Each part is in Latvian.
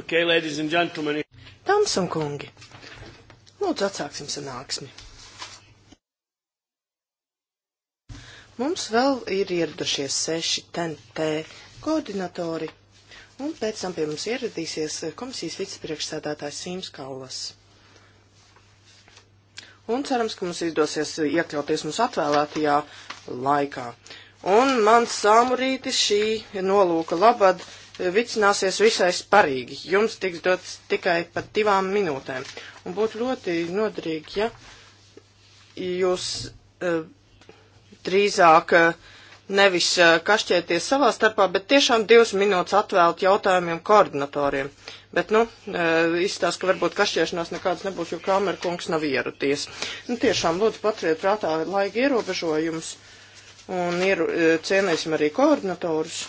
Okay, ladies and gentlemen. Dāmas un kungi, lūdzu atsāksim sanāksmi. Mums vēl ir ieradušies seši TNT koordinatori, un pēc tam pie mums ieradīsies komisijas vicepriekšsēdētājs Sīms Kaulas. Un cerams, ka mums izdosies iekļauties mums atvēlētajā laikā. Un mans samurīti šī nolūka labad vicināsies visai sparīgi. Jums tiks dots tikai pat divām minūtēm. Un būtu ļoti noderīgi, ja jūs uh, drīzāk uh, nevis uh, kašķēties savā starpā, bet tiešām divas minūtes atvēlt jautājumiem koordinatoriem. Bet, nu, izstāst, ka varbūt kašķēšanās nekādas nebūs, jo kamerkungs nav ieraties. Nu, tiešām, lūdzu, paturiet prātā laika ierobežojumus un ieru, cienēsim arī koordinatorus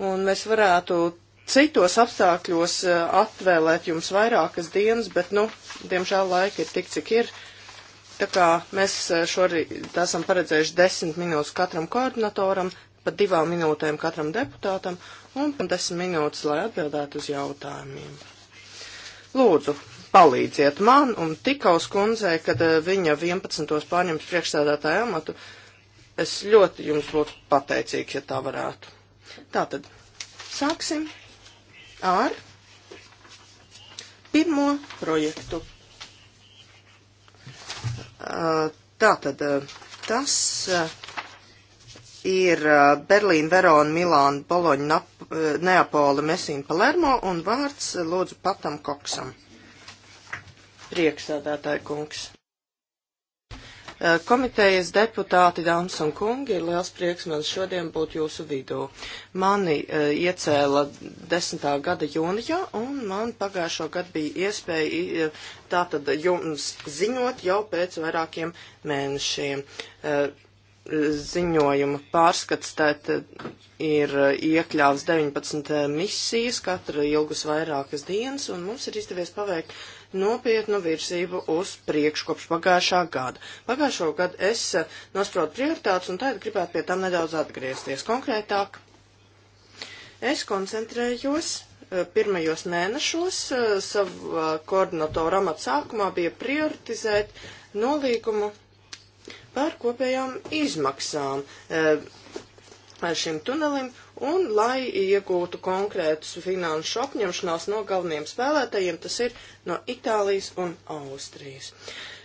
un mēs varētu citos apstākļos eh, atvēlēt jums vairākas dienas, bet, nu, diemžēl laika ir tik, cik ir. Tā kā mēs eh, šorīt esam paredzējuši desmit minūtes katram koordinatoram, pa divām minūtēm katram deputātam un pa desmit minūtes, lai atbildētu uz jautājumiem. Lūdzu, palīdziet man un tikaus kundzei, kad eh, viņa 11. pārņems priekšstādātāju amatu. Es ļoti jums būtu pateicīgs, ja tā varētu. Tātad sāksim ar pirmo projektu. Uh, tātad uh, tas uh, ir Berlīna, Verona, Milāna, Boloņa, Neapola, Mesina, Palermo un vārds lūdzu patam koksam. Prieksādātāja kungs. Eh, komitejas deputāti, dāmas un kungi, ir liels prieks man šodien būt jūsu vidū. Mani uh, iecēla 10. gada jūnijā, un man pagājušo gadu bija iespēja uh, tātad jums ziņot jau pēc vairākiem mēnešiem. Uh, ziņojuma pārskats tātad ir iekļāvs 19 misijas, katra ilgus vairākas dienas, un mums ir izdevies paveikt nopietnu virzību uz priekšu kopš pagājušā gada. Pagājušo gadu es eh, nosprotu prioritātes un tagad gribētu pie tam nedaudz atgriezties konkrētāk. Es koncentrējos eh, pirmajos mēnešos eh, savu koordinatoru amatu sākumā bija prioritizēt nolīgumu par kopējām izmaksām šim tunelim un lai iegūtu konkrētus finanšu apņemšanās no galveniem spēlētājiem, tas ir no Itālijas un Austrijas.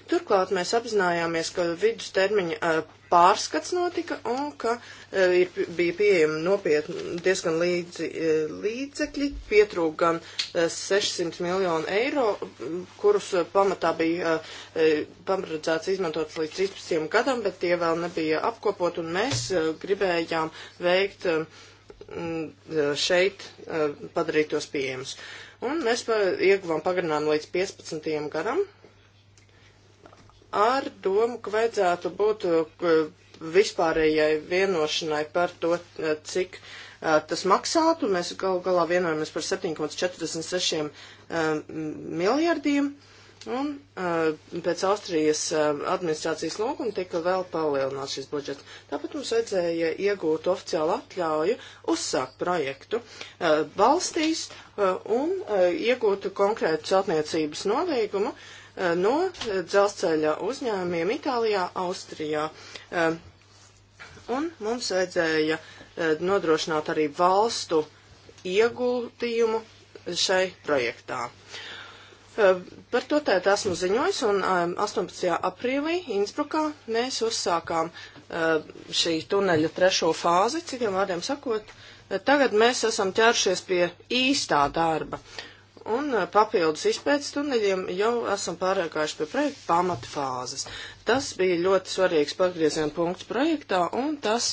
Turklāt mēs apzinājāmies, ka vidustermiņa eh, pārskats notika un ka eh, bija pieejami nopietni diezgan līdzi, eh, līdzekļi, pietrūk gan 600 miljonu eiro, kurus pamatā bija pamaredzēts izmantot līdz 13 gadam, bet tie vēl nebija apkopot un mēs gribējām veikt Mm, šeit mm, padarīt tos pieejamus. Un mēs ieguvām pagarinājumu līdz 15. gadam ar domu, ka vajadzētu būt vispārējai vienošanai par to, cik tas maksātu. Mēs gal galā vienojamies par 7,46 miljardiem. Uh, Un uh, pēc Austrijas uh, administrācijas lūguma tika vēl palielināts šis budžets. Tāpat mums vajadzēja iegūt oficiālu atļauju uzsākt projektu uh, valstīs uh, un uh, iegūt konkrētu celtniecības nolīgumu uh, no uh, dzelzceļa uzņēmiem Itālijā, Austrijā. Uh, un mums vajadzēja uh, nodrošināt arī valstu ieguldījumu šai projektā. Uh, Eh, par to tēt esmu ziņojis, un 18. aprīlī Innsbrukā mēs uzsākām eh, šī tuneļa trešo fāzi, citiem vārdiem sakot, eh, tagad mēs esam ķēršies pie īstā darba. Un papildus izpētes tuneļiem jau esam pārēkājuši pie projekta pamata fāzes. Tas bija ļoti svarīgs pagrieziena punkts projektā, un tas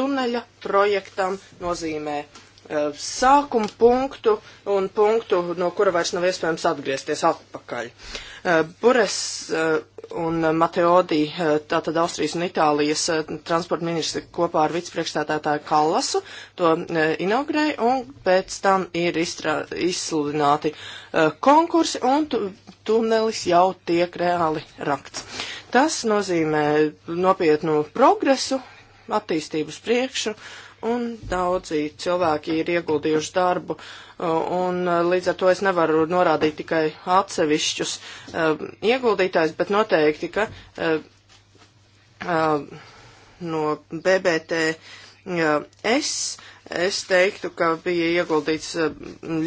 tuneļa projektam nozīmē Eh, sākumu punktu un punktu, no kura vairs nav iespējams atgriezties atpakaļ. Eh, Bures eh, un Mateodi, tātad Austrijas un Itālijas transporta ministri kopā ar vicepriekšstādātāju Kallasu to inaugurēja un pēc tam ir izstrā, izsludināti konkursi un tu, tunelis jau tiek reāli rakts. Tas nozīmē nopietnu progresu, attīstības priekšu un daudzi cilvēki ir ieguldījuši darbu, uh, un uh, līdz ar to es nevaru norādīt tikai atsevišķus uh, ieguldītājus, bet noteikti, ka no BBTS es teiktu, ka bija ieguldīts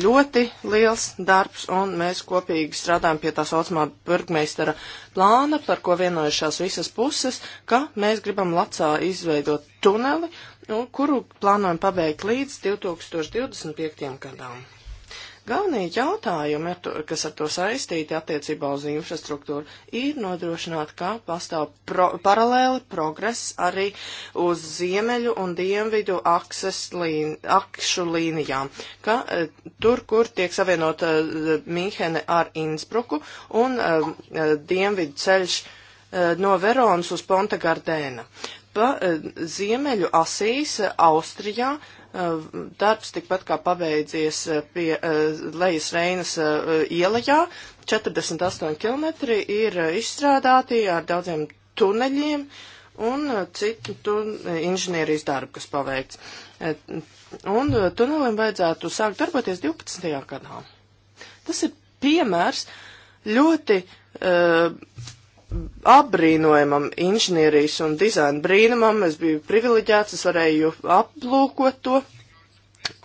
ļoti liels darbs, un mēs kopīgi strādājam pie tā saucamā burgmeistara plāna, par ko vienojušās visas puses, ka mēs gribam Lacā izveidot tuneli, uh, un nu, kuru plānojam pabeigt līdz 2025. gadam. Galvenie jautājumi, ar to, kas ar to saistīti attiecībā uz infrastruktūru, ir nodrošināt, ka pastāv pro paralēli progress arī uz ziemeļu un dienvidu akses līn akšu līnijām, ka e, tur, kur tiek savienota e, eh, Mīhene ar Innsbruku un e, dienvidu ceļš no Veronas uz Ponta Gardēna pa e, ziemeļu asīs e, Austrijā e, darbs tikpat kā pabeidzies pie Lejas Reinas ielajā. 48 km ir izstrādāti ar daudziem tuneļiem un citu tun inženierijas darbu, kas paveikts. Un tunelim vajadzētu sākt darboties 12. gadā. Tas ir piemērs ļoti uh, apbrīnojamam inženierijas un dizaina brīnumam. Es biju privileģēts, es varēju aplūkot to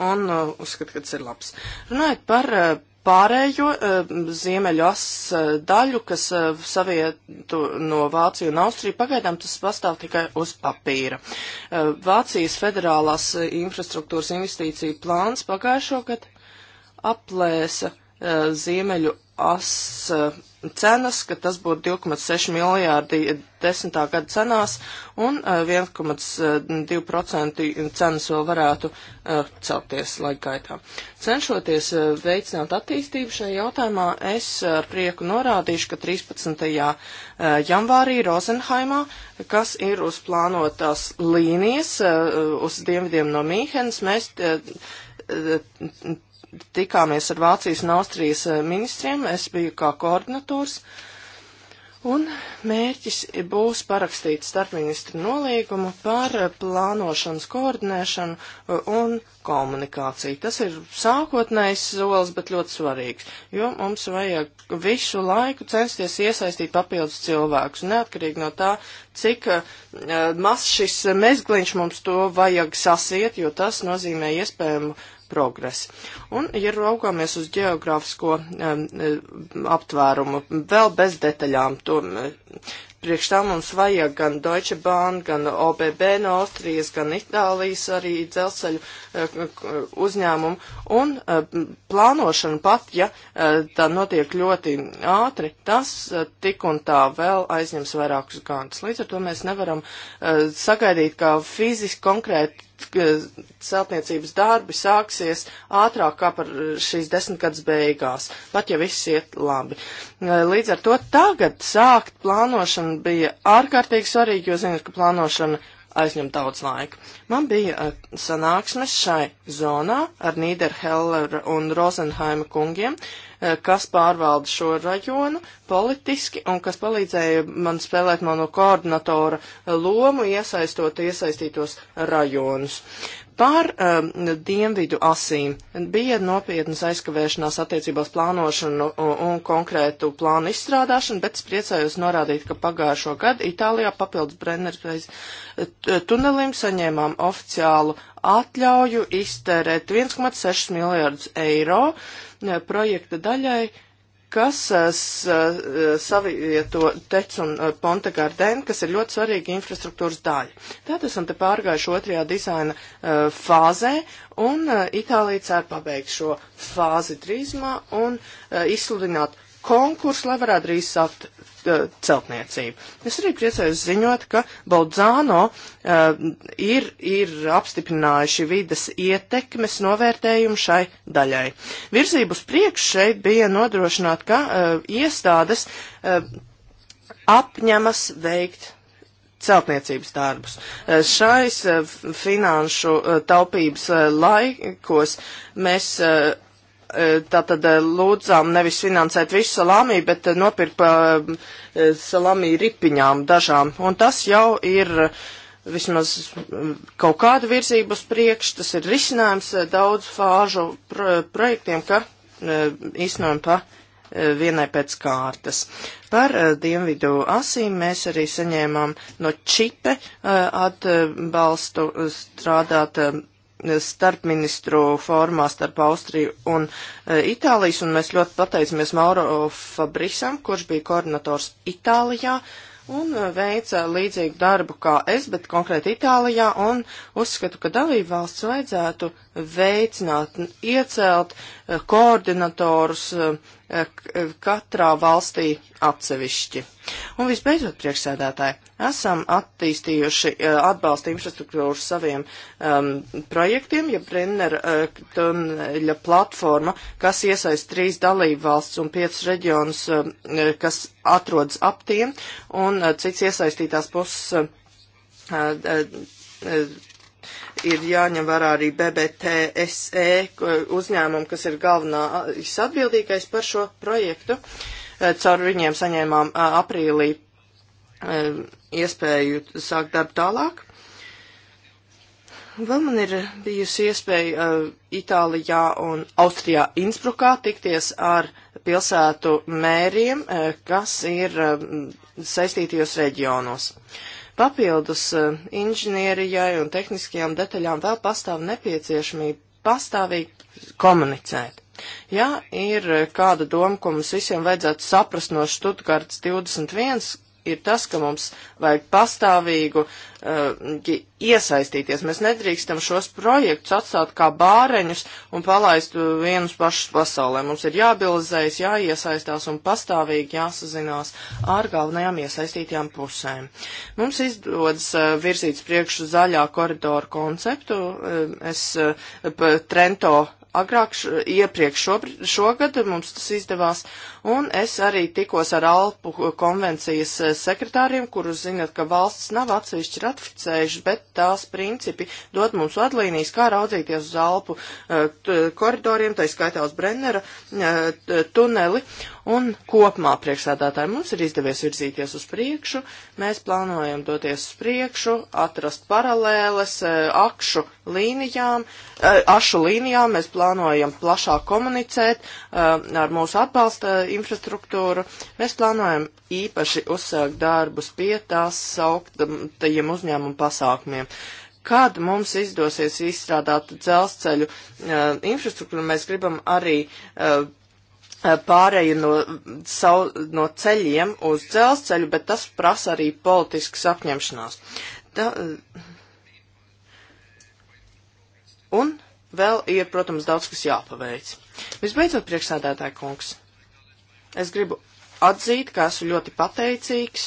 un uh, uzskatu, ka tas ir labs. Runājot par uh, pārējo uh, ziemeļu as uh, daļu, kas uh, savietu no Vāciju un Austriju, pagaidām tas pastāv tikai uz papīra. Uh, Vācijas federālās uh, infrastruktūras investīcija plāns pagājušo gadu aplēsa uh, ziemeļu as eh, cenas, ka tas būtu 2,6 miljārdi desmitā gada cenās un 1,2% eh, eh, cenas vēl varētu celties laika gaitā. Cenšoties veicināt attīstību šajā jautājumā, es ar prieku norādīšu, ka 13. janvārī Rozenhaimā, kas ir uz plānotās līnijas uz dienvidiem no Mīhenes, mēs tikāmies ar Vācijas un Austrijas eh, ministriem, es biju kā koordinators, un mērķis būs parakstīt starpministru nolīgumu par eh, plānošanas koordinēšanu eh, un komunikāciju. Tas ir sākotnējs solis, bet ļoti svarīgs, jo mums vajag visu laiku censties iesaistīt papildus cilvēkus, neatkarīgi no tā, cik uh, maz šis mezgliņš mums to vajag sasiet, jo tas nozīmē iespējamu uh, progress. Un, ja raugāmies uz geogrāfisko um, aptvērumu, vēl bez detaļām, to eh, priekš tam mums vajag gan Deutsche Bahn, gan OBB no Austrijas, gan Itālijas arī dzelzceļu uh, uzņēmumu. Un uh, plānošana pat, ja uh, tā notiek ļoti ātri, tas tik un tā vēl aizņems vairākus gadus. Līdz ar to mēs nevaram sagaidīt, ka fiziski konkrēti celtniecības darbi sāksies ātrāk kā par šīs desmitgades beigās, pat ja viss iet labi. Līdz ar to tagad sākt plānošanu bija ārkārtīgi svarīgi, jo ziniet, ka plānošana aizņem daudz laika. Man bija sanāksmes šai zonā ar Nīderheller un Rozenhaima kungiem, uh, Eh, kas pārvalda šo rajonu politiski un kas palīdzēja man spēlēt manu koordinatora lomu, iesaistot iesaistītos rajonus. Par um, dienvidu asīm bija nopietnas aizkavēšanās attiecībās plānošanu un, un konkrētu plānu izstrādāšanu, bet es priecājos norādīt, ka pagājušo gadu Itālijā papildus Brennerpreis eh, tunelim saņēmām oficiālu uh, atļauju iztērēt 1,6 miljardus eiro eh, projekta daļai, kas eh, eh, savieto Tec un Ponta Gardēnu, kas ir ļoti svarīga infrastruktūras daļa. Tātad esam te pārgājuši otrajā dizaina uh, fāzē, un uh, Itālija cer pabeigt šo fāzi drīzumā un uh, izsludināt konkursu, lai varētu drīz sākt Uh, celtniecību. Es arī priecājos ziņot, ka Baldzāno uh, ir, ir apstiprinājuši vidas ietekmes novērtējumu šai daļai. Virzības priekš šeit bija nodrošināt, ka uh, iestādes uh, apņemas veikt celtniecības darbus. Uh, šais uh, finanšu taupības laikos mēs E, tātad e, lūdzām nevis finansēt visu salāmī, bet e, nopirkt salāmī ripiņām dažām. Un tas jau ir vismaz kaut kāda virzība uz priekšu, tas ir risinājums daudz fāžu pro projektiem, ka īstenojam pa vienai pēc kārtas. Par Dienvidu asīm mēs arī saņēmām no Čipe atbalstu strādāt starpministru formā starp Austriju un e, Itālijas, un mēs ļoti pateicamies Mauro Fabrisam, kurš bija koordinators Itālijā un e, veica līdzīgu darbu kā es, bet konkrēti Itālijā, un uzskatu, ka dalību valsts vajadzētu veicināt, iecelt uh, koordinatorus e, e, katrā valstī atsevišķi. Un visbeidzot, priekšsēdētāji, esam attīstījuši e, atbalsta infrastruktūru saviem um, projektiem, ja Brenner uh, tuneļa platforma, kas iesaist trīs dalību valsts un piecas reģionus, uh, kas atrodas ap tiem, un uh, cits iesaistītās puses. Uh, uh, ir jāņem vērā arī BBTSE uzņēmumu, kas ir galvenā atbildīgais par šo projektu. E, caur viņiem saņēmām aprīlī e, iespēju sākt darbu tālāk. Vēl man ir bijusi iespēja uh, Itālijā un Austrijā Innsbrukā tikties ar pilsētu mēriem, uh, kas ir uh, saistītajos reģionos. Uh, Papildus e, inženierijai un tehniskajām detaļām vēl pastāv nepieciešamība pastāvīgi komunicēt. Ja ir e, kāda doma, ko mums visiem vajadzētu saprast no Štutgarts 21, ir tas, ka mums vajag pastāvīgu uh, iesaistīties. Mēs nedrīkstam šos projektus atstāt kā bāreņus un palaist vienus pašus pasaulē. Mums ir jābilizējas, jāiesaistās un pastāvīgi jāsazinās ar galvenajām iesaistītajām pusēm. Mums izdodas uh, virzīts priekšu zaļā koridora konceptu. Uh, es uh, Trento agrāk, iepriekš šogad mums tas izdevās, Un es arī tikos ar Alpu konvencijas eh, sekretāriem, kurus zinat, ka valsts nav atsevišķi ratificējuši, bet tās principi dot mums vadlīnijas, kā raudzīties uz Alpu eh, koridoriem, tā skaitā uz Brennera eh, tuneli. Un kopumā priekšsēdētāji mums ir izdevies virzīties uz priekšu, mēs plānojam doties uz priekšu, atrast paralēles akšu līnijām, ašu līnijām, mēs plānojam plašāk komunicēt ar mūsu atbalsta infrastruktūru, mēs plānojam īpaši uzsākt darbus pie tās sauktajiem uzņēmumu pasākumiem. Kad mums izdosies izstrādāt dzelzceļu uh, infrastruktūru, mēs gribam arī uh, pārēju no, sau, no ceļiem uz dzelzceļu, bet tas prasa arī politiskas apņemšanās. Da, eh, un vēl ir, protams, daudz kas jāpaveic. Visbeidzot, priekšsādātāja kungs. Es gribu atzīt, ka esmu ļoti pateicīgs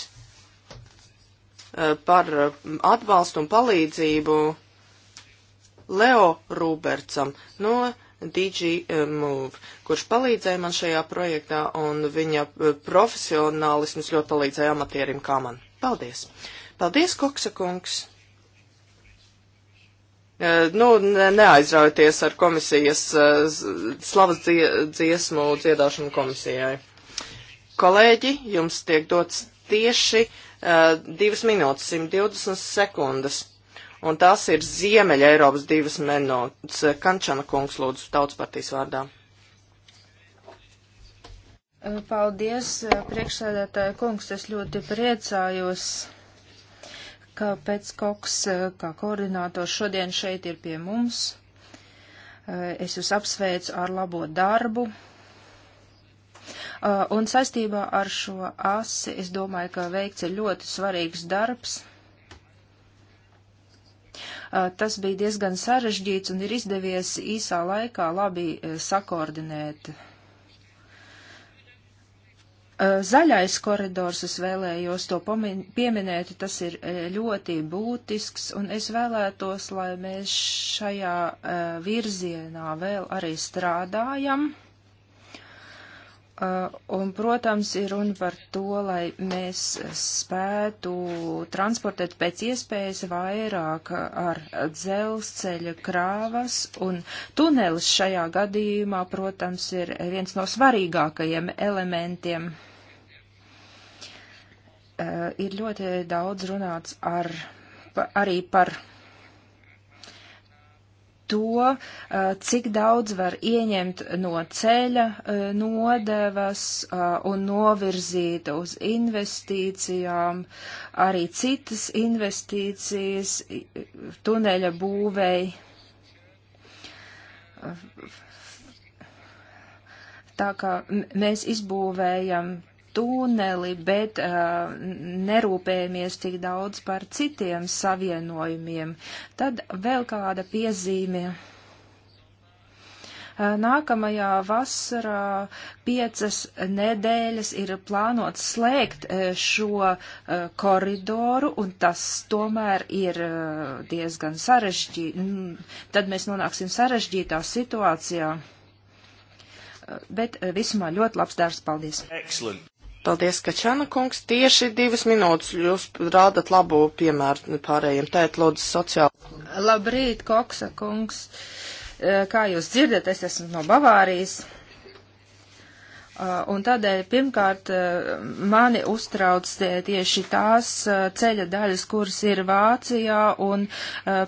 eh, par mm, atbalstu un palīdzību Leo Rūbertsam no DG eh, Move, kurš palīdzēja man šajā projektā, un viņa eh, profesionālisms ļoti palīdzēja amatierim kā man. Paldies! Paldies, Koksa kungs! Nu, neaizraujieties ar komisijas slavas dziesmu dziedāšanu komisijai. Kolēģi, jums tiek dots tieši uh, eh, 2 minūtes 120 sekundes. Un tās ir Ziemeļa Eiropas divas minūtes. Eh, Kančana kungs lūdzu tautas partijas vārdā. Eh, paldies, priekšsēdētāja kungs, es ļoti priecājos, ka pēc koks, kā koordinātors, šodien šeit ir pie mums. Es jūs apsveicu ar labo darbu, Uh, un saistībā ar šo asi es domāju, ka veikts ir ļoti svarīgs darbs. Uh, tas bija diezgan sarežģīts un ir izdevies īsā laikā labi uh, sakoordinēt. Zaļais koridors, es vēlējos to pieminēt, tas ir ļoti būtisks, un es vēlētos, lai mēs šajā virzienā vēl arī strādājam. Uh, un, protams, ir runa par to, lai mēs spētu transportēt pēc iespējas vairāk ar dzelzceļa krāvas, un tunelis šajā gadījumā, protams, ir viens no svarīgākajiem elementiem. Uh, ir ļoti daudz runāts ar, arī par to, eh, cik daudz var ieņemt no ceļa eh, nodevas eh, un novirzīt uz investīcijām, arī citas investīcijas tuneļa būvei. Tā kā mēs izbūvējam tuneli, bet uh, nerūpējamies tik daudz par citiem savienojumiem. Tad vēl kāda piezīme. Uh, nākamajā vasarā piecas nedēļas ir plānots slēgt uh, šo uh, koridoru, un tas tomēr ir uh, diezgan sarežģīti. Tad mēs nonāksim sarežģītā situācijā uh, bet uh, visumā ļoti labs darbs. Paldies! Excellent. Paldies, Kačana kungs. Tieši divas minūtes jūs rādat labu piemēru pārējiem. Tēt, lūdzu, sociāli. Labrīt, Koksa kungs. E, kā jūs dzirdat, es esmu no Bavārijas. E, un tādēļ pirmkārt e, mani uztrauc tieši tās ceļa daļas, kuras ir Vācijā un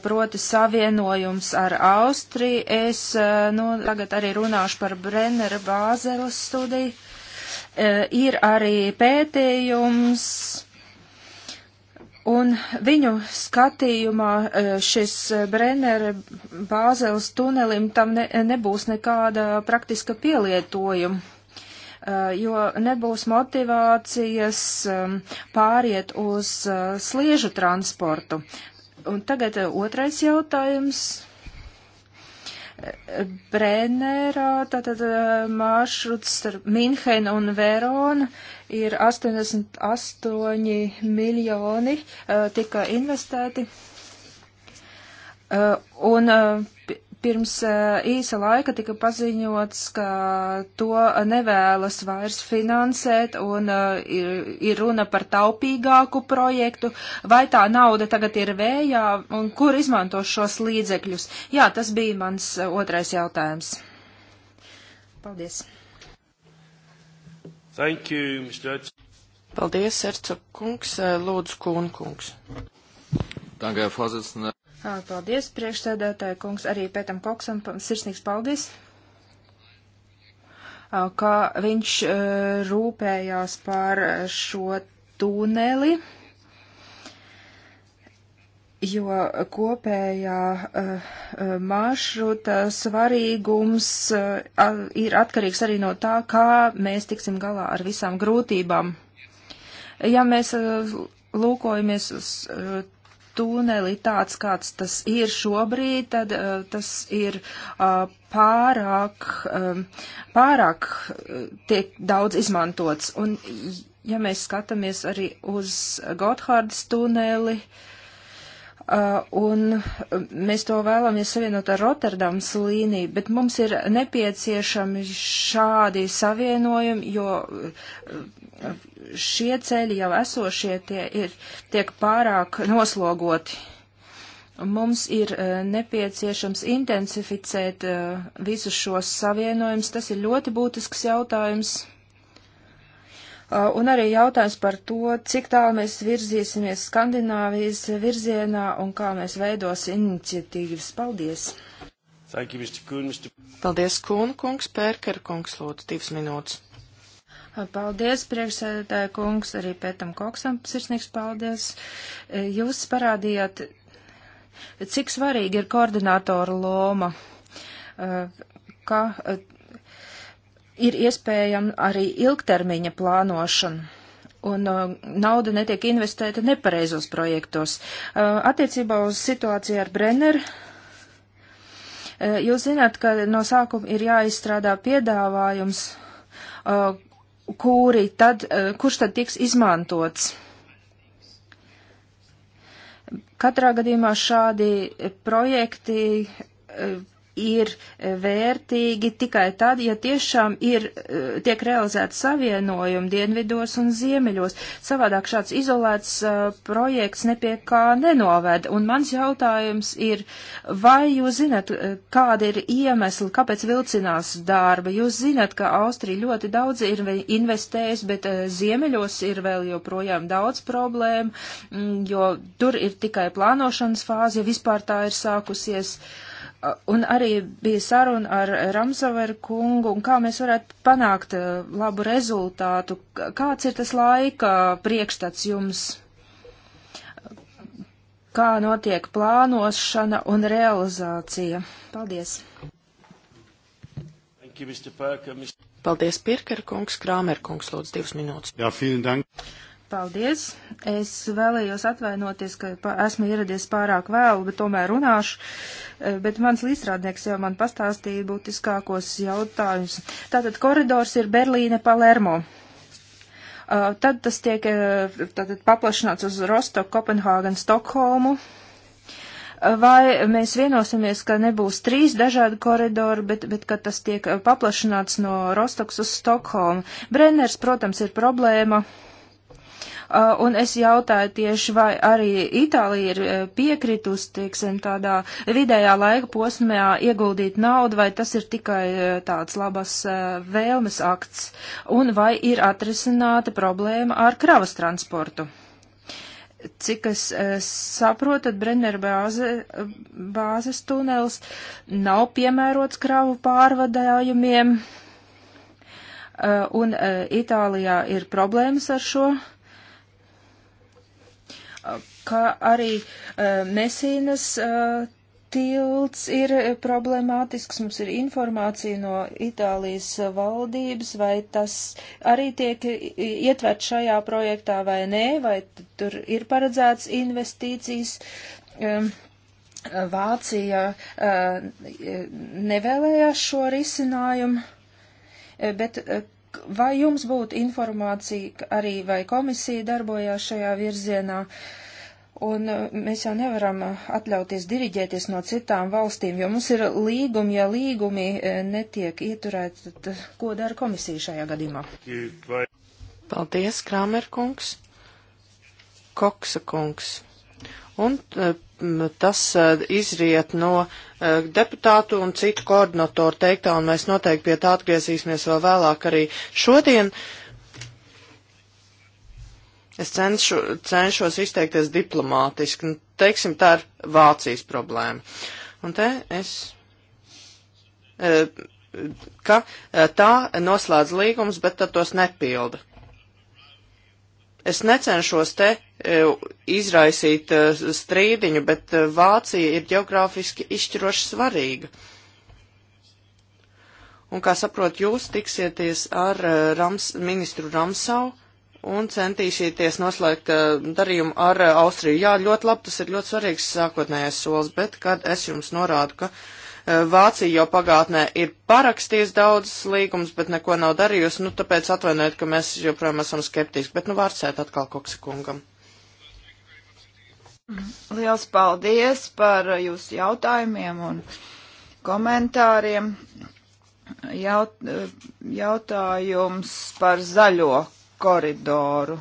proti savienojums ar Austriju. Es nu, tagad arī runāšu par Brennera Bāzeles studiju E, ir arī pētījums. Un viņu skatījumā e, šis Brennera bāzels tunelim tam ne, nebūs nekāda praktiska pielietojuma, e, jo nebūs motivācijas pāriet uz sliežu transportu. Un tagad otrais jautājums Brennerā, tātad eh, maršruts starp Minhenu un Veronu ir 88 miljoni eh, tika investēti. Eh, un Pirms eh, īsa laika tika paziņots, ka to nevēlas vairs finansēt un eh, ir, ir runa par taupīgāku projektu. Vai tā nauda tagad ir vējā un kur izmanto šos līdzekļus? Jā, tas bija mans eh, otrais jautājums. Paldies. Thank you, Mr. Edson. Paldies, Erca kungs, lūdzu, kūn kungs. Danke, Herr Vorsitzender. Paldies, priekšsēdētāja kungs, arī Pētam Koksam sirsnīgs paldies, ka viņš rūpējās par šo tuneli, jo kopējā maršruta svarīgums ir atkarīgs arī no tā, kā mēs tiksim galā ar visām grūtībām. Ja mēs lūkojamies uz tuneli tāds, kāds tas ir šobrīd, tad uh, tas ir uh, pārāk, um, pārāk uh, tiek daudz izmantots. Un, ja mēs skatāmies arī uz Gotthārdas tuneli, Uh, un mēs to vēlamies savienot ar Rotterdams līniju, bet mums ir nepieciešami šādi savienojumi, jo uh, šie ceļi jau esošie tie ir, tiek pārāk noslogoti. Mums ir e, nepieciešams intensificēt e, visus šos savienojumus. Tas ir ļoti būtisks jautājums. E, un arī jautājums par to, cik tālu mēs virzīsimies Skandināvijas virzienā un kā mēs veidosim iniciatīvas. Paldies! Thank you, Mr. Kuhn, Mr. Paldies, Kūna kungs, Pērkera kungs, lūdzu, divas minūtes. Paldies, priekšsēdētāja kungs, arī Pētam Koksam sirsnīgs paldies. E, jūs parādījāt, cik svarīgi ir koordinātora loma, e, ka e, ir iespējama arī ilgtermiņa plānošana un uh, nauda netiek investēta nepareizos projektos. Uh, attiecībā uz situāciju ar Brenner. Uh, jūs zināt, ka no sākuma ir jāizstrādā piedāvājums, kuri tad, eh, kurš tad tiks izmantots. Katrā gadījumā šādi projekti eh, ir vērtīgi tikai tad, ja tiešām ir, e, tiek realizēta savienojuma dienvidos un ziemeļos. Savādāk šāds izolēts uh, projekts nepie kā nenoved. Un mans jautājums ir, vai jūs zinat, e, kāda ir iemesli, kāpēc vilcinās darba? Jūs zinat, ka Austrija ļoti daudz ir investējusi, bet uh, ziemeļos ir vēl joprojām daudz problēmu, mm, jo tur ir tikai plānošanas fāze, ja vispār tā ir sākusies. Uh, Un arī bija saruna ar Ramsaveru kungu, un kā mēs varētu panākt uh, labu rezultātu. Kāds ir tas laika priekšstats jums? Kā notiek plānošana un realizācija? Paldies! Paldies, Pirker kungs, Krāmer kungs, lūdzu, divas minūtes. Jā, vielen dank. Paldies! Es vēlējos atvainoties, ka esmu ieradies pārāk vēlu, bet tomēr runāšu. E, bet mans līdzstrādnieks jau man pastāstīja būtiskākos jautājumus. Tātad koridors ir Berlīne Palermo. E, tad tas tiek e, tātad, paplašināts uz Rostoku, Kopenhāgenu, Stokholmu. Vai mēs vienosimies, ka nebūs trīs dažādi koridori, bet, bet ka tas tiek paplašināts no Rostoks uz Stokholmu? Brenners, protams, ir problēma. Uh, un es jautāju tieši, vai arī Itālija ir e, piekritus, teiksim, tādā vidējā laika posmā ieguldīt naudu, vai tas ir tikai e, tāds labas e, vēlmes akts, un vai ir atrisināta problēma ar kravas transportu. Cik es saprotu, tad Brenner bāze, bāzes tunels nav piemērots kravu pārvadājumiem, un Itālijā ir problēmas ar šo. Uh, kā arī e, Mesīnas e, tilts ir problemātisks, mums ir informācija no Itālijas valdības, vai tas arī tiek ietvert šajā projektā vai nē, vai tur ir paredzēts investīcijas. Um, Vācija uh, nevēlējās šo risinājumu, bet uh, vai jums būtu informācija arī, vai komisija darbojās šajā virzienā? Un uh, mēs jau nevaram uh, atļauties diriģēties no citām valstīm, jo mums ir līgumi, ja līgumi uh, netiek ieturēti, tad ko dara komisija šajā gadījumā? Paldies, Kramerkungs. Koksa kungs un eh, tas eh, izriet no eh, deputātu un citu koordinatoru teiktā, un mēs noteikti pie tā atgriezīsimies vēl vēlāk arī šodien. Es cenšu, cenšos izteikties diplomātiski, nu, teiksim, tā ir Vācijas problēma. Un te es, ka tā noslēdz līgums, bet tad tos nepilda. Es necenšos te e, izraisīt e, strīdiņu, bet e, Vācija ir geogrāfiski izšķiroši svarīga. Un, kā saprot, jūs tiksieties ar Rams, ministru Ramsau un centīsieties noslēgt darījumu ar Austriju. Jā, ļoti labi, tas ir ļoti svarīgs sākotnējais solis, bet kad es jums norādu, ka Eh, Vācija jau pagātnē ir parakstījis daudzas līgumas, bet neko nav darījusi, nu tāpēc atvainojiet, ka mēs joprojām esam skeptiski, bet nu vārdsēt atkal Koksikungam. Mhm. Liels paldies par jūsu jautājumiem un komentāriem. Jaut, jautājums par zaļo koridoru.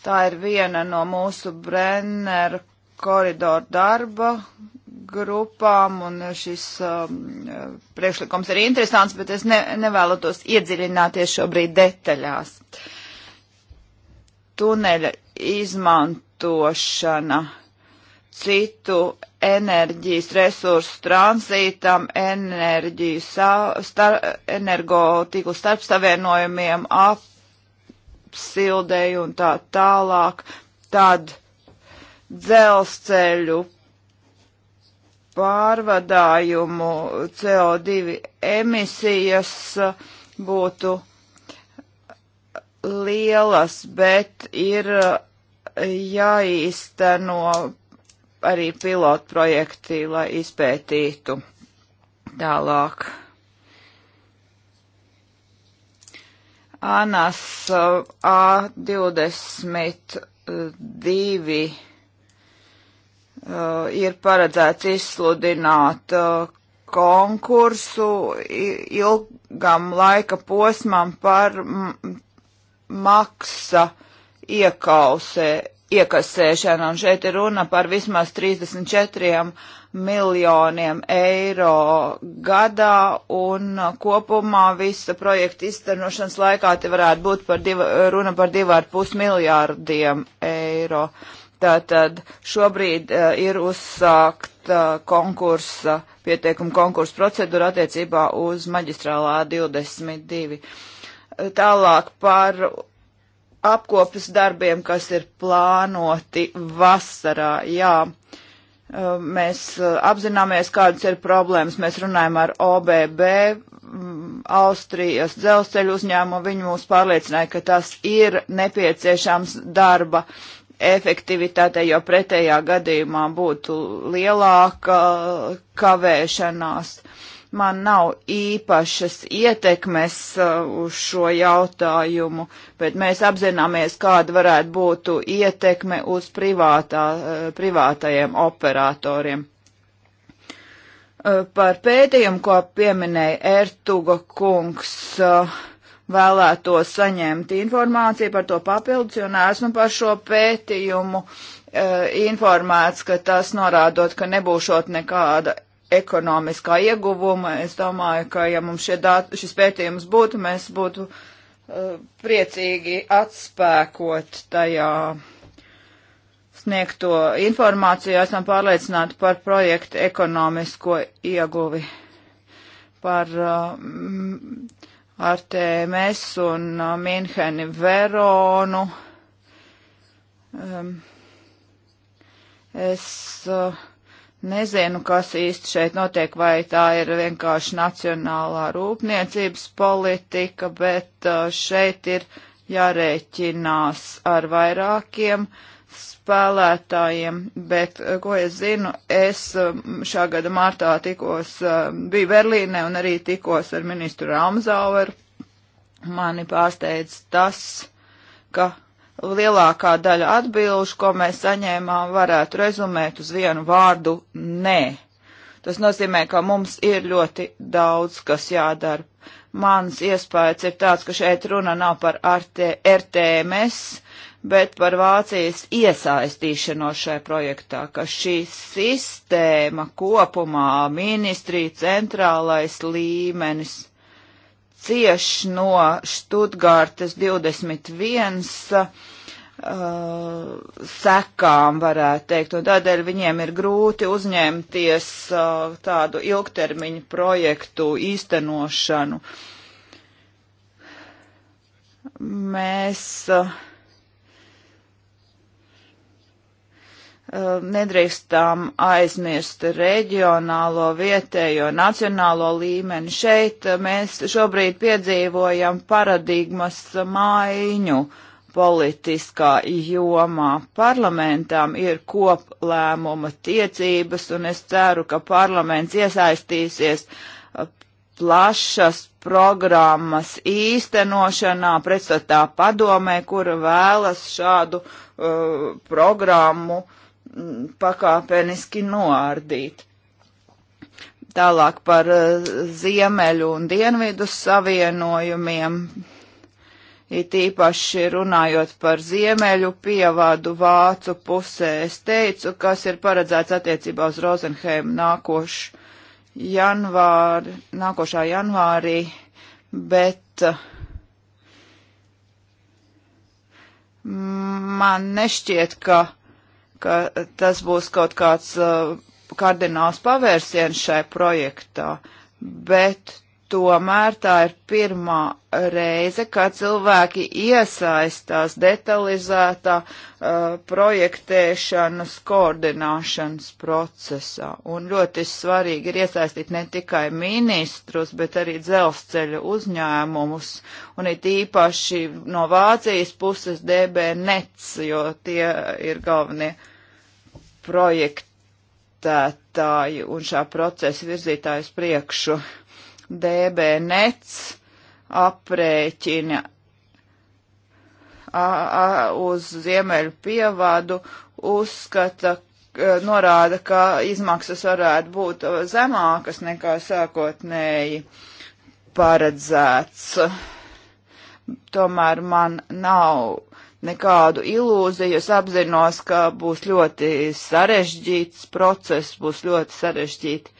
Tā ir viena no mūsu Brenner koridoru darba grupām, un šis um, priekšlikums ir interesants, bet es ne, nevēlētos iedziļināties šobrīd detaļās. Tuneļa izmantošana citu enerģijas resursu transītam, enerģijas star, energotīklu starpsavienojumiem, apsildēju un tā tālāk, tad dzelzceļu pārvadājumu CO2 emisijas uh, būtu lielas, bet ir uh, jāīsteno arī pilotprojekti, lai izpētītu tālāk. ANAS uh, A22 uh, ir paredzēts izsludināt uh, konkursu ilgam laika posmam par maksa iekausē, iekasēšanu, un šeit ir runa par vismaz 34 miljoniem eiro gadā, un uh, kopumā visa projekta izstenošanas laikā te varētu būt par div, runa par 2,5 miljārdiem eiro. Uh, Tātad šobrīd uh, ir uzsākta eh, konkursa, pieteikuma konkursa procedūra attiecībā uz maģistrālā 22. Eh, tālāk par apkopes darbiem, kas ir plānoti vasarā. Jā, uh, mēs uh, apzināmies, kādas ir problēmas. Mēs runājam ar OBB, mm, Austrijas dzelzceļu uzņēmumu. Viņi mūs pārliecināja, ka tas ir nepieciešams darba. Uh, efektivitātei, jo pretējā gadījumā būtu lielāka kavēšanās. Man nav īpašas ietekmes uh, uz šo jautājumu, bet mēs apzināmies, kāda varētu būt ietekme uz privātā, uh, privātajiem operatoriem. Uh, par pētījumu, ko pieminēja Ertuga kungs, uh, vēlētos saņemt informāciju par to papildus, jo neesmu par šo pētījumu e, informēts, ka tas norādot, ka nebūšot nekāda ekonomiskā ieguvuma. Es domāju, ka ja mums dati, šis pētījums būtu, mēs būtu e, priecīgi atspēkot tajā sniegto informāciju, esam pārliecināti par projektu ekonomisko ieguvi, par uh, ar TMS un uh, Minheni Veronu. Um, es uh, nezinu, kas īsti šeit notiek, vai tā ir vienkārši nacionālā rūpniecības politika, bet uh, šeit ir jārēķinās ar vairākiem uh, spēlētājiem, bet, eh, ko es zinu, es eh, šā gada martā tikos, eh, biju Berlīnē un arī tikos ar ministru Ramzaueru. Mani pārsteidz tas, ka lielākā daļa atbilžu, ko mēs saņēmām, varētu rezumēt uz vienu vārdu - nē. Tas nozīmē, ka mums ir ļoti daudz, kas jādara. Mans iespējas ir tāds, ka šeit runa nav par RT, RTMS, bet par Vācijas iesaistīšanos šajā projektā, ka šī sistēma kopumā, ministrija, centrālais līmenis, cieš no Štutgārtas 21 uh, sekām, varētu teikt, un tādēļ viņiem ir grūti uzņemties uh, tādu ilgtermiņu projektu īstenošanu. Mēs uh, Uh, nedrīkstam aizmirst reģionālo, vietējo, nacionālo līmeni. Šeit uh, mēs šobrīd piedzīvojam paradigmas maiņu politiskā jomā. Parlamentām ir koplēmuma tiecības, un es ceru, ka parlaments iesaistīsies uh, plašas programmas īstenošanā pretstatā padomē, kura vēlas šādu uh, programmu uh, Mm, pakāpeniski noārdīt. Tālāk par eh, ziemeļu un dienvidu savienojumiem, it īpaši runājot par ziemeļu pievādu vācu pusē, es teicu, kas ir paredzēts attiecībā uz Rozenheimu nākoš janvāri, nākošā janvārī, bet uh, man nešķiet, ka ka tas būs kaut kāds uh, kardināls pavērsiens šai projektā, bet tomēr tā ir pirmā reize, kad cilvēki iesaistās detalizētā uh, projektēšanas koordināšanas procesā. Un ļoti svarīgi ir iesaistīt ne tikai ministrus, bet arī dzelzceļa uzņēmumus, un it īpaši no Vācijas puses DB NEC, jo tie ir galvenie projektētāji un šā procesa virzītājus priekšu. DBNets aprēķina a, a, uz ziemeļu pievādu, uzskata, norāda, ka izmaksas varētu būt zemākas nekā sākotnēji paredzēts. Tomēr man nav nekādu ilūziju. Es apzinos, ka būs ļoti sarežģīts process, būs ļoti sarežģīti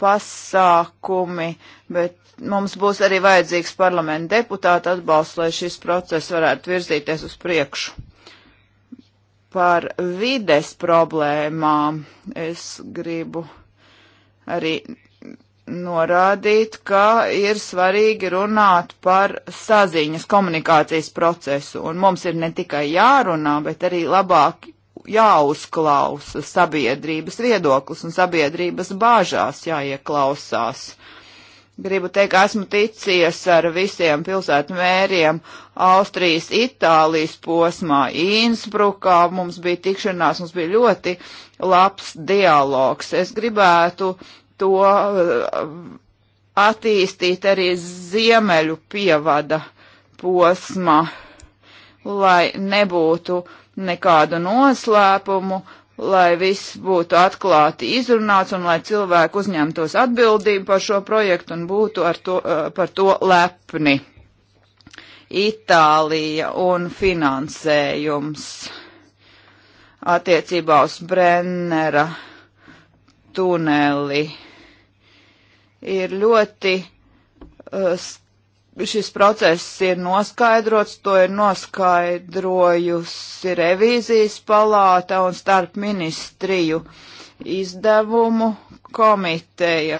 pasākumi, bet mums būs arī vajadzīgs parlamenta deputāta atbalsts, lai šis process varētu virzīties uz priekšu. Par vides problēmām es gribu arī norādīt, ka ir svarīgi runāt par saziņas komunikācijas procesu, un mums ir ne tikai jārunā, bet arī labāk jāuzklausa sabiedrības viedoklis un sabiedrības bāžās jāieklausās. Gribu teikt, esmu ticies ar visiem pilsētu mēriem Austrijas, Itālijas posmā, Innsbrukā. Mums bija tikšanās, mums bija ļoti labs dialogs. Es gribētu uh, to uh, attīstīt arī ziemeļu pievada posmā, lai nebūtu nekādu noslēpumu, lai viss būtu atklāti izrunāts un lai cilvēki uzņemtos atbildību par šo projektu un būtu to, uh, par to lepni. Itālija un finansējums attiecībā uz Brennera tuneli ir ļoti, eh, šis process ir noskaidrots, to ir noskaidrojusi revīzijas palāta un starp ministriju izdevumu komiteja.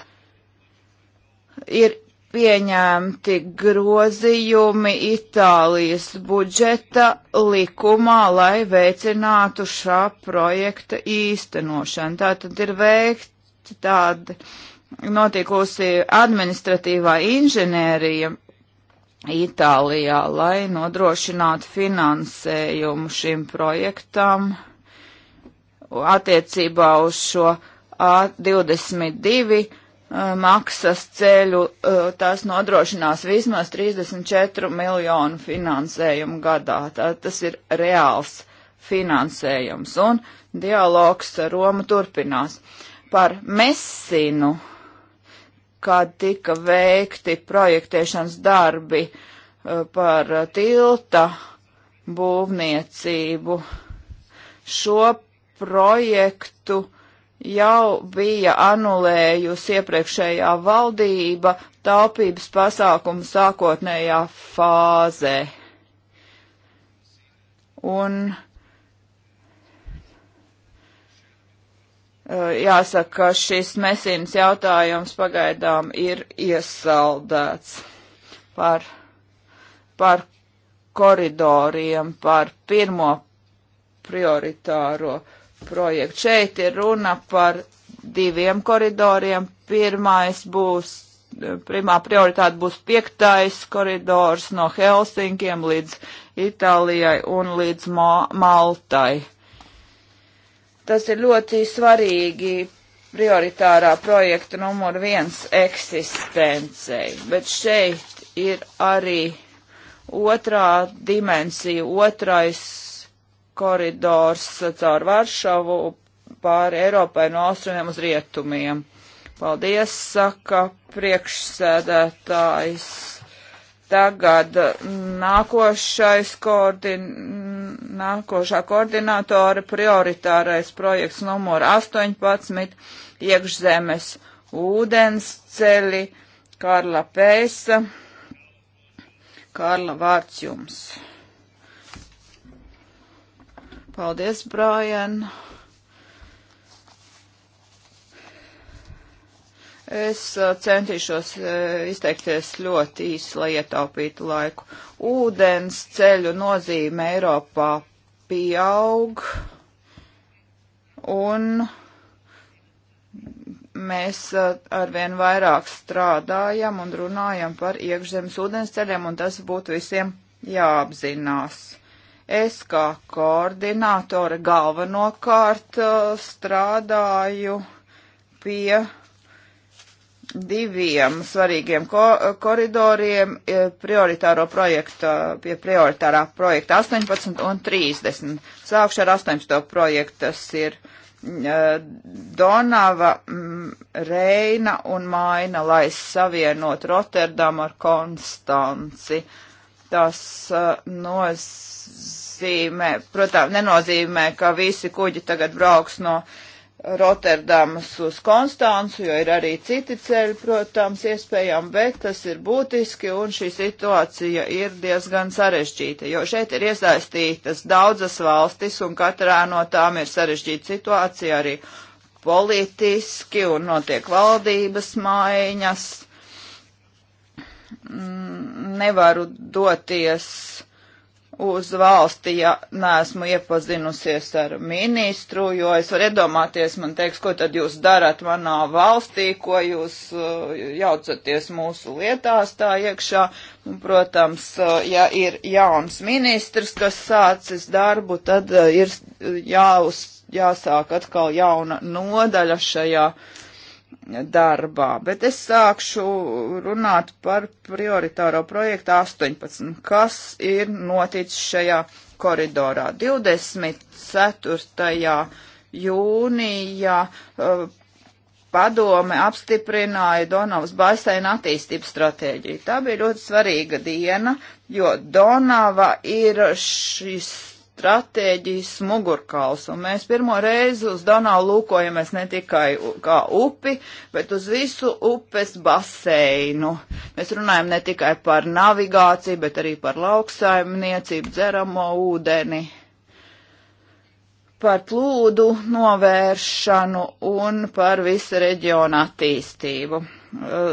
Ir pieņemti grozījumi Itālijas budžeta likumā, lai veicinātu šā projekta īstenošanu. Tātad ir veikti tādi notikusi administratīvā inženērija Itālijā, lai nodrošinātu finansējumu šim projektam attiecībā uz šo A22 uh, maksas ceļu, uh, tas nodrošinās vismaz 34 miljonu finansējumu gadā. Tā, tas ir reāls finansējums un dialogs ar Romu turpinās. Par Messinu kad tika veikti projektēšanas darbi uh, par tilta būvniecību. Šo projektu jau bija anulējusi iepriekšējā valdība taupības pasākumu sākotnējā fāzē. Un uh, jāsaka, ka šis mesīnas jautājums pagaidām ir iesaldēts par, par koridoriem, par pirmo prioritāro projektu. Šeit ir runa par diviem koridoriem. Pirmais būs, pirmā prioritāte būs piektais koridors no Helsinkiem līdz Itālijai un līdz Ma Maltai. Tas ir ļoti svarīgi prioritārā projekta numur viens eksistencei, bet šeit ir arī otrā dimensija, otrais koridors caur Varšavu pāri Eiropai no austrumiem uz rietumiem. Paldies, saka priekšsēdētājs. Tagad mm, nākošais koordin, nākošā koordinātora prioritārais projekts numur 18 iekšzemes ūdensceļi Karla Pēsa. Karla vārds jums. Paldies, Brian. Es uh, centīšos uh, izteikties ļoti īsi, lai ietaupītu laiku. Ūdens ceļu nozīme Eiropā pieaug un mēs uh, arvien vairāk strādājam un runājam par iekšzemes ūdensceļiem, un tas būtu visiem jāapzinās. Es kā koordinātore galvenokārt strādāju pie diviem svarīgiem ko koridoriem e, prioritāro projekta, pie prioritārā projekta 18 un 30. Sākšu ar 18. projektu, tas ir e, Donava, mm, Reina un Maina, lai savienot Rotterdamu ar Konstanci. Tas e, nozīmē, protams, nenozīmē, ka visi kuģi tagad brauks no uh, Rotterdamas uz Konstancu, jo ir arī citi ceļi, protams, iespējām, bet tas ir būtiski un šī situācija ir diezgan sarežģīta, jo šeit ir iesaistītas daudzas valstis un katrā no tām ir sarežģīta situācija arī politiski un notiek valdības maiņas. Mm, nevaru doties uz valsti, ja neesmu iepazinusies ar ministru, jo es varu iedomāties, man teiks, ko tad jūs darat manā valstī, ko jūs uh, jaucaties mūsu lietās tā iekšā. Un, protams, uh, ja ir jauns ministrs, kas sācis darbu, tad uh, ir jāuz, jāsāk atkal jauna nodaļa šajā uh, darbā, bet es sākšu runāt par prioritāro projektu 18, kas ir noticis šajā koridorā. 24. jūnijā uh, padome apstiprināja Donavas baseina attīstības stratēģiju. Tā bija ļoti svarīga diena, jo Donava ir šis stratēģijas mugurkauls, un mēs pirmo reizi uz Donalu lūkojamies ne tikai kā upi, bet uz visu upes baseinu. Mēs runājam ne tikai par navigāciju, bet arī par lauksaimniecību, dzeramo ūdeni, par plūdu novēršanu un par visu reģionu attīstību.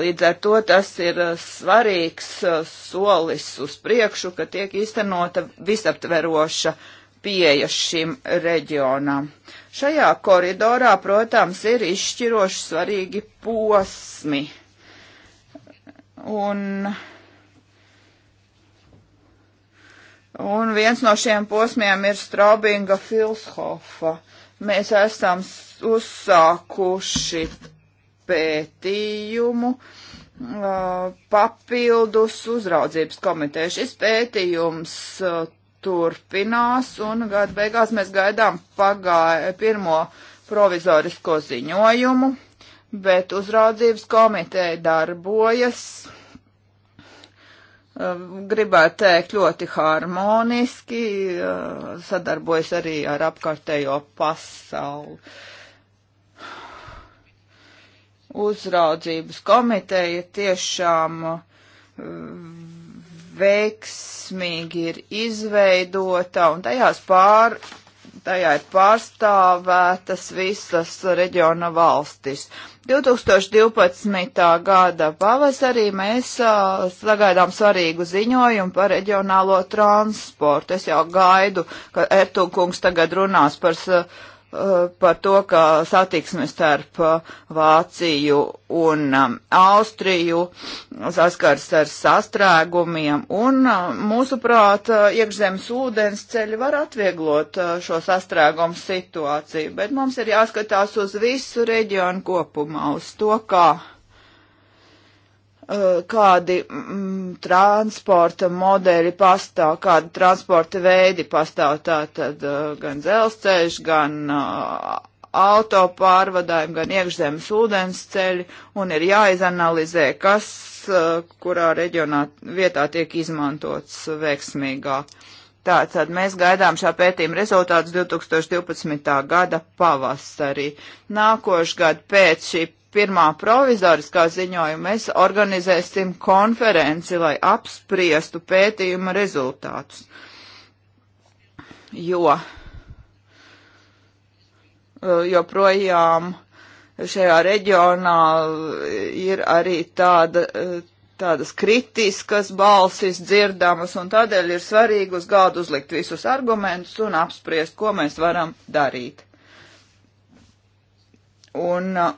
Līdz ar to tas ir svarīgs solis uz priekšu, ka tiek īstenota visaptveroša pieeja šim reģionam. Šajā koridorā, protams, ir izšķiroši svarīgi posmi. Un, un viens no šiem posmiem ir Straubinga Filshofa. Mēs esam uzsākuši pētījumu papildus uzraudzības komiteja. Šis pētījums turpinās, un gada beigās mēs gaidām pagāja pirmo provizorisko ziņojumu, bet uzraudzības komiteja darbojas, uh, gribētu teikt, ļoti harmoniski, uh, sadarbojas arī ar apkārtējo pasauli. Uzraudzības komiteja tiešām uh, veiksmīgi ir izveidota un tajās pār, tajā ir pārstāvētas visas reģiona valstis. 2012. gada pavasarī mēs uh, sagaidām svarīgu ziņojumu par reģionālo transportu. Es jau gaidu, ka Ertūkungs tagad runās par uh, Eh, par to, ka satiksme starp eh, Vāciju un eh, Austriju saskars ar sastrēgumiem, un mūsuprāt, iekšzemes ūdens ceļi var atvieglot šo sastrēgumu situāciju, bet mums ir jāskatās uz visu reģionu kopumā, uz to, kā Eh, kādi mm, transporta modeļi pastāv, kādi transporta veidi pastāv tātad eh, gan dzelzceļš, gan uh, autopārvadājumi, gan iekšzemes ūdens ceļi, un ir jāizanalizē, kas, uh, kurā reģionā vietā tiek izmantots veiksmīgāk. Tātad mēs gaidām šā pētījuma rezultātus 2012. gada pavasarī. Nākošu gadu pēc šī pirmā provizoriskā ziņojuma mēs organizēsim konferenci, lai apspriestu pētījuma rezultātus. Jo e, joprojām šajā reģionā ir arī tāda, e, tādas kritiskas balsis dzirdamas, un tādēļ ir svarīgi uz gādu uzlikt visus argumentus un apspriest, ko mēs varam darīt. Un e,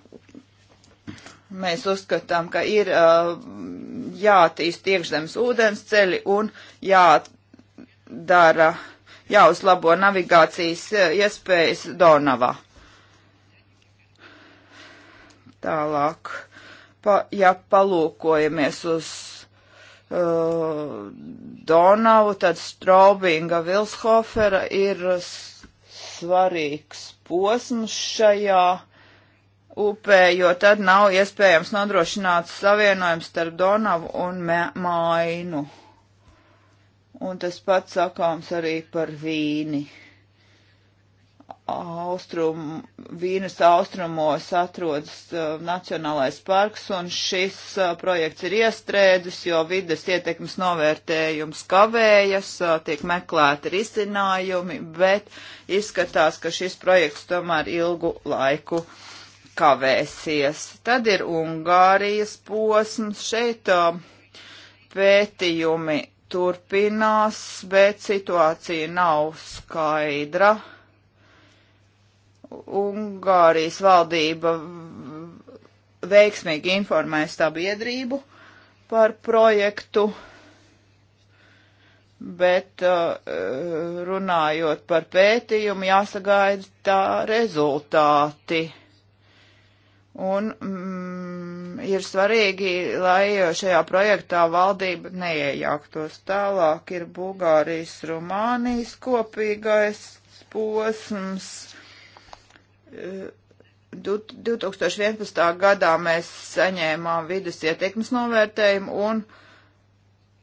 Mēs uzskatām, ka ir uh, jātīst iekšzemes ūdens ceļi un jādara, jāuzlabo navigācijas uh, iespējas Donavā. Tālāk, pa, ja palūkojamies uz uh, Donavu, tad Straubinga Vilshofera ir svarīgs posms šajā upē, jo tad nav iespējams nodrošināt savienojums starp Donavu un Mainu. Un tas pats sakāms arī par vīni. Austrum, vīnas austrumos atrodas uh, Nacionālais parks, un šis uh, projekts ir iestrēdus, jo vides ietekmes novērtējums kavējas, uh, tiek meklēti risinājumi, bet izskatās, ka šis projekts tomēr ilgu laiku uh, kavēsies. Tad ir Ungārijas posms. Šeit uh, pētījumi turpinās, bet situācija nav skaidra. Ungārijas valdība veiksmīgi informē sabiedrību par projektu, bet uh, runājot par pētījumu, jāsagaida tā rezultāti. Un mm, ir svarīgi, lai šajā projektā valdība neiejauktos. Tālāk ir Bulgārijas, Rumānijas kopīgais posms. 2011. Eh, gadā mēs saņēmām vidus ietekmes novērtējumu un uh,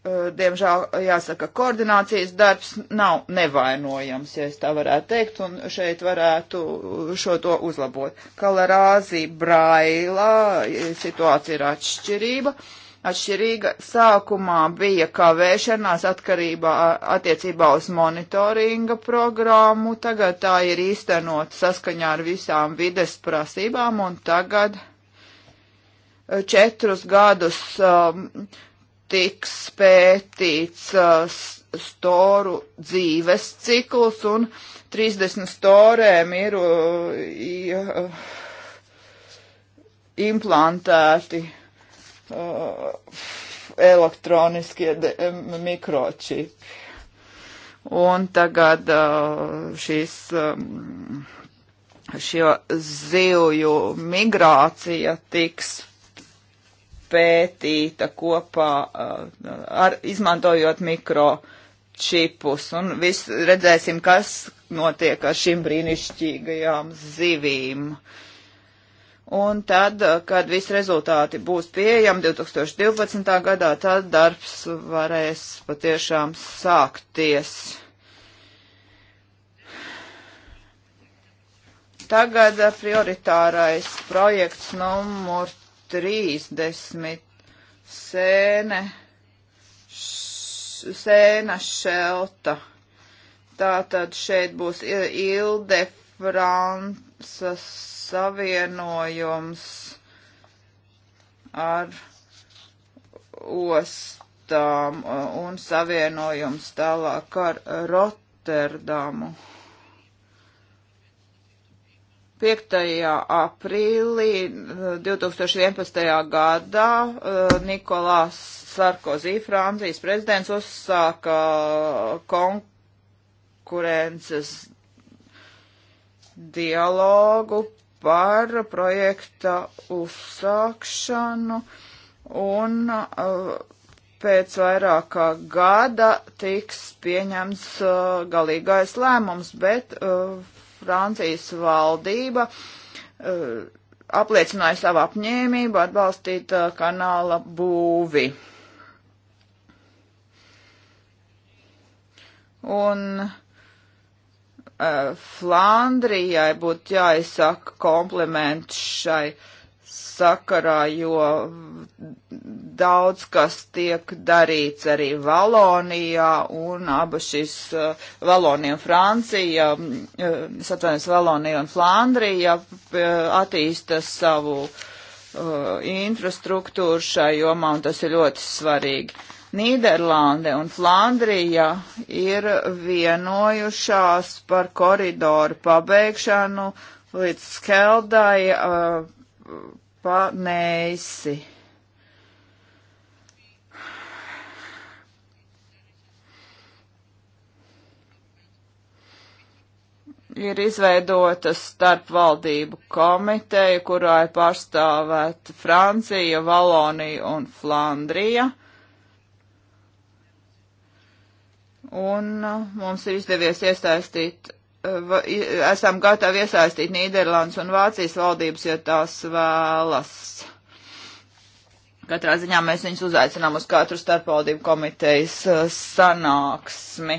Eh, diemžēl jāsaka, koordinācijas darbs nav nevainojams, ja es tā varētu teikt, un šeit varētu šo to uzlabot. Kalerāzi Braila situācija ir atšķirība. Atšķirīga sākumā bija kavēšanās atkarībā attiecībā uz monitoringa programmu, tagad tā ir īstenot saskaņā ar visām vides prasībām, un tagad eh, četrus gadus um, tiks pētīts uh, storu dzīves cikls un 30 storēm ir uh, implantēti uh, elektroniskie mikročipi. Un tagad uh, šīs um, šie zivju migrācija tiks pētīta kopā uh, ar izmantojot mikročipus. Un viss redzēsim, kas notiek ar šīm brīnišķīgajām zivīm. Un tad, uh, kad visi rezultāti būs pieejami 2012. gadā, tad darbs varēs patiešām sākties. Tagad uh, prioritārais projekts numur 30 sēne, š, sēna šelta. Tātad šeit būs Ilde Francas savienojums ar ostām un savienojums tālāk ar Rotterdamu. 5. aprīlī 2011. Eh, gadā eh, Nikolās Sarkozī, Francijas prezidents, uzsāka konkurences dialogu par projekta uzsākšanu un eh, pēc vairākā gada tiks pieņemts galīgais lēmums, bet Francijas valdība e, apliecināja savu apņēmību atbalstīt e, kanāla būvi. Un e, Flandrijai būtu jāizsaka kompliments šai uh, sakarā, jo daudz kas tiek darīts arī Valonijā un abas šis eh, Valonija un Francija, eh, es atvainojos Valonija un Flandrija eh, attīsta savu uh, infrastruktūru šai jomā un tas ir ļoti svarīgi. Nīderlande un Flandrija ir vienojušās par koridoru pabeigšanu līdz Skeldai uh, paneisi. ir izveidota starpvaldību komiteja, kurā ir pārstāvēta Francija, Valonija un Flandrija. Un uh, mums ir izdevies iesaistīt esam gatavi iesaistīt Nīderlandes un Vācijas valdības, ja tās vēlas. Katrā ziņā mēs viņus uzaicinām uz katru starpvaldību komitejas uh, sanāksmi.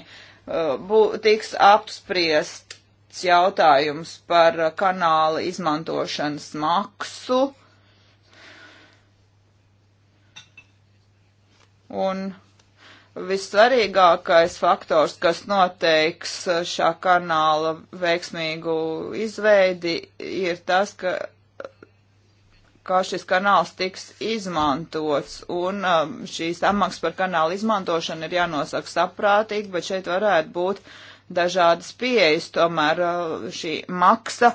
Uh, bū, tiks apspriests jautājums par kanāla izmantošanas maksu. Un Vissvarīgākais faktors, kas noteiks šā kanāla veiksmīgu izveidi, ir tas, ka kā šis kanāls tiks izmantots, un um, šīs apmaksas par kanālu izmantošanu ir jānosaka saprātīgi, bet šeit varētu būt dažādas pieejas, tomēr uh, šī maksa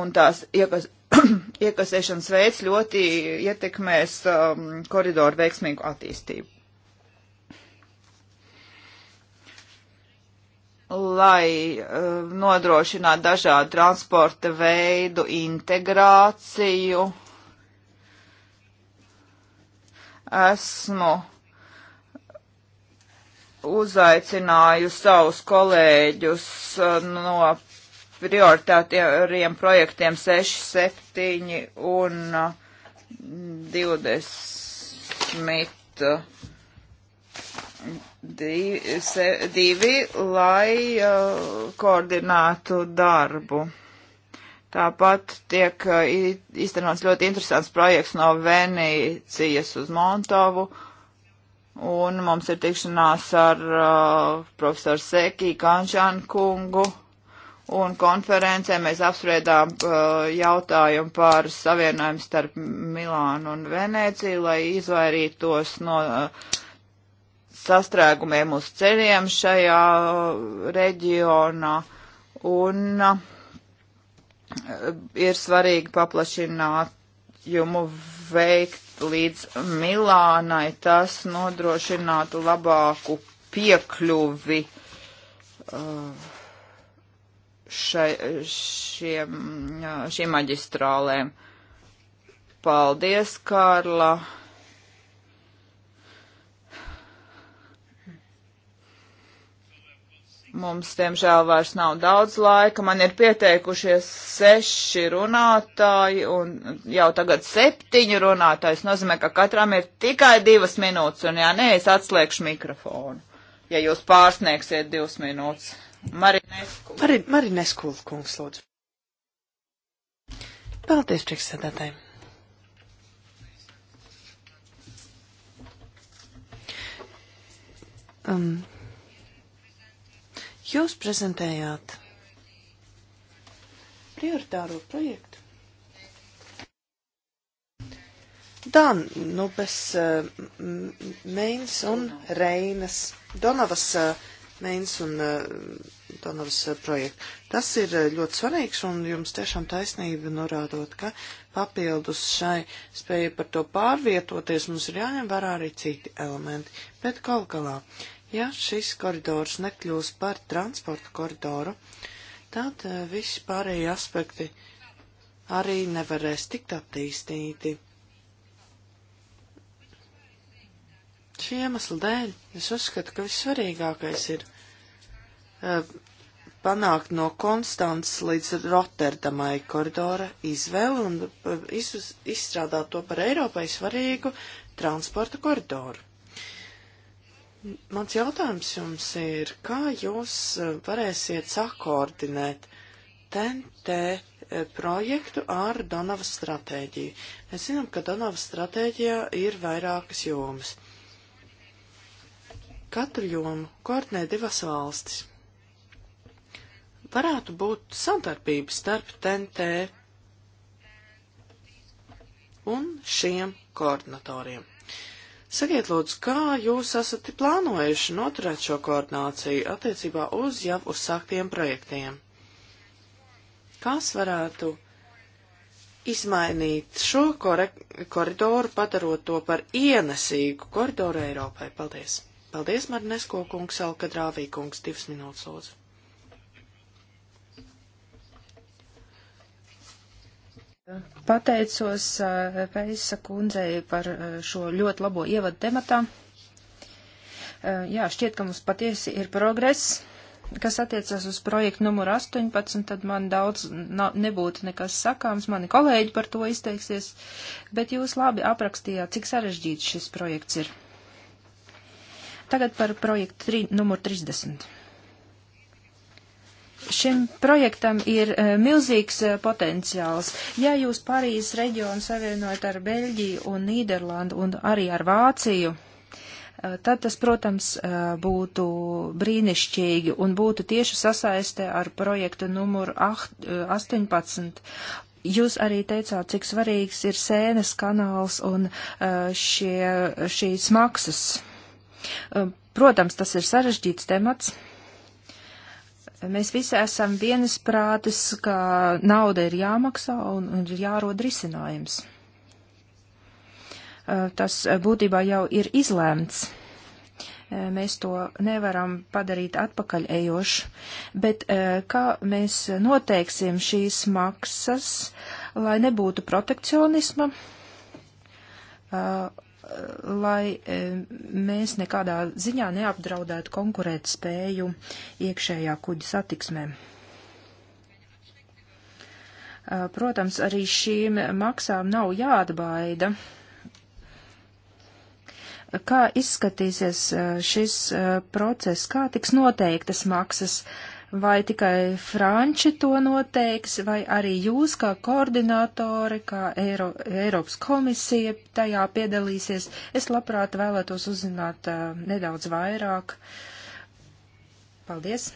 un tās iekas, iekasēšanas veids ļoti ietekmēs um, koridoru veiksmīgu attīstību. lai uh, nodrošinātu dažādu transporta veidu integrāciju. Esmu uzaicināju savus kolēģus uh, no prioritātiem projektiem 6, 7 un uh, eh, 20 divi, lai uh, koordinātu darbu. Tāpat tiek uh, iztenots ļoti interesants projekts no Venīcijas uz Montovu, un mums ir tikšanās ar uh, profesoru Sekī Kančānu kungu un konferencē mēs apspriedām uh, jautājumu par savienojumu starp Milānu un Venēciju, lai izvairītos no uh, sastrēgumiem uz ceļiem šajā reģionā un eh, ir svarīgi paplašinājumu veikt līdz Milānai. Tas nodrošinātu labāku piekļuvi eh, šai, šiem, eh, šiem maģistrālēm. Paldies, Kārla! Mums, diemžēl, vairs nav daudz laika. Man ir pieteikušies seši runātāji un jau tagad septiņi runātāji. Tas nozīmē, ka katram ir tikai divas minūtes un, ja nē, es atslēgšu mikrofonu, ja jūs pārsniegsiet divas minūtes. Marinesku. Mari, Marinesku, kungs, lūdzu. Paldies, priekšsēdētāji. Um, Jūs prezentējāt prioritāro projektu. Dan, nu bez uh, Meins un Reinas, Donavas uh, Meins un uh, Donavas uh, projektu. Tas ir uh, ļoti svarīgs un jums tiešām taisnība norādot, ka papildus šai spēja par to pārvietoties mums ir jāņem vērā arī citi elementi. Bet kaut galā. Uh, Ja šis koridors nekļūs par transporta koridoru, tad eh, visi pārējie aspekti arī nevarēs tikt attīstīti. Šī iemesla dēļ es uzskatu, ka vissvarīgākais ir eh, panākt no Konstants līdz Rotterdamai koridora izvēli un eh, iz, izstrādāt to par Eiropai svarīgu transporta koridoru. Mans jautājums jums ir, kā jūs eh, varēsiet sakoordinēt TNT eh, projektu ar Donavas stratēģiju? Mēs zinām, ka Donavas stratēģijā ir vairākas jomas. Katru jomu koordinē divas valstis. Varētu būt sadarbība starp TNT un šiem koordinatoriem. Sakiet, lūdzu, kā jūs esat plānojuši noturēt šo koordināciju attiecībā uz jau uzsāktiem projektiem? Kas varētu izmainīt šo koridoru, padarot to par ienesīgu koridoru Eiropai? Paldies! Paldies, Marnesko kungs, Alkadrāvī kungs, divas minūtes lūdzu. Pateicos Peisa eh, kundzei par eh, šo ļoti labo ievadu tematā. Eh, jā, šķiet, ka mums patiesi ir progress. Kas attiecas uz projektu numuru 18, tad man daudz nebūtu nekas sakāms, mani kolēģi par to izteiksies, bet jūs labi aprakstījāt, cik sarežģīts šis projekts ir. Tagad par projektu 3, numuru 30. Šim projektam ir uh, milzīgs uh, potenciāls. Ja jūs Parīzes reģionu savienojat ar Beļģiju un Nīderlandu un arī ar Vāciju, uh, tad tas, protams, būtu brīnišķīgi un būtu tieši sasaiste ar projektu numuru 8, 18. Jūs arī teicāt, cik svarīgs ir sēnes kanāls un šie, šīs maksas. Protams, tas ir sarežģīts temats Mēs visi esam vienas prātes, ka nauda ir jāmaksā un, un ir jārod risinājums. Tas būtībā jau ir izlēmts mēs to nevaram padarīt atpakaļ ejošu, bet kā mēs noteiksim šīs maksas, lai nebūtu protekcionisma lai e, mēs nekādā ziņā neapdraudētu konkurēt spēju iekšējā kuģa satiksmē. E, protams, arī šīm maksām nav jāatbaida. Kā izskatīsies e, šis process, kā tiks noteiktas maksas? Uh, vai tikai Franči to noteiks, vai arī jūs kā koordinātori, kā Eiro, Eiropas komisija tajā piedalīsies. Es labprāt vēlētos uzzināt uh, nedaudz vairāk. Paldies!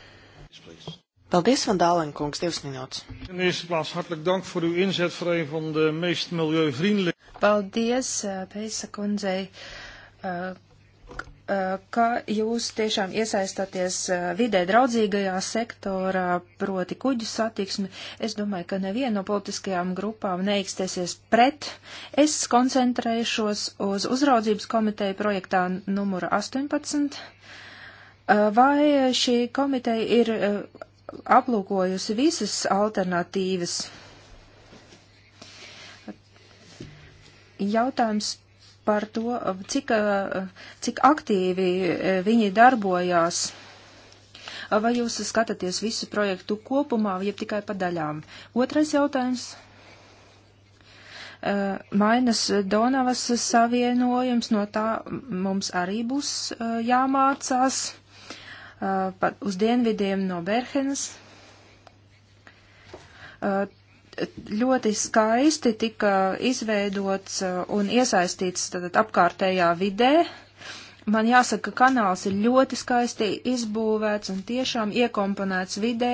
Paldies, Van Dālenkungs, divas minūtes. In eerste plaats hartelijk dank voor uw inzet voor een van de meest milieuvriendelijke. Paldies, eh, Pēsa kundzei. Uh, Eh, ka jūs tiešām iesaistāties eh, vidē draudzīgajā sektorā, proti kuģu satiksmi. Es domāju, ka neviena no politiskajām grupām neikstēsies pret. Es koncentrēšos uz uzraudzības komiteju projektā numura 18. Eh, vai šī komiteja ir aplūkojusi visas alternatīvas? Jautājums par to, cik, cik aktīvi e, viņi darbojās. Vai jūs skatāties visu projektu kopumā, vai tikai pa daļām? Otrais jautājums. E, Mainas Donavas savienojums, no tā mums arī būs e, jāmācās uz dienvidiem no Berhenas ļoti skaisti tika izveidots uh, un iesaistīts tātad apkārtējā vidē. Man jāsaka, ka kanāls ir ļoti skaisti izbūvēts un tiešām iekomponēts vidē,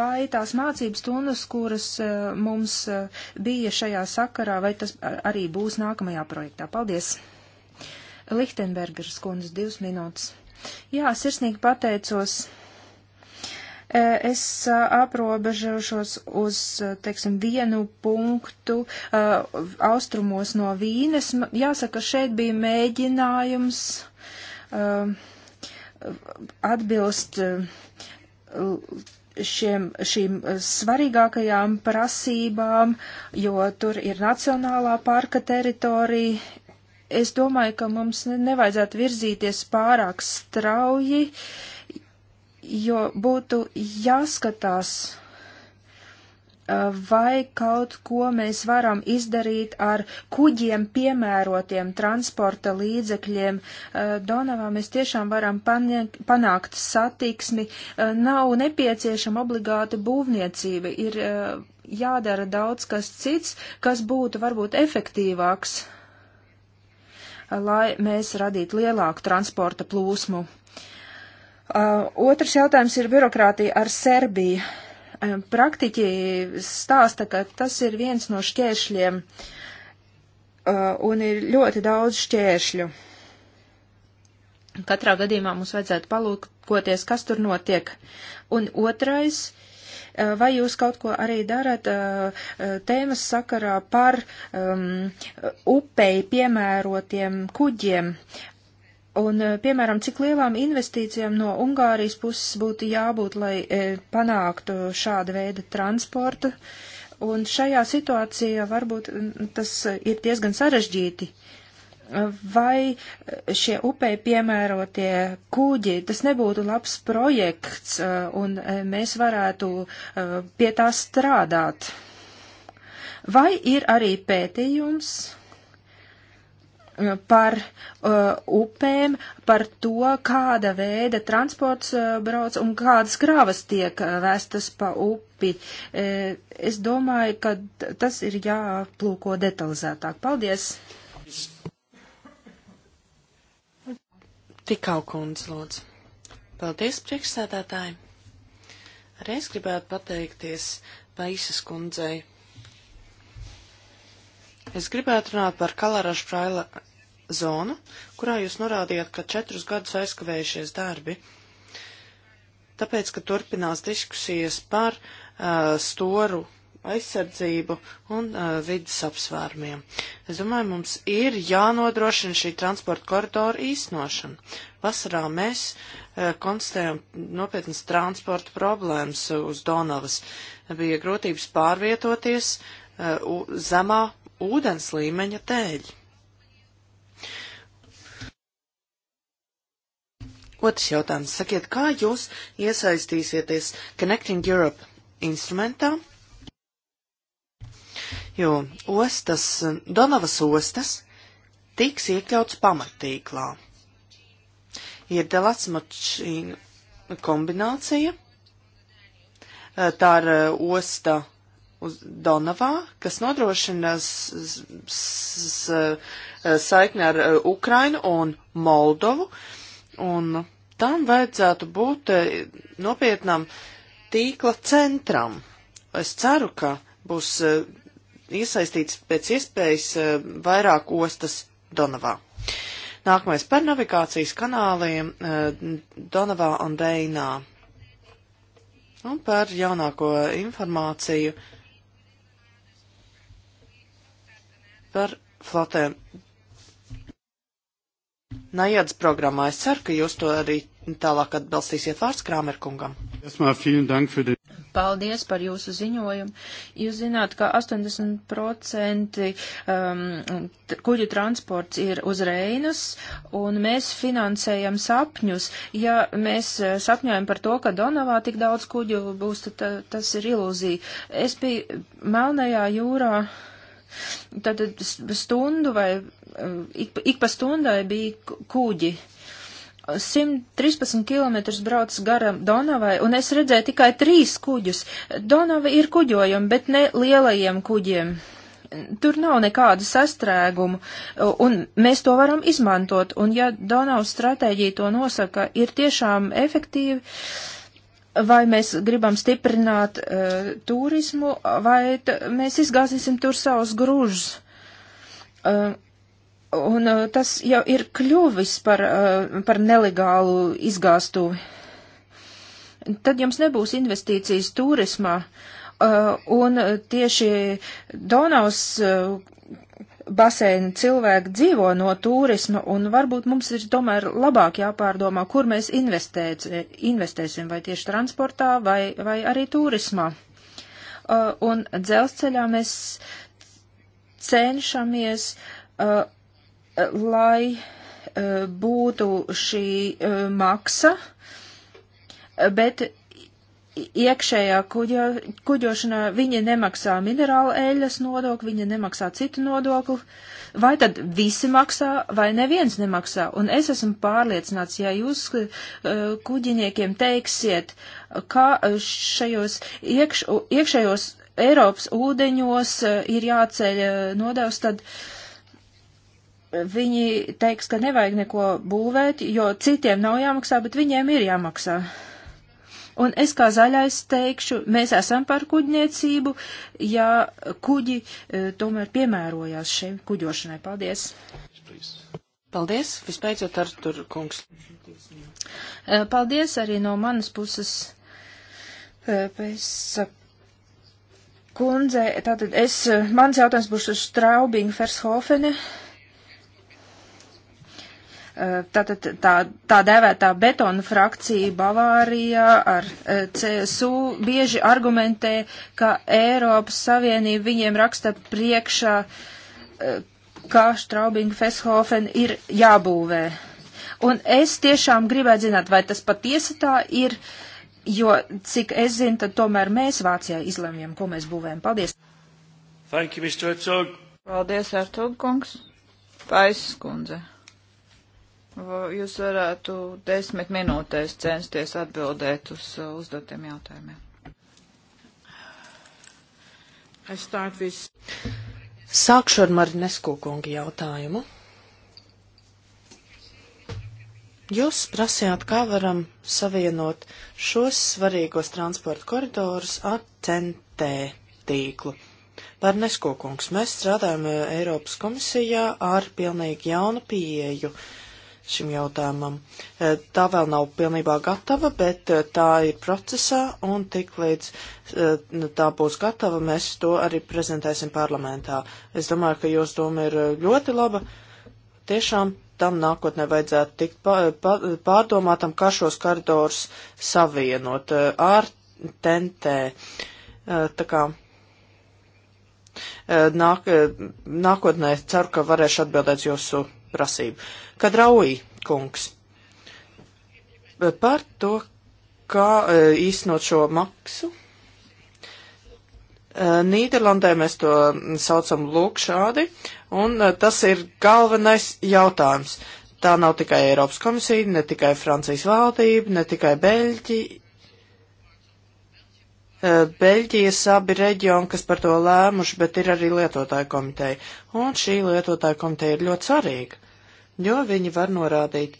vai tās mācības stundas, kuras uh, mums uh, bija šajā sakarā, vai tas arī būs nākamajā projektā. Paldies! Lichtenbergers kundzes divas minūtes. Jā, sirsnīgi pateicos es aprobežošos uz, teiksim, vienu punktu austrumos no Vīnes. Jāsaka, šeit bija mēģinājums atbilst šiem, šīm svarīgākajām prasībām, jo tur ir nacionālā parka teritorija. Es domāju, ka mums nevajadzētu virzīties pārāk strauji. Uh, jo būtu jāskatās, vai kaut ko mēs varam izdarīt ar kuģiem piemērotiem transporta līdzekļiem. Donavā mēs tiešām varam panākt satiksmi. Nav nepieciešama obligāta būvniecība, ir jādara daudz kas cits, kas būtu varbūt efektīvāks, lai mēs radītu lielāku transporta plūsmu. Uh, otrs jautājums ir birokrātija ar Serbiju. Um, praktiķi stāsta, ka tas ir viens no šķēršļiem uh, un ir ļoti daudz šķēršļu. Katrā gadījumā mums vajadzētu palūkoties, kas tur notiek. Un otrais, uh, vai jūs kaut ko arī darat tēmas sakarā par um, upei piemērotiem kuģiem? Un, eh, piemēram, cik lielām investīcijām no Ungārijas puses būtu jābūt, lai e, panāktu šāda veida transportu. Un šajā situācijā varbūt mm, tas eh, ir diezgan sarežģīti. Vai šie upei piemērotie kuģi, tas nebūtu labs projekts, un mēs varētu pie tā strādāt? Vai ir arī pētījums? par uh, upēm, par to, kāda veida transports uh, brauc un kādas krāvas tiek uh, vēstas pa upi. Uh, es domāju, ka tas ir jāplūko detalizētāk. Paldies! Tikau kundze, lūdzu. Paldies, priekšsēdētāji. Arī es gribētu pateikties Paisas kundzei. Es gribētu runāt par Kalarašu Praila zonu, kurā jūs norādījāt, ka četrus gadus aizkavējušies darbi, tāpēc, ka turpinās diskusijas par uh, storu aizsardzību un uh, vidas apsvērumiem. Es domāju, mums ir jānodrošina šī transporta koridora īstenošana. Vasarā mēs uh, konstatējam nopietnas transporta problēmas uh, uz Donavas. Bija grūtības pārvietoties uh, zemā ūdens līmeņa dēļ. Otrs jautājums. Sakiet, kā jūs iesaistīsieties Connecting Europe instrumentā? Jo ostas, Donavas ostas tiks iekļauts pamatīklā. Ir Delasmačīna kombinācija. Eh, tā ir eh, osta uz Donavā, kas nodrošina eh, saikni ar Ukrainu un Moldovu. Uh, Un tam vajadzētu būt e, nopietnam tīkla centram. Es ceru, ka būs e, iesaistīts pēc iespējas e, vairāk ostas Donavā. Nākamais par navigācijas kanāliem Donavā un Deinā. Un par jaunāko informāciju par flotēm Naiads programmā. Es ceru, ka jūs to arī tālāk atbalstīsiet vārds Krāmerkungam. Paldies par jūsu ziņojumu. Jūs zināt, ka 80% um, kuģu transports ir uz Reinas, un mēs finansējam sapņus. Ja mēs eh, sapņojam par to, ka Donavā tik daudz kuģu būs, tad tas ir ilūzija. Es biju Melnajā jūrā Tad stundu vai eh, ik, ik pa stundai bija kūģi. 113 km brauc garam Donavai, un es redzēju tikai trīs kuģus. Donava ir kuģojumi, bet ne lielajiem kuģiem. Tur nav nekādu sastrēgumu, un mēs to varam izmantot, un ja Donavas stratēģija to nosaka, ir tiešām efektīvi. Uh, vai mēs gribam stiprināt uh, turismu, vai mēs izgāzīsim tur savus grūžus. Uh, e, un uh, tas jau ir kļuvis par, uh, par nelegālu izgāstuvi. Tad jums nebūs investīcijas turismā, uh, un tieši Donavs uh, baseina cilvēki dzīvo no turisma, un varbūt mums ir tomēr labāk jāpārdomā, kur mēs investēt, investēsim, vai tieši transportā, vai, vai arī turismā. Uh, un dzelzceļā mēs cenšamies, uh, lai uh, būtu šī uh, maksa, bet iekšējā kuģo, kuģošanā viņi nemaksā minerāla eļas nodokli, viņi nemaksā citu nodokli. Vai tad visi maksā, vai neviens nemaksā? Un es esmu pārliecināts, ja jūs uh, kuģiniekiem teiksiet, kā uh, šajos iekš, iekšējos Eiropas ūdeņos uh, ir jāceļ uh, nodevs, tad viņi teiks, ka nevajag neko būvēt, jo citiem nav jāmaksā, bet viņiem ir jāmaksā. Uh, Un es kā zaļais teikšu, mēs esam par kuģniecību, ja kuģi e, tomēr piemērojās šiem kuģošanai. Paldies! Paldies, vispēcot Artur kungs. E, paldies arī no manas puses. E, Pēc kundze, tātad es, mans jautājums būs uz Straubingu Fershofene. Uh, Tātad tā, tā dēvētā betona frakcija Bavārijā ar e, CSU bieži argumentē, ka Eiropas Savienība viņiem raksta priekšā, e, kā Straubing Feshofen ir jābūvē. Un es tiešām gribētu zināt, vai tas patiesi tā ir, jo, cik es zinu, tad tomēr mēs Vācijā izlemjam, ko mēs būvējam. Paldies! Thank you, Mr. Herzog! Paldies, Ertug kungs! Paisas kundze! Jūs varētu desmit minūtēs censties atbildēt uz uh, uzdotiem jautājumiem. Sākšu ar Marinesku kungu jautājumu. Jūs prasījāt, kā varam savienot šos svarīgos transporta koridorus ar TNT tīklu. Marinesku kungs, mēs strādājam uh, Eiropas komisijā ar pilnīgi jaunu pieeju. Uh, šim jautājumam. Eh, tā vēl nav pilnībā gatava, bet eh, tā ir procesā un tik līdz eh, tā būs gatava, mēs to arī prezentēsim parlamentā. Es domāju, ka jūs doma ir ļoti laba. Tiešām tam nākotnē vajadzētu tikt pārdomātam, kā šos koridors savienot ar TNT. Tā kā nāk, nākotnē ceru, ka varēšu atbildēt jūsu prasību. Kad Rauji kungs par to, kā e, īstenot šo maksu. E, Nīderlandē mēs to saucam lūk šādi, un e, tas ir galvenais jautājums. Tā nav tikai Eiropas komisija, ne tikai Francijas valdība, ne tikai Beļģija, Eh, Beļģijas abi reģioni, kas par to lēmuši, bet ir arī lietotāja komiteja. Un šī lietotāja komiteja ir ļoti svarīga, jo viņi var norādīt,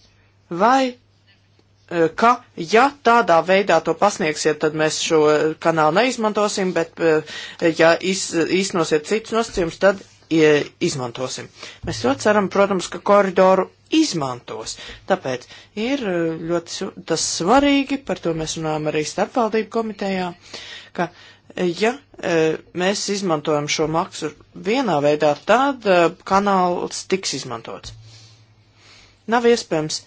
vai, eh, ka, ja tādā veidā to pasniegsiet, tad mēs šo kanālu neizmantosim, bet, eh, ja iz, iznosiet citus nosacījumus, tad izmantosim. Mēs ļoti ceram, protams, ka koridoru izmantos. Tāpēc ir e, ļoti tas svarīgi, par to mēs runājam arī starpvaldību komitejā, ka e, ja e, mēs izmantojam šo maksu vienā veidā, tad kanāls tiks izmantots. Nav iespējams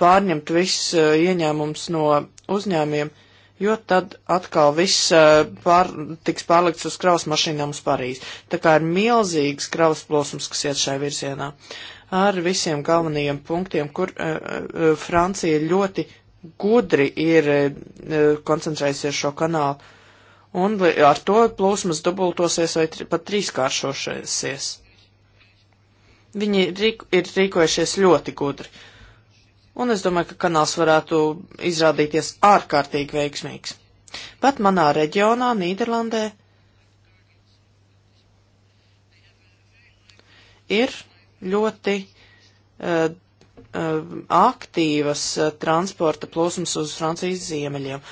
pārņemt visus ieņēmumus no uzņēmiem, jo tad atkal viss pār, tiks pārlikts uz kravas mašīnām uz Parīzi. Tā kā ir milzīgs kravas plosums, kas iet šai virzienā. Uh, ar visiem galvenajiem punktiem, kur uh, Francija ļoti gudri ir uh, koncentrējusies šo kanālu. Un ar to plūsmas dubultosies vai tri, pat trīskāršošies. Viņi rīk, ir rīkojušies ļoti gudri. Un es domāju, ka kanāls varētu izrādīties ārkārtīgi veiksmīgs. Pat manā reģionā, Nīderlandē, ir ļoti uh, aktīvas eh, transporta plūsmas uz Francijas ziemeļiem,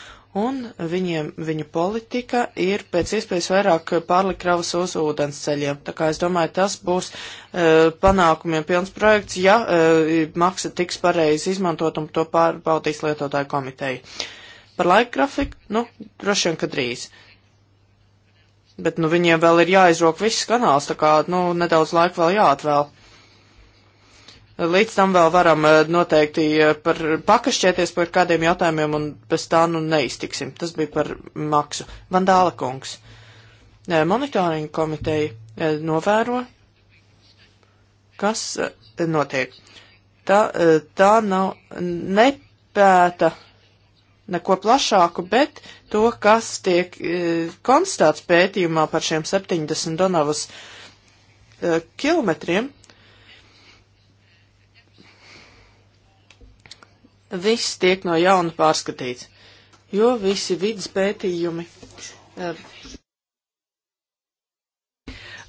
un viņiem, viņu politika ir pēc iespējas vairāk pārlikravas uz ūdens ceļiem. Tā kā es domāju, tas būs uh, panākumiem pilns projekts, ja uh, maksa tiks pareizi izmantot un to pārbaudīs lietotāju komiteja. Par laika grafiku, nu, droši vien, ka drīz. Bet, nu, viņiem vēl ir jāizrok viss kanāls, tā kā, nu, nedaudz laika vēl jāatvēl. Līdz tam vēl varam eh, noteikti eh, par pakašķēties par kādiem jautājumiem un bez tā nu neiztiksim. Tas bija par maksu. Vandāla kungs. Monitoringa komiteja eh, novēro, kas notiek. Tā, tā nav nepēta neko plašāku, bet to, kas tiek konstatēts pētījumā par šiem 70 donavas kilometriem viss tiek no jauna pārskatīts, jo visi vidas pētījumi. Eh,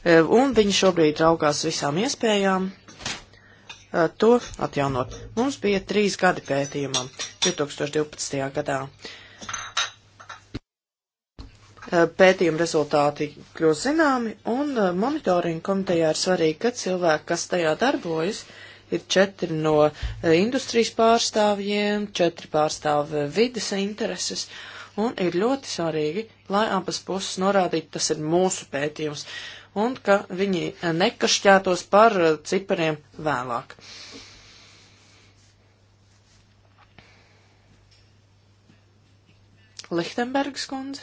eh, un viņi šobrīd raugās visām iespējām eh, to atjaunot. Mums bija trīs gadi pētījumam 2012. gadā. Pētījuma rezultāti kļūst zināmi, un monitoringa komitejā ir svarīgi, ka cilvēki, kas tajā darbojas, uh, ir četri no eh, industrijas pārstāvjiem, četri pārstāv eh, vidas intereses, un ir ļoti svarīgi, lai abas puses norādītu, tas ir mūsu pētījums, un ka viņi eh, nekašķētos par cipariem vēlāk. Lihtenbergs kundze?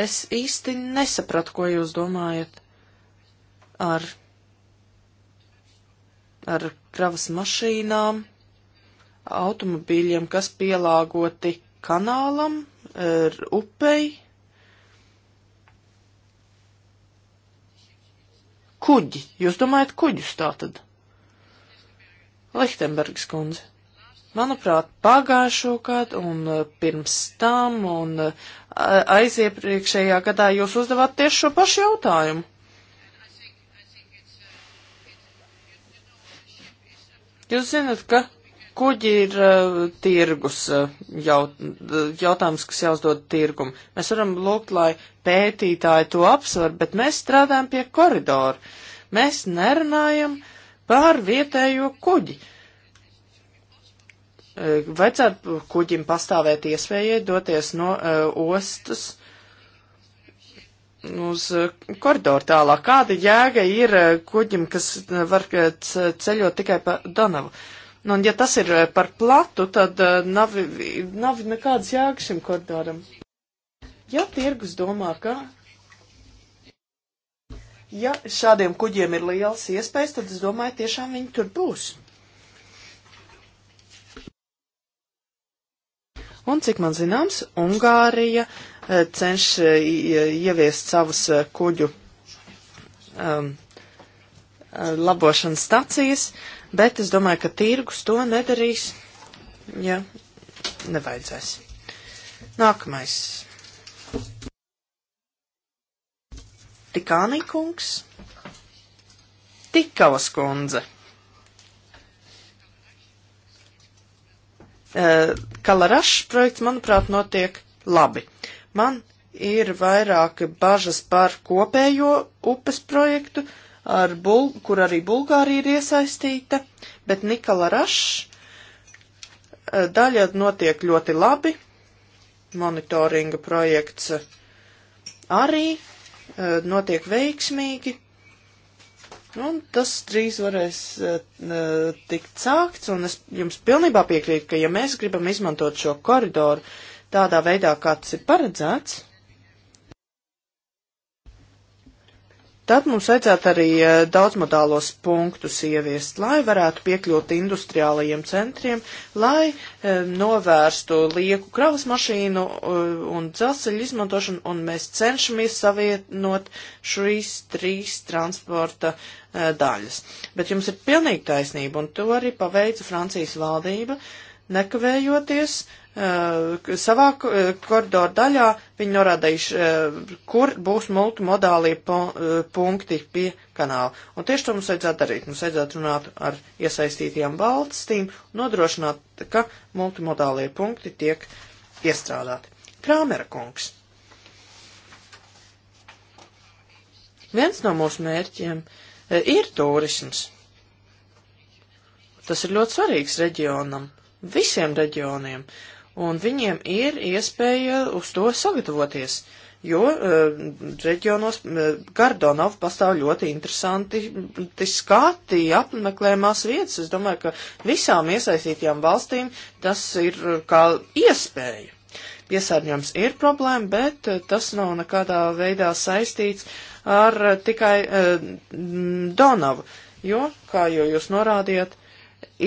Es īsti nesapratu, ko jūs domājat ar ar kravas mašīnām, automobīļiem, kas pielāgoti kanālam, upei, kuģi. Jūs domājat kuģus tātad? Lihtenbergs kundze. Manuprāt, pagājušo gadu un uh, pirms tam un uh, aiziepriekšējā gadā jūs uzdevāt tieši šo pašu jautājumu. Jūs zinat, ka kuģi ir uh, tirgus uh, jaut, uh, jautājums, kas jāuzdod tirgumu. Mēs varam lūgt, lai pētītāji to apsver, bet mēs strādājam pie koridoru. Mēs nerunājam par vietējo kuģi. Uh, vajadzētu kuģim pastāvēt iespējai doties no uh, ostas uz eh, koridoru tālāk. Kāda jēga ir eh, kuģim, kas eh, var ceļot tikai pa Donavu? Nu, un ja tas ir par platu, tad nav, nav nekādas jēgas šim koridoram. Ja tirgus domā, ka. Ja šādiem kuģiem ir liels iespējas, tad es domāju, tiešām viņi tur būs. Un cik man zināms, Ungārija uh, cenš e, ieviest savus e, kuģu um, e, labošanas stacijas, bet es domāju, ka tirgus to nedarīs, ja nevajadzēs. Nākamais. Tikānī kungs. Tikavas kundze. Kalarašs projekts, manuprāt, notiek labi. Man ir vairāk bažas par kopējo upes projektu, ar Bul kur arī Bulgārija ir iesaistīta, bet Nikola Rašs eh, daļa notiek ļoti labi, monitoringa projekts arī eh, notiek veiksmīgi, un tas drīz varēs eh, tikt sākts, un es jums pilnībā piekrītu, ka ja mēs gribam izmantot šo koridoru, tādā veidā, kā tas ir paredzēts, tad mums vajadzētu arī eh, daudzmodālos punktus ieviest, lai varētu piekļūt industriālajiem centriem, lai eh, novērstu lieku kravas mašīnu eh, un dzelzceļu izmantošanu, un mēs cenšamies savienot šīs trīs transporta daļas. Bet jums ir pilnīgi taisnība, un to arī paveica Francijas valdība, nekavējoties Uh, savā uh, koridoru daļā viņi norādījuši, uh, kur būs multimodālie punkti pie kanāla. Un tieši to mums vajadzētu darīt. Mums vajadzētu runāt ar iesaistītajām valstīm, nodrošināt, ka multimodālie punkti tiek iestrādāti. Krāmera kungs. Viens no mūsu mērķiem ir turisms. Tas ir ļoti svarīgs reģionam, visiem reģioniem. Uh, un viņiem ir iespēja uz to sagatavoties, jo uh, reģionos uh, Gardonov pastāv ļoti interesanti mm, skati, apmeklējumās vietas. Es domāju, ka visām iesaistītajām valstīm tas ir uh, kā iespēja. Piesārņojums ir problēma, bet uh, tas nav nekādā veidā saistīts ar uh, tikai uh, Donavu, jo, kā jau jūs norādījāt,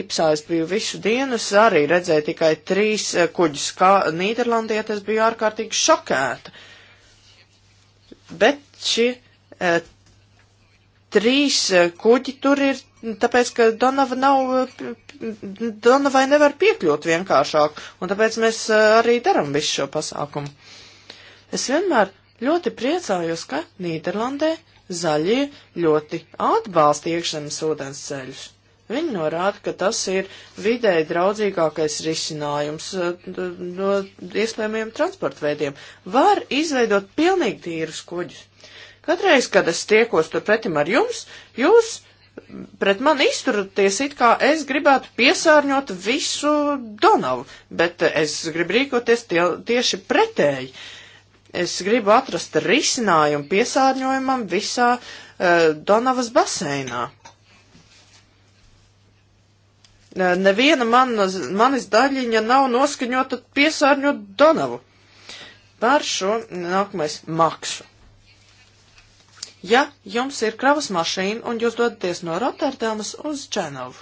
Ipsā es biju visu dienu, es arī redzēju tikai trīs eh, kuģus, kā Nīderlandē, tas bija ārkārtīgi šokēta. Bet šie e, trīs eh, kuģi tur ir, tāpēc, ka Donava nav, Donavai nevar piekļūt vienkāršāk, un tāpēc mēs arī daram visu šo pasākumu. Es vienmēr ļoti priecājos, ka Nīderlandē zaļie ļoti atbalsta iekšzemes ūdens ceļus. Viņi norāda, ka tas ir vidēji draudzīgākais risinājums eh, no iespējamiem transporta veidiem. Var izveidot pilnīgi tīrus kuģus. Katreiz, kad es tiekos tur pretim ar jums, jūs pret mani izturaties it kā es gribētu piesārņot visu Donavu, bet es gribu rīkoties tie, tieši pretēji. Es gribu atrast risinājumu piesārņojumam visā uh, Donavas baseinā. Neviena manas, manis daļiņa nav noskaņota piesārņot Donavu. Par šo nākamais maksu. Ja jums ir kravas mašīna un jūs dodaties no Rotterdamas uz Čenovu,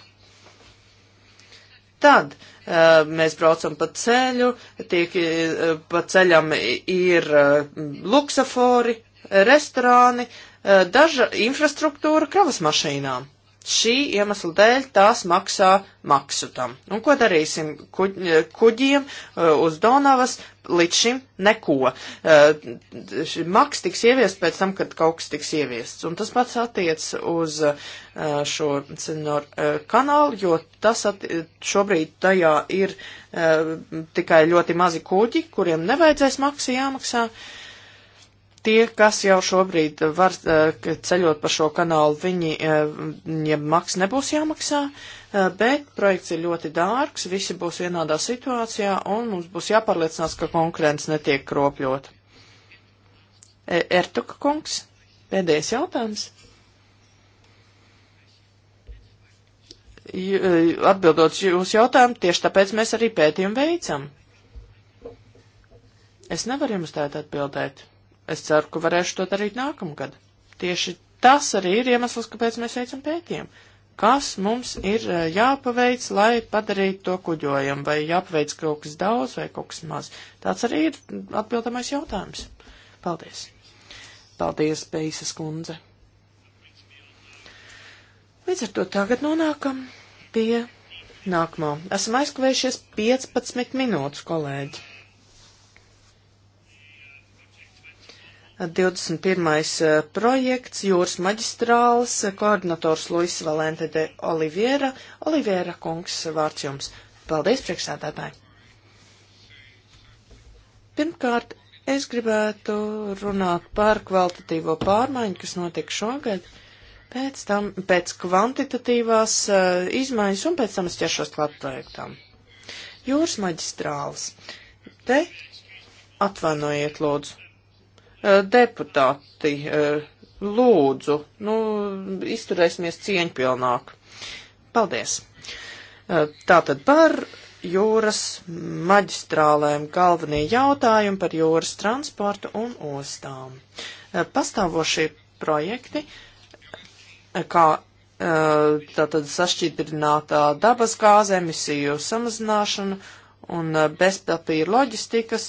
tad uh, mēs braucam pa ceļu, tiek, uh, pa ceļam ir uh, luksafori, restorāni, uh, daža infrastruktūra kravas mašīnām. Šī iemesla dēļ tās maksā maksu tam. Un ko darīsim kuģ, eh, kuģiem eh, uz Donavas? Līdz šim neko. Eh, maks tiks ieviest pēc tam, kad kaut kas tiks ieviests. Un tas pats attiec uz šo senor kanālu, jo tas atti, šobrīd tajā ir tikai ļoti mazi kuģi, kuriem nevajadzēs maksu jāmaksā. Uh, Tie, kas jau šobrīd var eh, ceļot pa šo kanālu, viņi, eh, viņiem maks nebūs jāmaksā, eh, bet projekts ir ļoti dārgs, visi būs vienādā situācijā un mums būs jāpārliecinās, ka konkurence netiek kropļot. E, Ertuka kungs, pēdējais jautājums. atbildot jūsu jautājumu, tieši tāpēc mēs arī pētījumu veicam. Es nevaru jums tādu atbildēt. Es ceru, ka varēšu to darīt nākamgad. Tieši tas arī ir iemesls, kāpēc mēs veicam pētījumu. Kas mums ir eh, jāpaveic, lai padarītu to kuģojumu, vai jāpaveic kaut kas daudz vai kaut kas maz? Tāds arī ir atbildamais jautājums. Paldies. Paldies, Beisas kundze. Līdz ar to tagad nonākam pie nākamā. Esam aizkavējušies 15 minūtes, kolēģi. 21. Eh, projekts jūras maģistrāls, eh, koordinators Luis Valente de Oliviera. Oliviera kungs, vārds jums. Paldies, priekšsēdētāji. Pirmkārt, es gribētu runāt par kvalitatīvo pārmaiņu, kas notiek šogad, pēc tam pēc kvantitatīvās uh, izmaiņas un pēc tam es ķeršos klāt projektām. Jūras maģistrāls. Te atvainojiet, lūdzu. Eh, deputāti, eh, lūdzu, nu, izturēsimies cieņpilnāk. Paldies! Eh, tātad par jūras maģistrālēm galvenie jautājumi par jūras transportu un ostām. Pastāvošie projekti, kā tātad sašķidrinātā dabas gāze emisiju samazināšana un bezpapīra loģistikas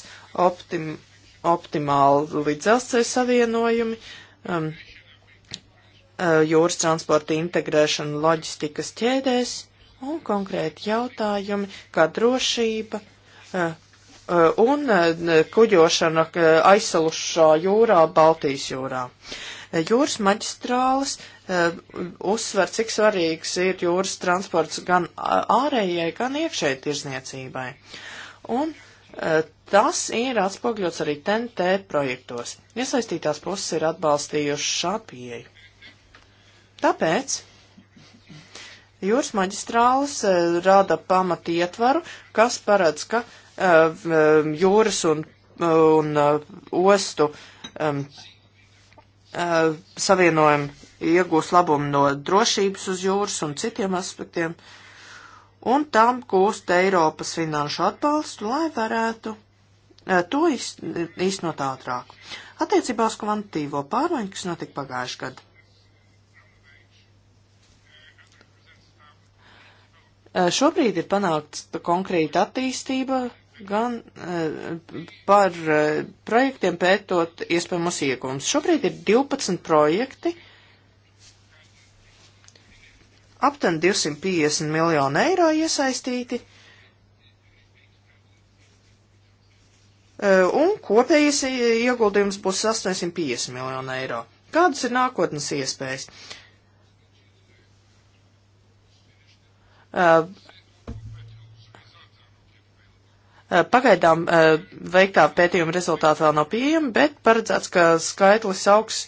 optimizācija optimāli līdzelsceļa savienojumi, um, uh, jūras transporta integrēšana loģistikas ķēdēs un konkrēti jautājumi, kā drošība uh, uh un uh, kuģošana aizsalušā jūrā, Baltijas jūrā. Jūras maģistrāles uh, uzsver, cik svarīgs ir jūras transports gan ārējai, gan iekšēji tirzniecībai. Un uh, Eh, tas ir atspogļots arī TNT projektos. Iesaistītās puses ir atbalstījušas šādu pieeju. Tāpēc jūras maģistrāles eh, rada pamati ietvaru, kas paredz, ka eh, jūras un, un ostu um, savienojumi iegūs labumu no drošības uz jūras un citiem aspektiem. Uh, un tam kūst Eiropas finanšu atbalstu, lai varētu eh, to īstenot ātrāk. Attiecībā uz kvantitīvo pārmaiņu, kas notika pagājuši gadu. Eh, šobrīd ir panākts konkrēta attīstība gan eh, par projektiem pētot iespējamos iegūmus. Šobrīd ir 12 projekti, uh, Aptuveni 250 miljonu eiro iesaistīti, e, un kopējais ieguldījums būs 850 miljonu eiro. Kādas ir nākotnes iespējas? E, e, pagaidām veiktā pētījuma rezultāti vēl nav pieejami, bet paredzēts, ka skaitlis augs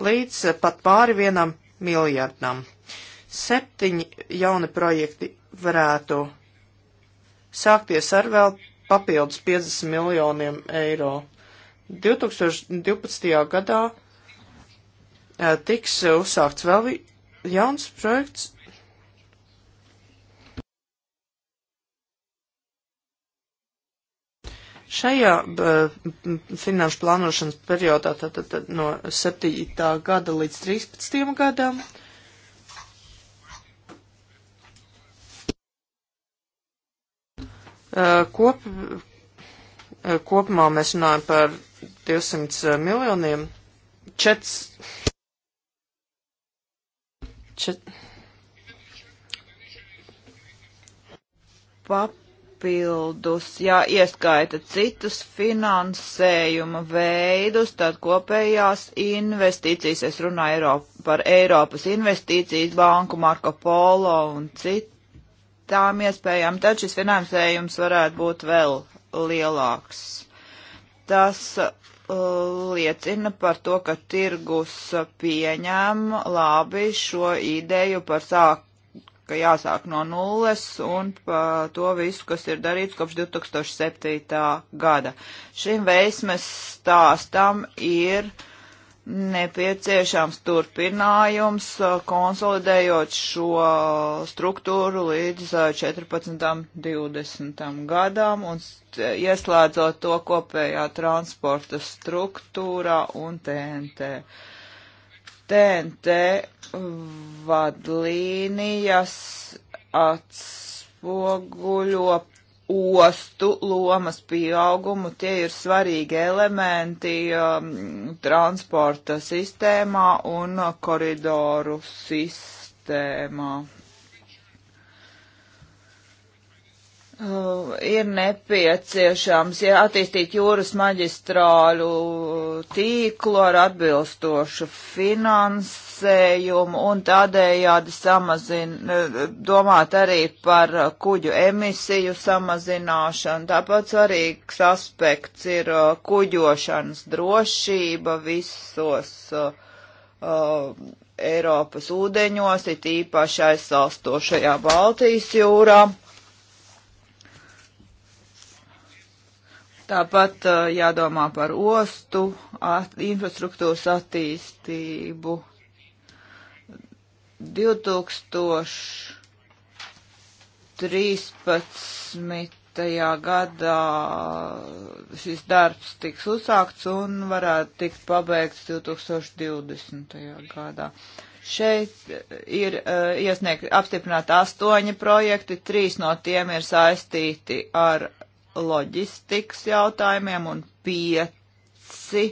līdz pat pāri vienam miljardam. Septiņi jauni projekti varētu sākties ar vēl papildus 50 miljoniem eiro. 2012. gadā tiks uzsākts vēl jauns projekts. Šajā finanšu plānošanas periodā, tātad no 7. gada līdz 13. gadam, Eh, kop, eh, kopumā mēs runājam par 200 eh, miljoniem. Čets. Čet. Papildus, jā, ieskaita citus finansējuma veidus, tad kopējās investīcijas, es runāju Eiropa, par Eiropas investīcijas banku, Marko Polo un citu tām iespējām, tad šis finansējums varētu būt vēl lielāks. Tas uh, liecina par to, ka tirgus pieņem labi šo ideju par sāk, ka jāsāk no nulles un par to visu, kas ir darīts kopš 2007. gada. Šim veiksmes stāstam ir uh, nepieciešams turpinājums, konsolidējot šo struktūru līdz 14.20. gadam un ieslēdzot to kopējā transporta struktūrā un TNT. TNT vadlīnijas atspoguļo ostu lomas pieaugumu. Tie ir svarīgi elementi um, transporta sistēmā un koridoru sistēmā. Uh, ir nepieciešams ja attīstīt jūras maģistrāļu tīklu ar atbilstošu finans, finansējumu un tādējādi samazina, eh, domāt arī par kuģu emisiju samazināšanu. Tāpat svarīgs aspekts ir eh, kuģošanas drošība visos uh, Eiropas ūdeņos, it īpaši aizsalstošajā Baltijas jūrā. Tāpat jādomā par ostu, at, infrastruktūras attīstību. 2013. gadā šis darbs tiks uzsākts un varētu tikt pabeigts 2020. gadā. Šeit ir uh, eh, iesniegti apstiprināti astoņi projekti, trīs no tiem ir saistīti ar loģistikas jautājumiem un pieci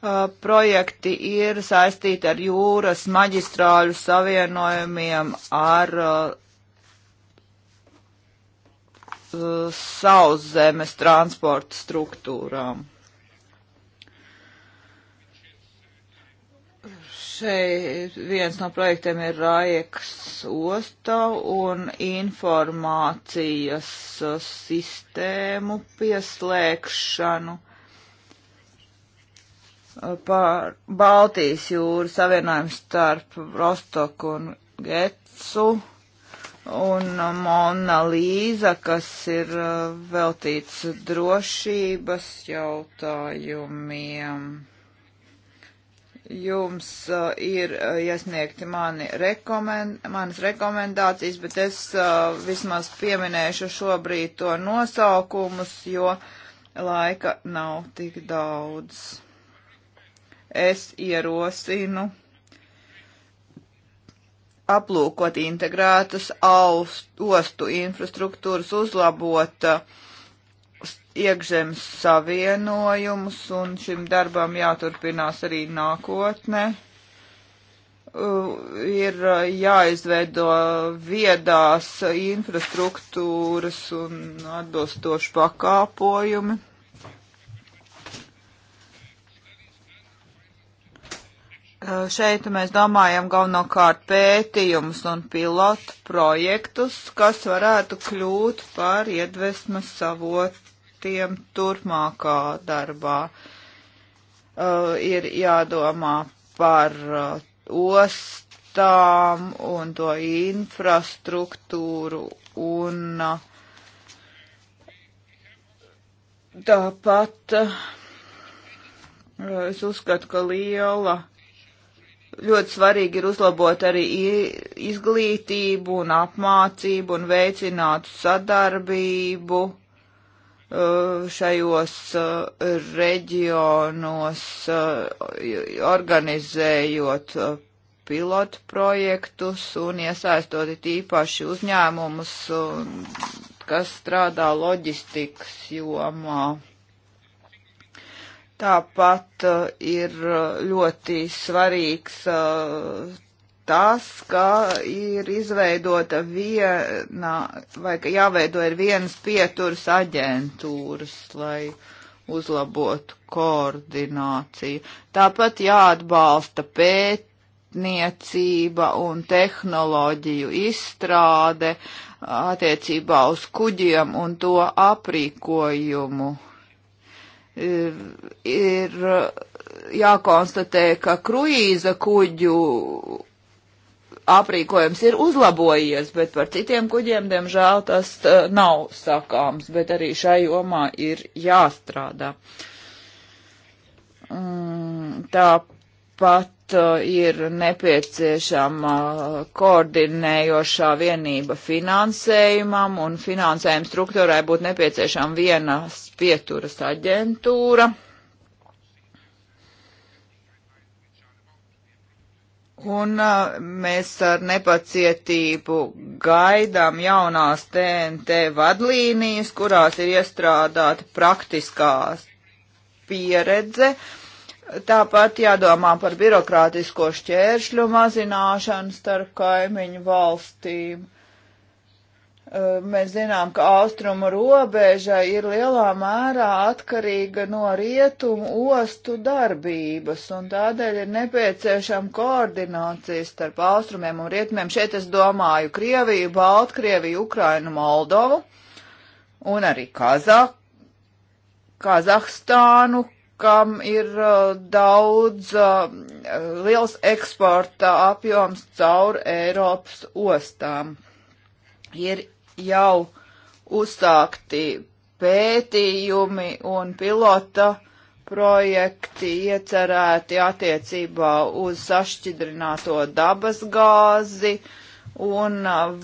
Uh, projekti ir saistīti ar jūras maģistrāļu savienojumiem ar uh, uh, sauszemes transporta struktūrām. šeit viens no projektiem ir Raieks osta un informācijas sistēmu pieslēgšanu Uh, par Baltijas jūru savienojumu starp Rostoku un Getsu un Mona Līza, kas ir uh, veltīts drošības jautājumiem. Jums uh, ir iesniegti mani rekomend manas rekomendācijas, bet es vismaz pieminēšu šobrīd to nosaukumus, jo laika nav tik daudz es ierosinu aplūkot integrētas ostu infrastruktūras, uzlabot uh, iekšzemes savienojumus, un šim darbam jāturpinās arī nākotnē. Uh, ir uh, jāizveido viedās infrastruktūras un atbilstoši pakāpojumi Eh, šeit mēs domājam galvenokārt pētījumus un pilotu projektus, kas varētu kļūt par iedvesmas savotiem turpmākā darbā. Uh, ir jādomā par uh, ostām un to infrastruktūru un uh, tāpat es uzskatu, ka liela ļoti svarīgi ir uzlabot arī izglītību un apmācību un veicināt sadarbību uh, šajos uh, reģionos, uh, organizējot pilotu projektus un iesaistot īpaši uzņēmumus, kas strādā loģistikas jomā. Tāpat uh, ir uh, ļoti svarīgs uh, tas, ka ir izveidota viena, vai ka jāveido ir vienas pieturas aģentūras, lai uzlabotu koordināciju. Tāpat jāatbalsta pētniecība un tehnoloģiju izstrāde uh, attiecībā uz kuģiem un to aprīkojumu Eh, ir eh, jākonstatē, ka kruīza kuģu aprīkojums ir uzlabojies, bet par citiem kuģiem, diemžēl, tas eh, nav sakāms, bet arī šai jomā ir jāstrādā. Mm, tāpat Uh, ir nepieciešama uh, koordinējošā vienība finansējumam, un finansējuma struktūrai būtu nepieciešama vienas pieturas aģentūra. Un uh, mēs ar nepacietību gaidām jaunās TNT vadlīnijas, kurās ir iestrādāta praktiskās pieredze, uh, Tāpat jādomā par birokrātisko šķēršļu mazināšanu starp kaimiņu valstīm. Mēs zinām, ka austrumu robeža ir lielā mērā atkarīga no rietumu ostu darbības, un tādēļ ir nepieciešama koordinācija starp austrumiem un rietumiem. Šeit es domāju Krieviju, Baltkrieviju, Ukrainu, Moldovu un arī Kazah Kazahstānu, kam ir uh, daudz uh, liels eksporta apjoms caur Eiropas ostām. Ir jau uzsākti pētījumi un pilota projekti iecerēti attiecībā uz sašķidrināto dabas gāzi un uh,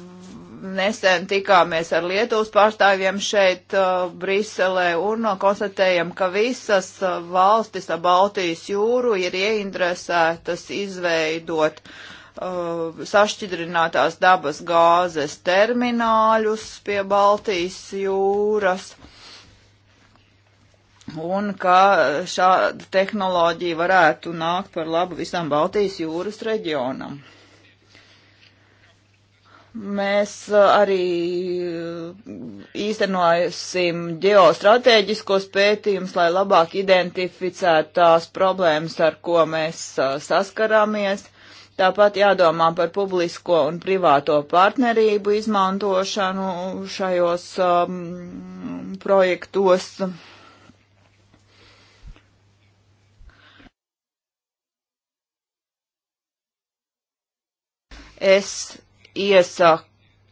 nesen tikāmies ar Lietuvas pārstāvjiem šeit uh, Briselē un uh, konstatējam, ka visas uh, valstis ap Baltijas jūru ir ieinteresētas izveidot uh, sašķidrinātās dabas gāzes termināļus pie Baltijas jūras un ka šāda tehnoloģija varētu nākt par labu visam Baltijas jūras reģionam. Mēs uh, arī uh, īstenosim ģeostrateģiskos pētījumus, lai labāk identificētu tās problēmas, ar ko mēs uh, saskarāmies. Tāpat jādomā par publisko un privāto partnerību izmantošanu šajos um, projektos. Es iesaku,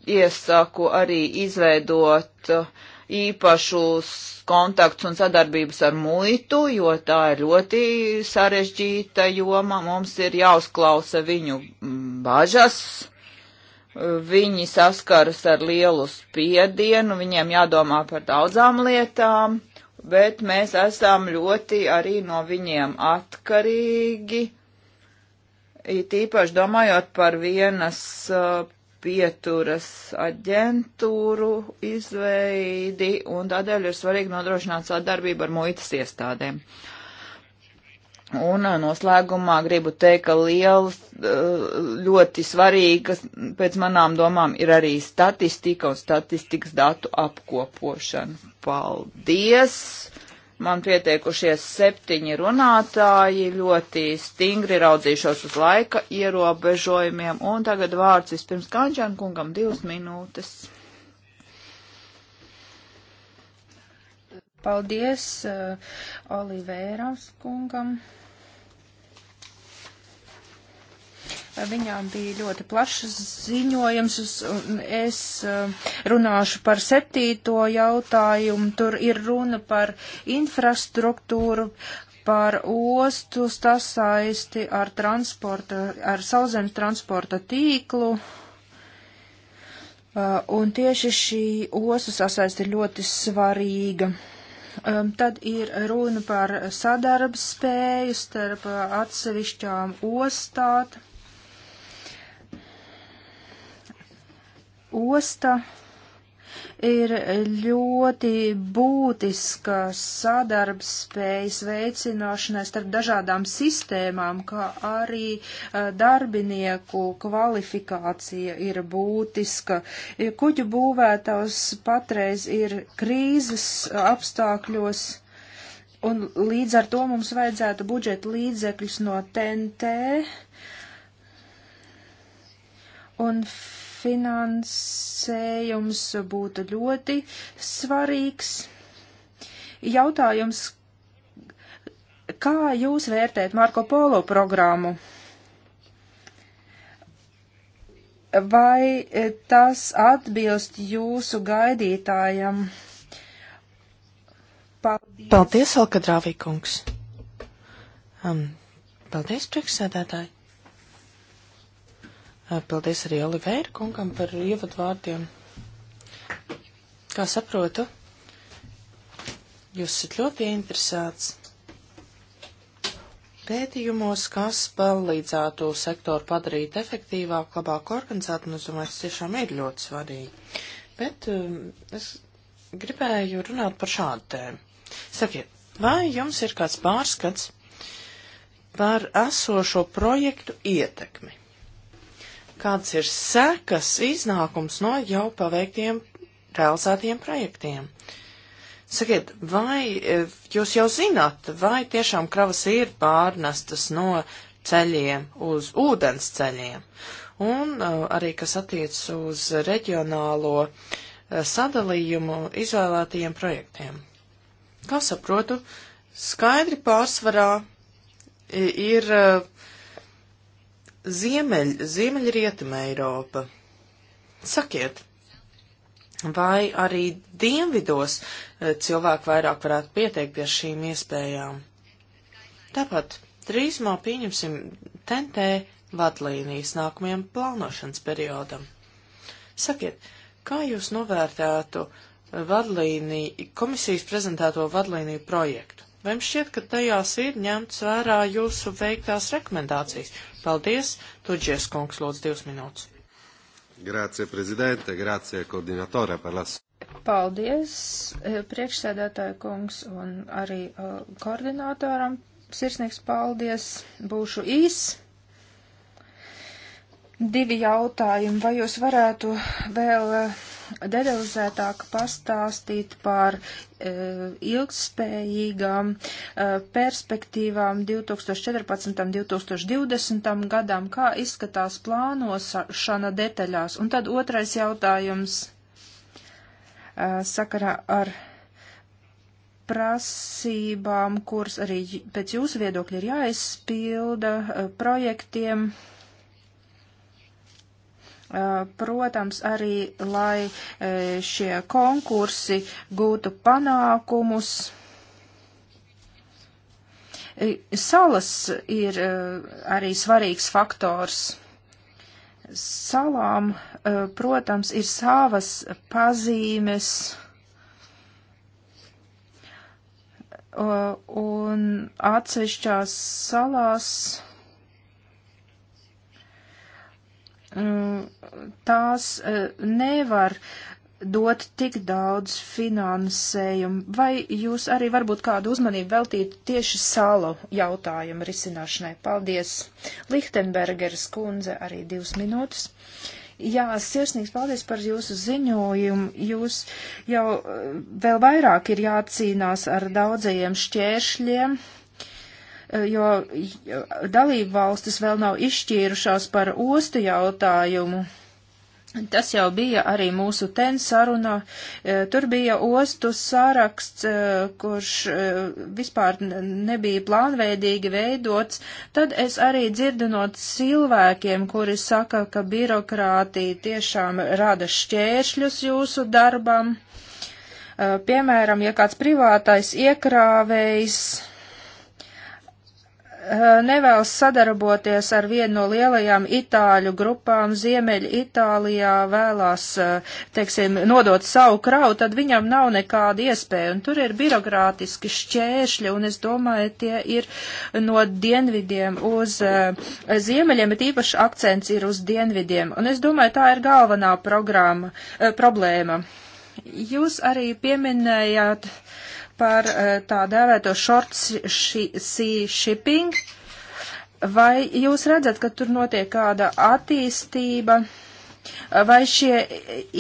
iesaku arī izveidot uh, īpašus kontakts un sadarbības ar muitu, jo tā ir ļoti sarežģīta joma. Mums ir jāuzklausa viņu mm, bažas. Viņi saskaras ar lielu spiedienu, viņiem jādomā par daudzām lietām, bet mēs esam ļoti arī no viņiem atkarīgi It īpaši domājot par vienas uh, pieturas aģentūru izveidi, un tādēļ ir svarīgi nodrošināt sadarbību ar muitas iestādēm. Un uh, noslēgumā gribu teikt, ka liels, uh, ļoti svarīga, pēc manām domām, ir arī statistika un statistikas datu apkopošana. Paldies! Man pieteikušies septiņi runātāji, ļoti stingri raudzīšos uz laika ierobežojumiem, un tagad vārds vispirms Kančāna kungam divas minūtes. Paldies uh, Olivērams kungam. Uh, Viņām bija ļoti plašs ziņojums, un es eh, runāšu par septīto jautājumu. Tur ir runa par infrastruktūru, par ostu sasaisti ar transporta, ar sauszemes transporta tīklu. Eh, un tieši šī ostu sasaisti ir ļoti svarīga. Eh, tad ir runa par sadarbspēju starp atsevišķām ostām osta ir ļoti būtiska sadarbspējas veicināšanai starp dažādām sistēmām, kā arī darbinieku kvalifikācija ir būtiska. Kuģu būvētājs patreiz ir krīzes apstākļos. Un līdz ar to mums vajadzētu budžeta līdzekļus no TNT un finansējums būtu ļoti svarīgs. Jautājums, kā jūs vērtējat Marko Polo programmu? Vai tas atbilst jūsu gaidītājam? Paldies, Paldies Alkadrāvī kungs. Um, paldies, priekšsēdētāji. Paldies arī Oliveira kungam par ievadvārdiem. Kā saprotu, jūs esat ļoti interesēts pētījumos, kas palīdzētu sektoru padarīt efektīvāk, labāk organizēt, un es domāju, tas tiešām ir ļoti svarīgi. Bet um, es gribēju runāt par šādu tēmu. Sakiet, vai jums ir kāds pārskats par esošo projektu ietekmi? kādas ir sekas iznākums no jau paveiktiem realizētiem projektiem. Sakiet, vai e, jūs jau zināt, vai tiešām kravas ir pārnestas no ceļiem uz ūdens ceļiem? Un e, arī, kas attiec uz reģionālo e, sadalījumu izvēlētajiem projektiem. Kā saprotu, skaidri pārsvarā ir uh, Ziemeļ, Ziemeļrietuma Eiropa. Sakiet, vai arī dienvidos eh, cilvēki vairāk varētu pieteikties šīm iespējām? Tāpat drīzumā pieņemsim TNT vadlīnijas nākamajam plānošanas periodam. Sakiet, kā jūs novērtētu vadlīniju, komisijas prezentēto vadlīniju projektu? Vai jums šķiet, ka tajās ir ņemts vērā jūsu veiktās rekomendācijas? Paldies, Tuģies kungs, lūdzu, divas minūtes. Grācie, prezidente, grācie, koordinatore, palas. Paldies, e, priekšsēdētāja kungs un arī uh, koordinatoram. Sirsnīgs paldies, būšu īs divi jautājumi. Vai jūs varētu vēl e, detalizētāk pastāstīt par e, ilgspējīgām e, perspektīvām 2014. un 2020. gadam, kā izskatās plānošana detaļās. Un tad otrais jautājums e, sakarā ar prasībām, kuras arī pēc jūsu viedokļa ir jāizpilda projektiem. Uh, protams, arī, lai e, šie konkursi gūtu panākumus. E, salas ir e, arī svarīgs faktors. Salām, protams, ir savas pazīmes. Un atsevišķās salās Mm, tās eh, nevar dot tik daudz finansējumu, vai jūs arī varbūt kādu uzmanību veltītu tieši salu jautājumu risināšanai? Paldies! Lichtenbergeras kundze arī divas minūtes. Jā, sirsnīgs paldies par jūsu ziņojumu. Jūs jau eh, vēl vairāk ir jācīnās ar daudzajiem šķēršļiem. Uh, jo dalību valstis vēl nav izšķīrušās par ostu jautājumu. Tas jau bija arī mūsu ten sarunā. E, tur bija ostu saraksts, e, kurš e, vispār nebija plānveidīgi veidots. Tad es arī dzirdu no cilvēkiem, kuri saka, ka birokrātija tiešām rada šķēršļus jūsu darbam. Piemēram, ja kāds privātais iekrāvējs Eh, nevēlas sadarboties ar vienu no lielajām itāļu grupām Ziemeļa Itālijā, vēlās, eh, teiksim, nodot savu kravu, tad viņam nav nekāda iespēja. Un tur ir birokrātiski šķēršļi, un es domāju, tie ir no dienvidiem uz eh, ziemeļiem, bet īpaši akcents ir uz dienvidiem. Un es domāju, tā ir galvenā programma, problēma. Jūs arī pieminējāt uh, par eh, tā dēvēto short sea shipping. Vai jūs redzat, ka tur notiek kāda attīstība? Eh, vai šie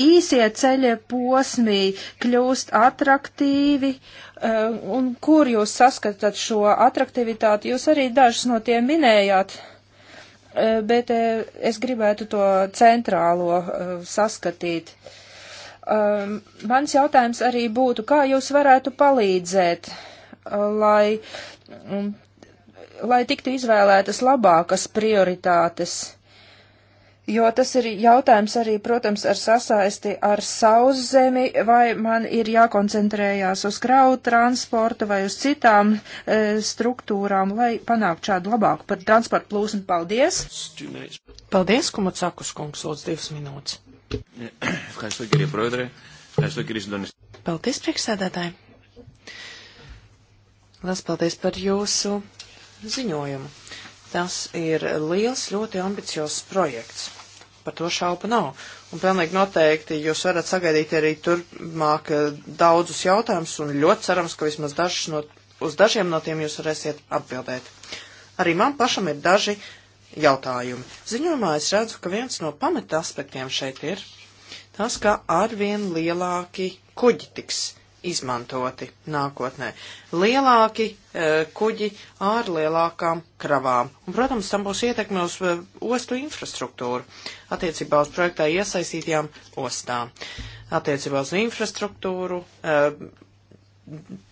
īsie ceļa posmī kļūst atraktīvi, eh, un kur jūs saskatāt šo atraktivitāti? Jūs arī dažus no tiem minējāt, bet es gribētu to centrālo saskatīt. Uh, Um, mans jautājums arī būtu, kā jūs varētu palīdzēt, uh, lai, um, lai tiktu izvēlētas labākas prioritātes? Jo tas ir jautājums arī, protams, ar sasaisti ar sauszemi, vai man ir jākoncentrējās uz kravu transportu vai uz citām e, struktūrām, lai panāktu šādu labāku par transportu plūsmu. Paldies! Paldies, Kumacakus kungs, lūdzu divas minūtes. Paldies, priekšsēdētāji! Lielas paldies par jūsu ziņojumu. Tas ir liels, ļoti ambiciozs projekts. Par to šaubu nav. Un pilnīgi noteikti jūs varat sagaidīt arī turpmāk eh, daudzus jautājumus un ļoti cerams, ka vismaz dažs no, uz dažiem no tiem jūs varēsiet atbildēt. Arī man pašam ir daži jautājumi. Ziņojumā es redzu, ka viens no pamata aspektiem šeit ir tas, ka arvien lielāki kuģi tiks izmantoti nākotnē. Lielāki e, kuģi ar lielākām kravām. Un, protams, tam būs ietekme uz e, ostu infrastruktūru attiecībā uz projektā iesaistītajām ostām. Attiecībā uz infrastruktūru, e,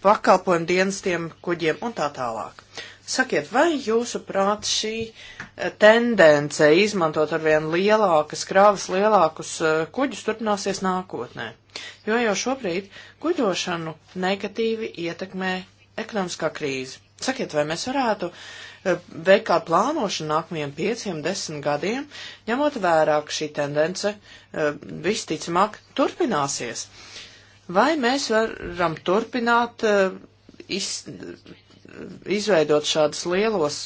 pakalpojumu dienestiem, kuģiem un tā tālāk. Sakiet, vai jūsuprāt šī eh, tendence izmantot arvien lielākas krāvas, lielākus eh, kuģus turpināsies nākotnē? Jo jau šobrīd kuģošanu negatīvi ietekmē ekonomiskā krīze. Sakiet, vai mēs varētu eh, veikt kā plānošanu nākamajiem pieciem, desmit gadiem, ņemot vērā, ka šī tendence visticamāk turpināsies? Vai mēs varam turpināt iz, izveidot šādus lielos,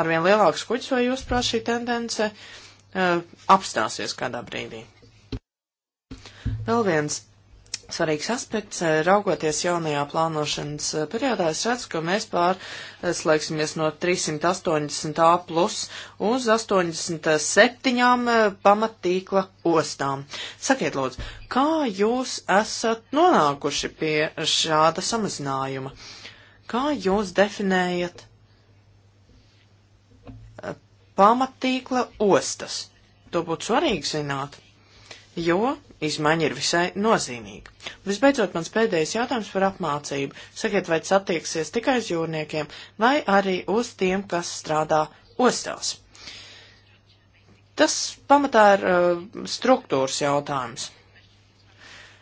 arvien lielākus kuģus, vai jūs prāt šī tendence uh, apstāsies kādā brīdī? Vēl viens svarīgs aspekts, e, raugoties jaunajā plānošanas e, periodā, es redzu, ka mēs pārslēgsimies no 380 A plus uz 87 pamatīkla ostām. Sakiet, lūdzu, kā jūs esat nonākuši pie šāda samazinājuma? Uh, Kā jūs definējat eh, pamatīkla ostas? To būtu svarīgi zināt, jo izmaiņa ir visai nozīmīga. Visbeidzot, mans pēdējais jautājums par apmācību. Sakiet, vai tas attieksies tikai uz jūrniekiem, vai arī uz tiem, kas strādā ostās? Tas pamatā ir uh, struktūras jautājums.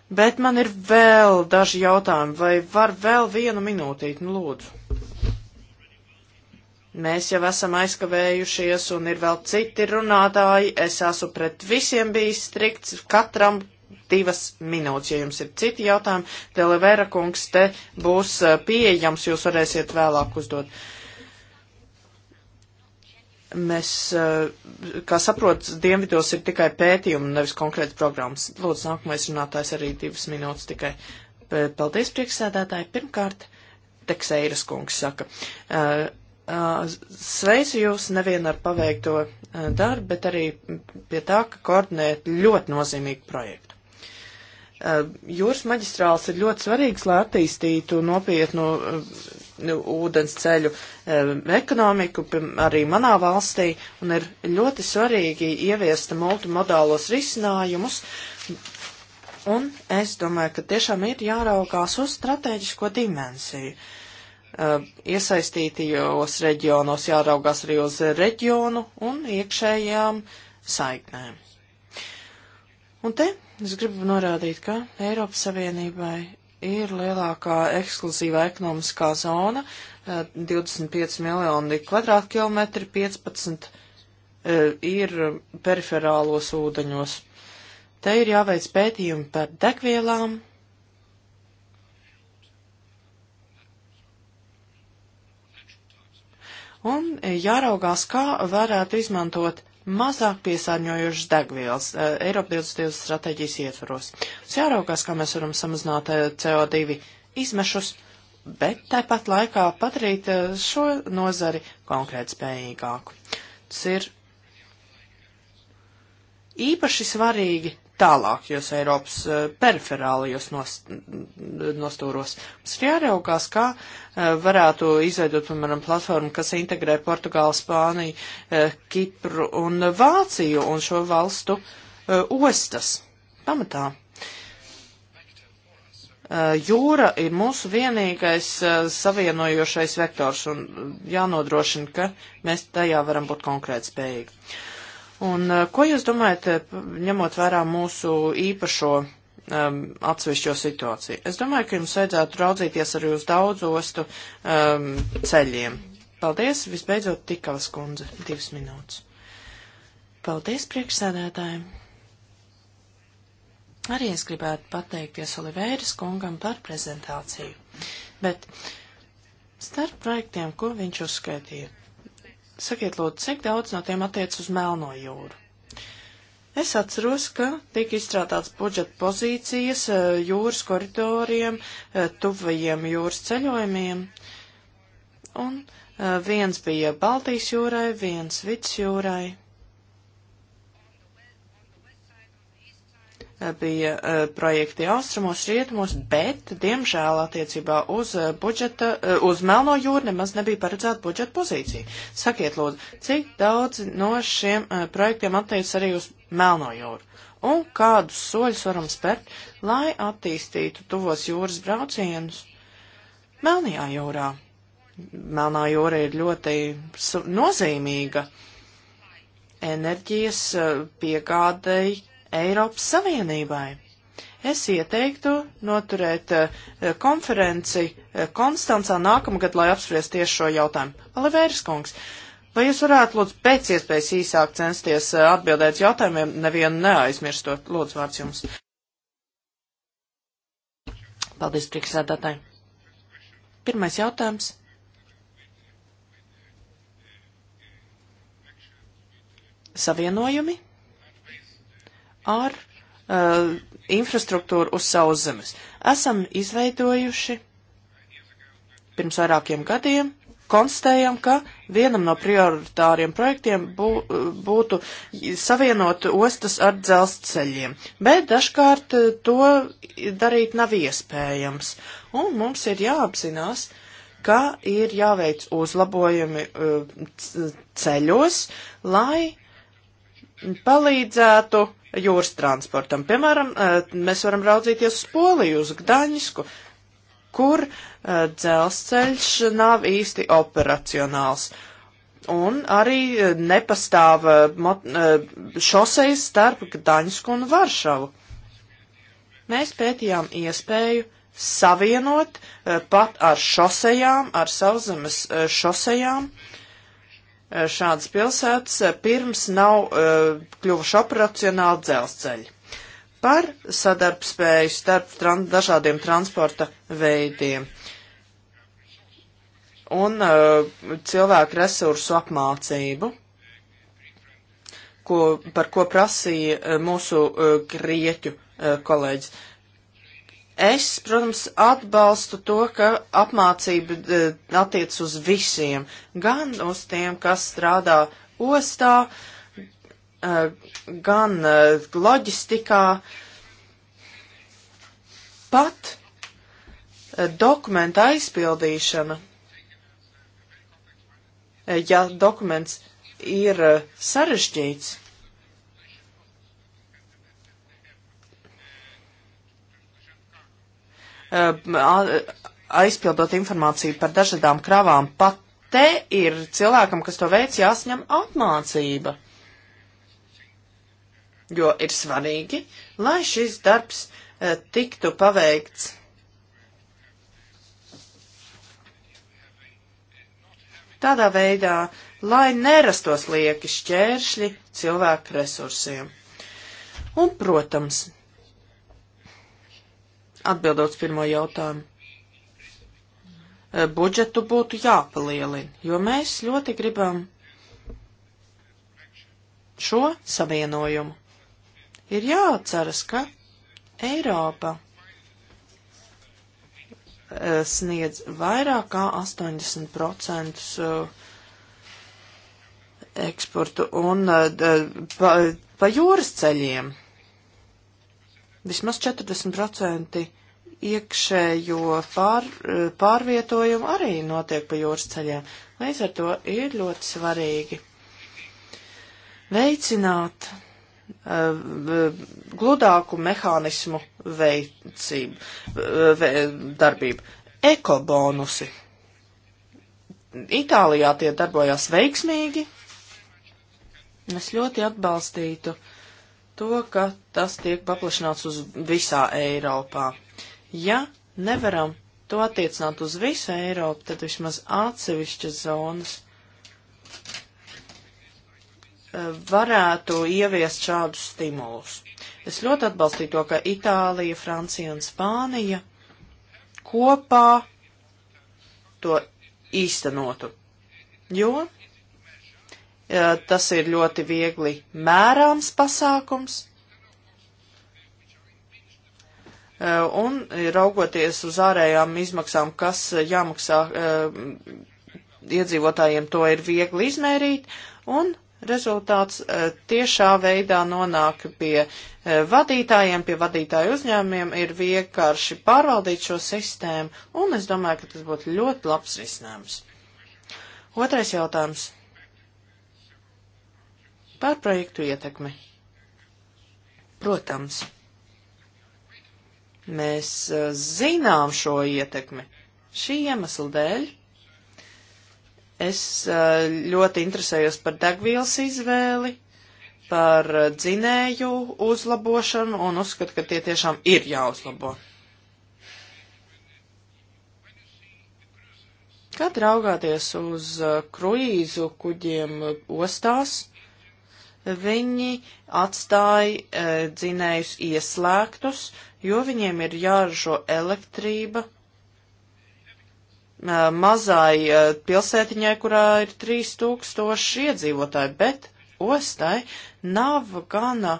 Bet man ir vēl daži jautājumi, vai var vēl vienu minūtīti, nu lūdzu. Mēs jau esam aizkavējušies un ir vēl citi runātāji, es esmu pret visiem bijis strikts, katram divas minūtes. Ja jums ir citi jautājumi, Televēra kungs te būs eh, pieejams, jūs varēsiet vēlāk uzdot. Uh, Mēs, eh, kā saprot, dienvidos ir tikai pētījumi, nevis konkrēti programmas. Lūdzu, nākamais runātājs arī divas minūtes tikai. Paldies, priekšsēdētāji. Pirmkārt, Tekseiras kungs saka. Eh, eh, sveicu jūs nevien ar paveikto darbu, bet arī pie tā, ka koordinēt ļoti nozīmīgu projektu. Jūras maģistrāls ir ļoti svarīgs, lai attīstītu nopietnu Nu, ūdens ceļu ekonomiku, arī manā valstī, un ir ļoti svarīgi ieviest multimodālos risinājumus. Un es domāju, ka tiešām ir jāraukās uz strateģisko dimensiju. Iesaistītajos reģionos jāraugās arī uz reģionu un iekšējām saiknēm. Un te es gribu norādīt, ka Eiropas Savienībai ir lielākā ekskluzīvā ekonomiskā zona, 25 eh, miljoni kvadrātkilometri, 15 eh, ir periferālos ūdeņos. Te ir jāveic pētījumi par degvielām. Un eh, jāraugās, kā varētu izmantot mazāk piesārņojušas degvielas eh, Eiropa 22 stratēģijas ietvaros. Mums jāraukās, kā mēs varam samazināt eh, CO2 izmešus, bet tāpat laikā padarīt eh, šo nozari konkrēt spējīgāku. Tas ir īpaši svarīgi tālākajos Eiropas eh, periferālajos nost, nostūros. Mums ir jāraugās, kā eh, varētu izveidot, piemēram, platformu, kas integrē Portugālu, Spāniju, eh, Kipru un Vāciju un šo valstu ostas pamatā. Jūra ir mūsu vienīgais savienojošais vektors un jānodrošina, ka mēs tajā varam būt konkrēti spējīgi. Un eh, ko jūs domājat, eh, ņemot vērā mūsu īpašo um, atsevišķo situāciju? Es domāju, ka jums vajadzētu raudzīties arī uz daudzu ostu um, ceļiem. Paldies, visbeidzot, tikavas kundze, divas minūtes. Paldies priekšsēdētājiem. Arī es gribētu pateikties Oliveiras kungam par prezentāciju. Bet starp projektiem, ko viņš uzskaitīja, Sakiet, lūdzu, cik daudz no tiem attiec uz Melno jūru? Es atceros, ka tika izstrādāts budžeta pozīcijas eh, jūras koridoriem, eh, tuvajiem jūras ceļojumiem, un eh, viens bija Baltijas jūrai, viens Vidusjūrai. bija uh, projekti austrumos, rietumos, bet, diemžēl, attiecībā uz uh, budžeta, uh, uz Melno jūru nemaz nebija paredzēta budžeta pozīcija. Sakiet, lūdzu, cik daudz no šiem projektiem attiec arī uz Melno jūru? Un kādus soļus varam spērt, lai attīstītu tuvos jūras braucienus Melnajā jūrā? Melnā jūra ir ļoti nozīmīga enerģijas piegādēji Eiropas Savienībai. Es ieteiktu noturēt uh, konferenci uh, Konstancā nākamgad, lai apspriest tieši šo jautājumu. Olivērs kungs, vai jūs varētu lūdzu pēc iespējas īsāk censties uh, atbildēt jautājumiem, nevienu neaizmirstot? Lūdzu, vārds jums. Paldies, priekšsēdētāji. Pirmais jautājums. Savienojumi? ar uh, infrastruktūru uz savas zemes. Esam izveidojuši pirms vairākiem gadiem, konstatējam, ka vienam no prioritāriem projektiem bū, uh, būtu savienot ostas ar dzelzceļiem, bet dažkārt uh, to darīt nav iespējams. Un mums ir jāapzinās, uh, ka ir jāveic uzlabojumi uh, ceļos, lai palīdzētu jūras transportam. Piemēram, eh, mēs varam raudzīties uz Poliju, uz Gdaņsku, kur eh, dzelzceļš nav īsti operacionāls. Un arī eh, nepastāv šoseis starp Gdaņsku un Varšavu. Mēs pētījām iespēju savienot pat ar šosejām, ar sauszemes šosejām, uh, Eh, šādas pilsētas eh, pirms nav uh, kļuvuši operacionāli dzelzceļi. Par sadarbspēju starp tran dažādiem transporta veidiem un uh, cilvēku resursu apmācību, ko, par ko prasīja uh, mūsu grieķu kolēģis. Es, protams, atbalstu to, ka apmācība attiec uz visiem, gan uz tiem, kas strādā ostā, gan loģistikā, pat dokumenta aizpildīšana. Ja dokuments ir sarežģīts, Ehm, aizpildot informāciju par dažādām kravām, pat te ir cilvēkam, kas to veic, jāsņem apmācība. Jo ir svarīgi, lai šis darbs eh, tiktu paveikts. Tādā veidā, lai nerastos lieki šķēršļi cilvēku resursiem. Un, protams, Atbildot pirmo jautājumu. Eh, budžetu būtu jāpalielina, jo mēs ļoti gribam šo savienojumu. Ir jāatceras, ka Eiropa eh, sniedz vairāk kā 80% eh, eksportu un pa, pa jūras ceļiem vismaz 40% iekšējo pār, pārvietojumu arī notiek pa jūras ceļiem. Līdz ar to ir ļoti svarīgi veicināt uh, gludāku mehānismu veicību, eh, ve, darbību. Ekobonusi. Itālijā tie darbojās veiksmīgi. Es ļoti atbalstītu uh, to, ka tas tiek paplašināts uz visā Eiropā. Ja nevaram to attiecināt uz visu Eiropu, tad vismaz atsevišķas zonas eh, varētu ieviest šādus stimulus. Es ļoti atbalstīju to, ka Itālija, Francija un Spānija kopā to īstenotu, jo Tas ir ļoti viegli mērāms pasākums. Un raugoties uz ārējām izmaksām, kas jāmaksā iedzīvotājiem, to ir viegli izmērīt. Un rezultāts tiešā veidā nonāk pie vadītājiem, pie vadītāju uzņēmumiem, ir vienkārši pārvaldīt šo sistēmu, un es domāju, ka tas būtu ļoti labs risinājums. Otrais jautājums. Par projektu ietekmi. Protams, mēs eh, zinām šo ietekmi. Šī iemesla dēļ es eh, ļoti interesējos par degvielas izvēli, par eh, dzinēju uzlabošanu un uzskatu, ka tie tiešām ir jāuzlabo. Kad raugāties uz kruīzu kuģiem ostās, Viņi atstāja e, dzinējus ieslēgtus, jo viņiem ir jāražo elektrība e, mazai e, pilsētiņai, kurā ir 3000 iedzīvotāji, bet ostai nav gana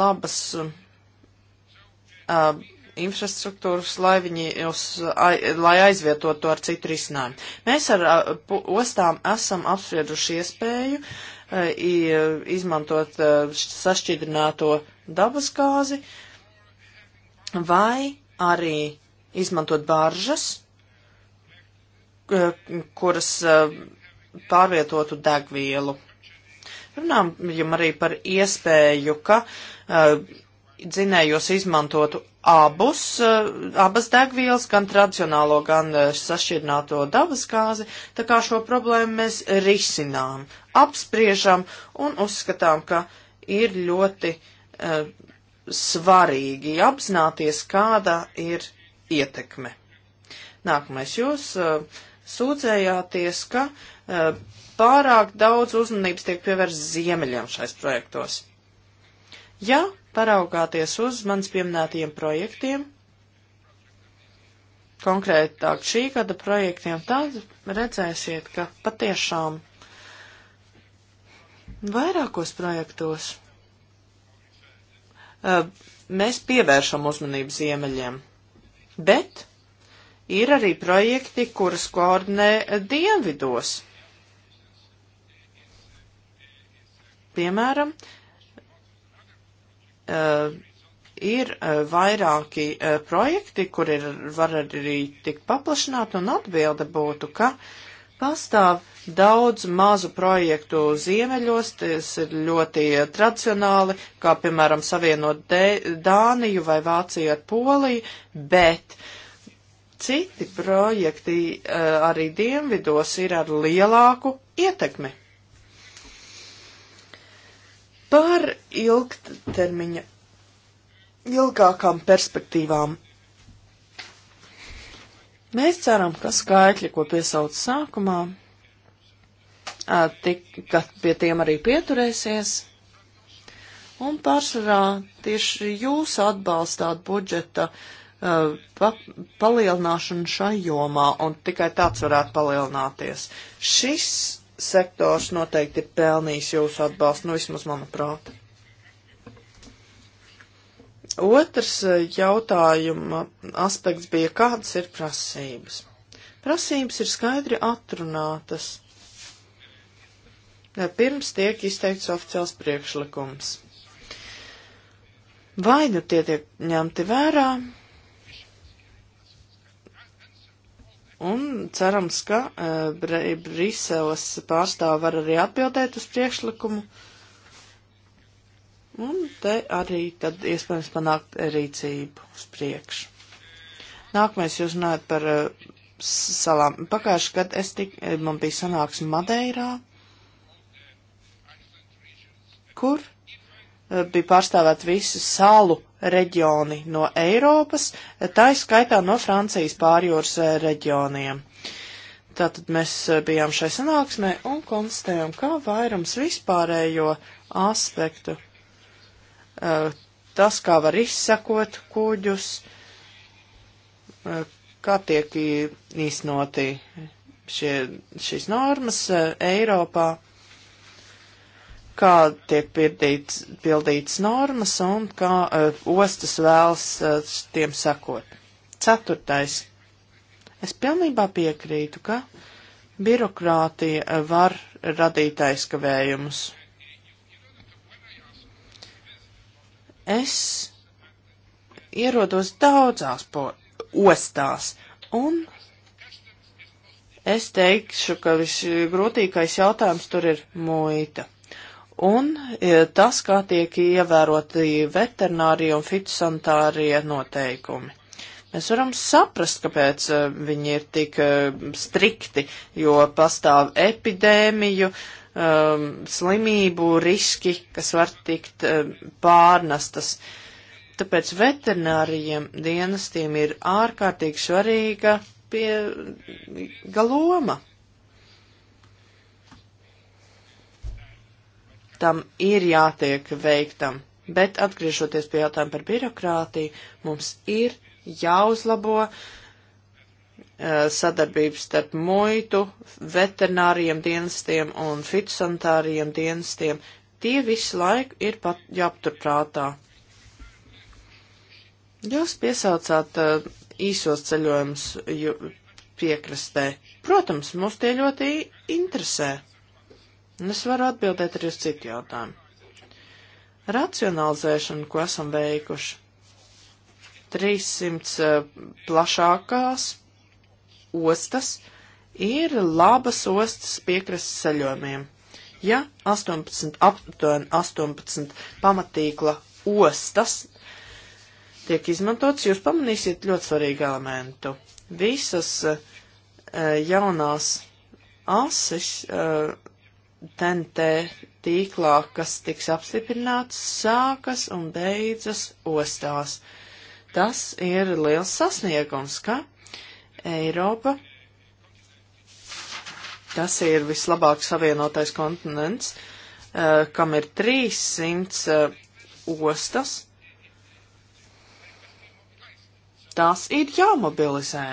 labas. E, infrastruktūras, lai viņi uz, ai, lai aizvietotu to ar citu risinājumu. Mēs ar a, pu, ostām esam apsprieduši iespēju izmantot eh, sašķidrināto dabas gāzi vai arī izmantot baržas, eh, kuras eh, pārvietotu degvielu. Runājam arī par iespēju, ka uh, dzinējos izmantotu abus, eh, abas degvielas, gan tradicionālo, gan eh, sašķirināto dabas gāzi, tā kā šo problēmu mēs risinām, apspriežam un uzskatām, ka ir ļoti uh, svarīgi apzināties, kāda ir ietekme. Nākamais jūs uh, sūdzējāties, ka uh, pārāk daudz uzmanības tiek pievērsts ziemeļiem šais projektos. Ja paraugāties uz mans pieminētajiem projektiem, konkrētāk šī gada projektiem, tad redzēsiet, ka patiešām vairākos projektos e, mēs pievēršam uzmanību ziemeļiem, bet ir arī projekti, kurus koordinē dienvidos. Piemēram, Uh, ir uh, vairāki uh, projekti, kur ir, var arī tikt paplašināt, un atbilde būtu, ka pastāv daudz mazu projektu ziemeļos, tas ir ļoti tradicionāli, kā piemēram savienot D Dāniju vai Vāciju ar Poliju, bet citi projekti arī dienvidos ir ar lielāku ietekmi. Par ilgtermiņa, ilgākām perspektīvām. Mēs ceram, ka skaitļi, ko piesauc sākumā, tik, ka pie tiem arī pieturēsies. Un pārsvarā tieši jūs atbalstāt budžeta uh, pa, palielināšanu šai jomā, un tikai tāds varētu palielināties. Šis sektors noteikti ir pelnījis jūsu atbalstu, nu vismaz manuprāt. Otrs eh, jautājuma aspekts bija, kādas ir prasības? Prasības ir skaidri atrunātas. Pirms tiek izteikts oficiāls priekšlikums. Vai nu tie tiek ņemti vērā, Un cerams, ka eh, Br Briseles pārstāv var arī atbildēt uz priekšlikumu. Un te arī tad iespējams panākt rīcību uz priekšu. Nākamais jūs runājat par uh, salām. Pagājuši gadu es tik, eh, man bija sanāksme Madeirā, kur uh, bija pārstāvēt visu salu reģioni no Eiropas, tā skaitā no Francijas pārjūras eh, reģioniem. Tātad mēs eh, bijām šai sanāksmē un konstatējām, kā vairums vispārējo aspektu, eh, tas, kā var izsakot kuģus, kā tiek īstenoti šie, šīs normas Eiropā kā tiek pirdīts, pildīts normas un kā uh, ostas vēlas uh, tiem sakot. Ceturtais. Es pilnībā piekrītu, ka birokrātija eh, var radīt aizkavējumus. Es ierodos daudzās ostās, un es teikšu, ka visgrūtīgais jautājums tur ir muita un e, tas, kā tiek ievēroti veterinārija un fitosantārie noteikumi. Mēs varam saprast, kāpēc e, viņi ir tik e, strikti, jo pastāv epidēmiju, um, slimību, riski, kas var tikt um, pārnestas. Tāpēc veterinārijiem dienestiem ir ārkārtīgi svarīga pie galoma. tam ir jātiek veiktam. Bet atgriežoties pie jautājuma par birokrātiju, mums ir jāuzlabo uh, sadarbības starp muitu, veterināriem dienestiem un fitosanitāriem dienestiem. Tie visu laiku ir pat jāpaturprātā. Jūs piesaucāt uh, īsos ceļojumus piekrastē. Protams, mūs tie ļoti interesē. Un es varu atbildēt arī uz citu jautājumu. Racionalizēšanu, ko esam veikuši, 300 eh, plašākās ostas ir labas ostas piekrastes ceļojumiem. Ja 18, aptuveni 18 pamatīkla ostas tiek izmantots, jūs pamanīsiet ļoti svarīgu elementu. Visas eh, jaunās asis eh, TNT tīklā, kas tiks apstiprināts, sākas un beidzas ostās. Tas ir liels sasniegums, ka Eiropa, kas ir vislabāk savienotais kontinents, uh, kam ir 300 uh, eh, ostas, tās ir jāmobilizē.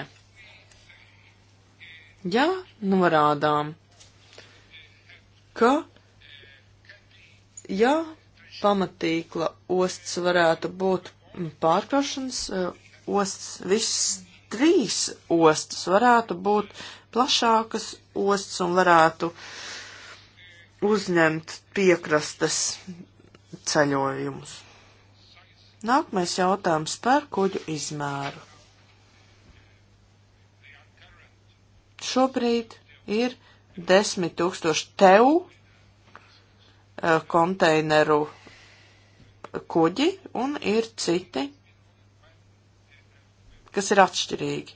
Ja norādām, ka, ja pamatīkla osts varētu būt pārkrašanas eh, osts, viss trīs ostas varētu būt plašākas ostas un varētu uzņemt piekrastes ceļojumus. Nākamais jautājums par kuģu izmēru. Šobrīd ir desmit tūkstoši tev eh, konteineru kuģi un ir citi, kas ir atšķirīgi.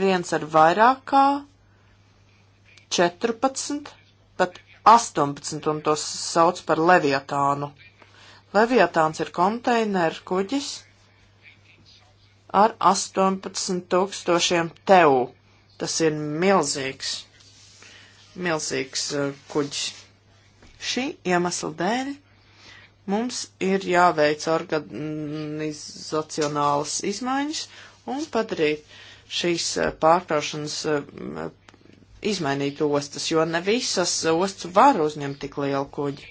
Viens ar vairāk kā 14, pat 18 un tos sauc par leviatānu. Leviatāns ir konteineru kuģis ar 18 tūkstošiem tevu Tas ir milzīgs, milzīgs uh, kuģis. Šī iemesla dēļ mums ir jāveic organizacionālas izmaiņas un padarīt šīs uh, pārkraušanas uh, izmainīt ostas, jo ne visas ostas var uzņemt tik lielu kuģi.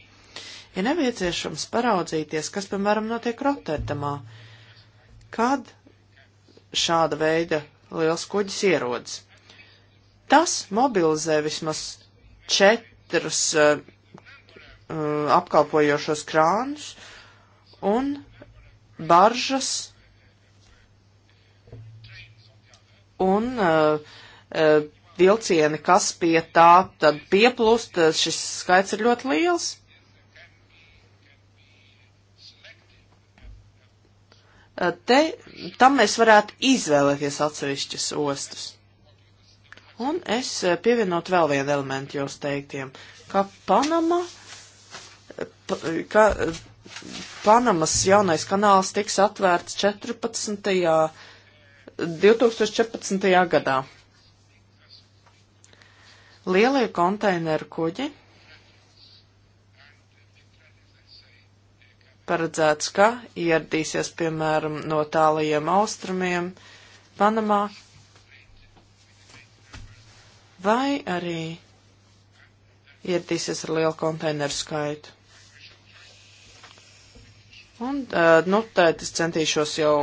Ir nepieciešams paraudzīties, kas, piemēram, notiek Rotterdamā, kad šāda veida liels kuģis ierodas. Tas mobilizē vismaz četrus uh, apkalpojošos krānus un baržas un uh, uh, vilcieni, kas pie tā tad pieplūst, šis skaits ir ļoti liels. Te, tam mēs varētu izvēlēties atsevišķas ostas. Un es eh, pievienot vēl vienu elementu jūs teiktiem, ka Panama, pa, ka eh, Panamas jaunais kanāls tiks atvērts 14. 2014. gadā. Lielie konteineru kuģi paredzēts, ka ieradīsies, piemēram, no tālajiem austrumiem Panamā vai arī ieradīsies ar lielu konteineru skaitu. Un, uh, nu, tad es centīšos jau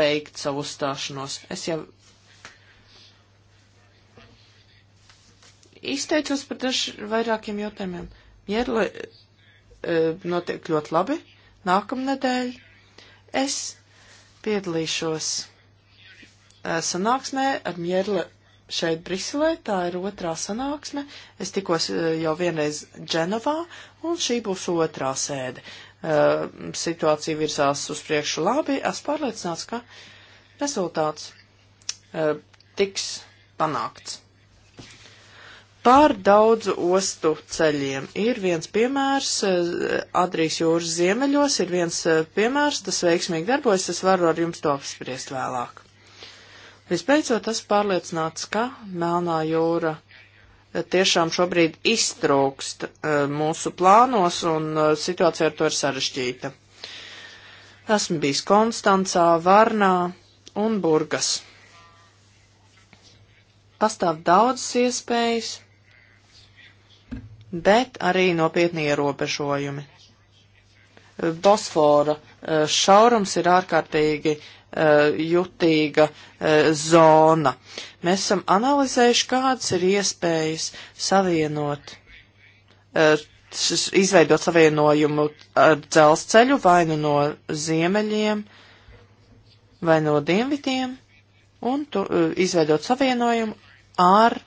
beigt savu uzstāšanos. Es jau izteicos par daž vairākiem jautājumiem. Mierli uh, eh, notiek ļoti labi. Nākamnedēļ es piedalīšos uh, sanāksmē ar Mierli šeit Briselē, tā ir otrā sanāksme. Es tikos eh, jau vienreiz Dženovā, un šī būs otrā sēde. Eh, situācija virzās uz priekšu labi, es pārliecināts, ka rezultāts eh, tiks panākts. Pār daudzu ostu ceļiem ir viens piemērs, Adrijas jūras ziemeļos ir viens piemērs, tas veiksmīgi darbojas, es varu ar jums to apspriest vēlāk. Vispēcot, tas pārliecināts, ka Melnā jūra eh, tiešām šobrīd iztrūkst eh, mūsu plānos un eh, situācija ar to ir sarežģīta. Esmu bijis Konstancā, Varnā un Burgas. Pastāv daudzas iespējas, bet arī nopietni ierobežojumi. Bosfora šaurums ir ārkārtīgi Eh, jutīga eh, zona. Mēs esam analizējuši, kādas ir iespējas savienot, eh, izveidot savienojumu ar dzelzceļu vai nu no ziemeļiem vai no dienvidiem un tu, izveidot savienojumu ar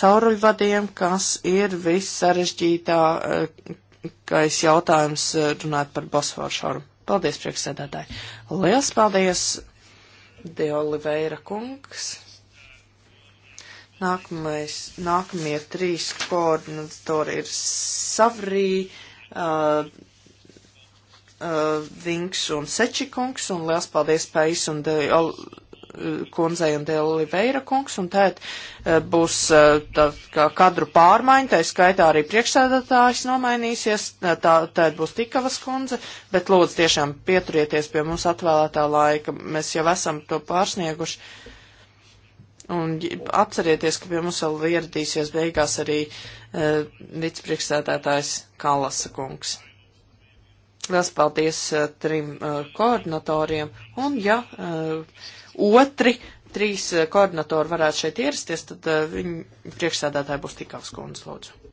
cauruļvadiem, kas ir viss sarežģītākais jautājums runāt par Bosforšoru. Paldies, priekšsēdētāji. Liels paldies, Dioliveira kungs. Nākamais, nākamie trīs koordinatori ir Savrī, uh, uh, Vinks un Sečikungs, un liels paldies Pais un Dioliveira kundzei un Deliveira kungs, un tēt eh, būs eh, tā, kā kadru pārmaiņa, tā skaitā arī priekšsēdētājs nomainīsies, eh, tā, tēt būs tikavas kundze, bet lūdzu tiešām pieturieties pie mums atvēlētā laika, mēs jau esam to pārsnieguši. Un atcerieties, ka pie mums vēl ieradīsies beigās arī uh, vicepriekšsēdētājs Kalasa kungs. Liels paldies uh, trim uh, koordinatoriem, un ja uh, otri trīs eh, koordinatori varētu šeit ierasties, tad uh, viņi priekšsēdētāji būs tikāks kundze, lūdzu.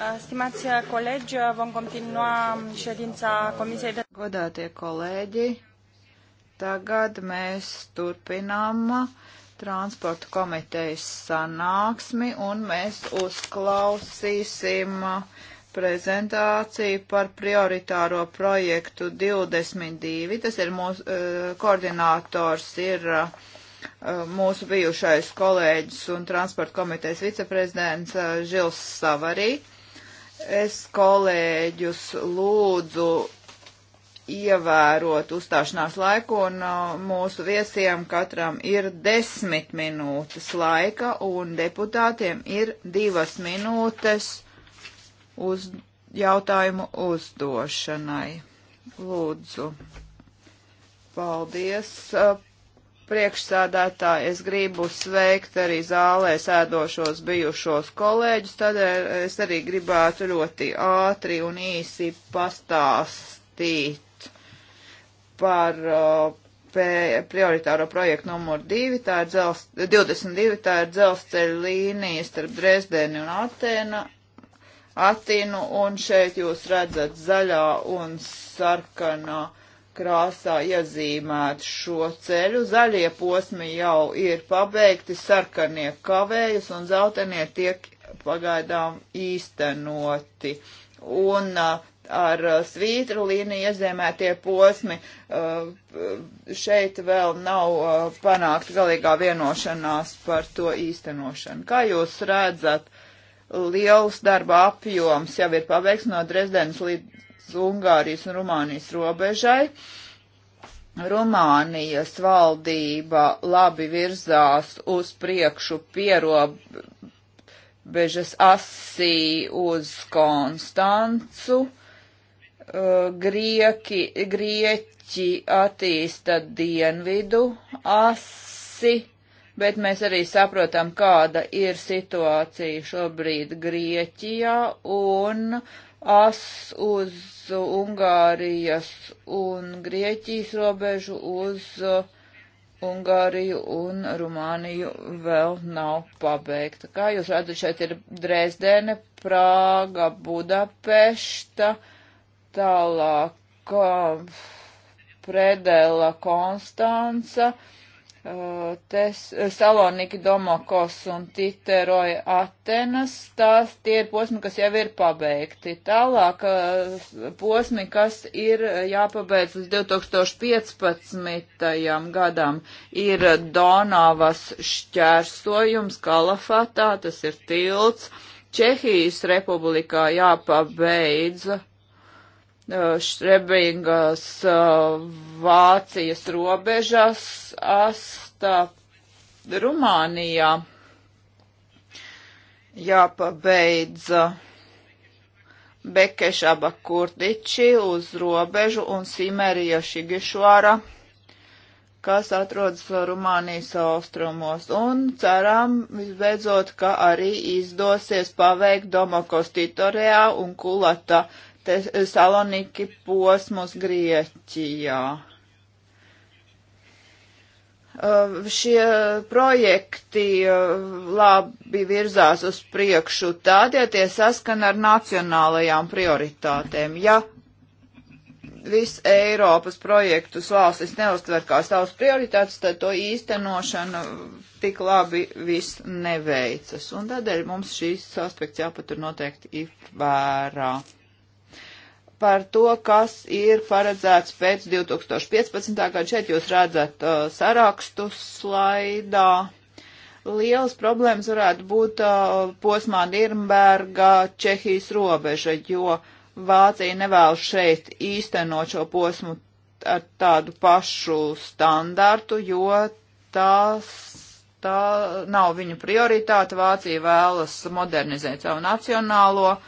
Uh, stimați uh, colegi, uh, vom continua um, ședința Comisiei de... Godātie kolēģi, tagad mēs turpinām transporta komitejas sanāksmi un mēs uzklausīsim prezentāciju par prioritāro projektu 22. Tas ir mūsu koordinators ir mūsu bijušais kolēģis un transporta komitejas viceprezidents Žils Savarī. Es kolēģus lūdzu ievērot uzstāšanās laiku, un uh, mūsu viesiem katram ir desmit minūtes laika, un deputātiem ir divas minūtes uz jautājumu uzdošanai. Lūdzu. Paldies uh, priekšsādātāji, es gribu sveikt arī zālē sēdošos bijušos kolēģus, tad es arī gribētu ļoti ātri un īsi pastāstīt par uh, prioritāro projektu numur 2, tā ir dzels, 22, tā ir dzelzceļa līnija starp Dresdeni un Atēna, Atinu, un šeit jūs redzat zaļā un sarkanā krāsā iezīmēt šo ceļu. Zaļie posmi jau ir pabeigti, sarkanie kavējas un zeltenie tiek pagaidām īstenoti. Un uh, ar uh, svītru līniju iezīmētie posmi uh, šeit vēl nav panākt galīgā vienošanās par to īstenošanu. Kā jūs redzat, liels darba apjoms jau ir paveikts no Dresdenes līdz Ungārijas un Rumānijas robežai. Rumānijas valdība labi virzās uz priekšu pierobežas asī uz Konstancu. Uh, Grieki, grieķi attīsta dienvidu asi, bet mēs arī saprotam, kāda ir situācija šobrīd Grieķijā un uh, as uz Ungārijas un Grieķijas robežu, uz Ungāriju un Rumāniju vēl nav pabeigta. Kā jūs redzat, šeit ir Dresdene, Prāga, Budapešta, tālāk um, Predela, Konstanca. Uh, Tes, Saloniki, Domokos un Titeroja Atenas, tās tie ir posmi, kas jau ir pabeigti. Tālāk eh, posmi, kas ir jāpabeidz līdz 2015. gadam, ir Donavas šķērsojums Kalafatā, tas ir tilts. Čehijas republikā jāpabeidz Uh, Šrebingas uh, Vācijas robežas asta Rumānijā jāpabeidz Bekešaba Kurdiči uz robežu un Simerija Šigišvara, kas atrodas Rumānijas austrumos. Un ceram visbeidzot, ka arī izdosies paveikt Domokos Titorejā un Kulata uh, Eh, Saloniki posmus Grieķijā. Eh, šie projekti eh, labi virzās uz priekšu tad, ja tie saskana ar nacionālajām prioritātēm. Ja visu Eiropas projektus valstis neuztver kā savus prioritātus, tad to īstenošana tik labi viss neveicas. Un tādēļ mums šīs aspekts jāpatur noteikti ir vērā par to, kas ir paredzēts pēc 2015. gada. Šeit jūs redzat uh, sarakstu slaidā. Lielas problēmas varētu būt uh, posmā Dirnberga, Čehijas robeža, jo Vācija nevēl šeit īstenot šo posmu ar tādu pašu standartu, jo tas tā nav viņu prioritāte. Vācija vēlas modernizēt savu nacionālo uh,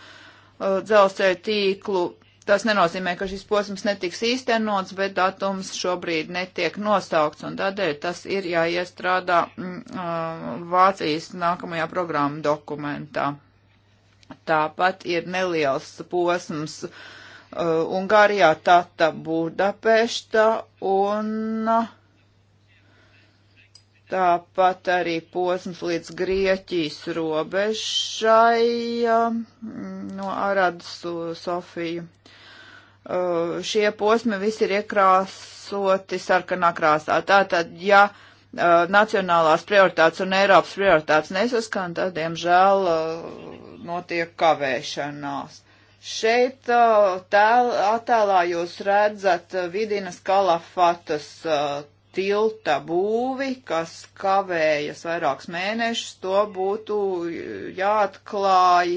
dzelzceļa tīklu, Tas nenozīmē, ka šis posms netiks īstenots, bet datums šobrīd netiek nosaukts, un tādēļ tas ir jāiestrādā mm, Vācijas nākamajā programma dokumentā. Tāpat ir neliels posms uh, Ungārijā, Tata Budapešta un Tāpat arī posms līdz Grieķijas robežai no Aradas Sofiju. Uh, šie posmi visi ir iekrāsoti sarkanā krāsā. Tātad, ja uh, nacionālās prioritātes un Eiropas prioritātes nesaskan, tad, diemžēl, uh, notiek kavēšanās. Šeit uh, tēl, attēlā jūs redzat uh, Vidinas kalafatas uh, tilta būvi, kas kavējas vairākus mēnešus, to būtu jāatklāj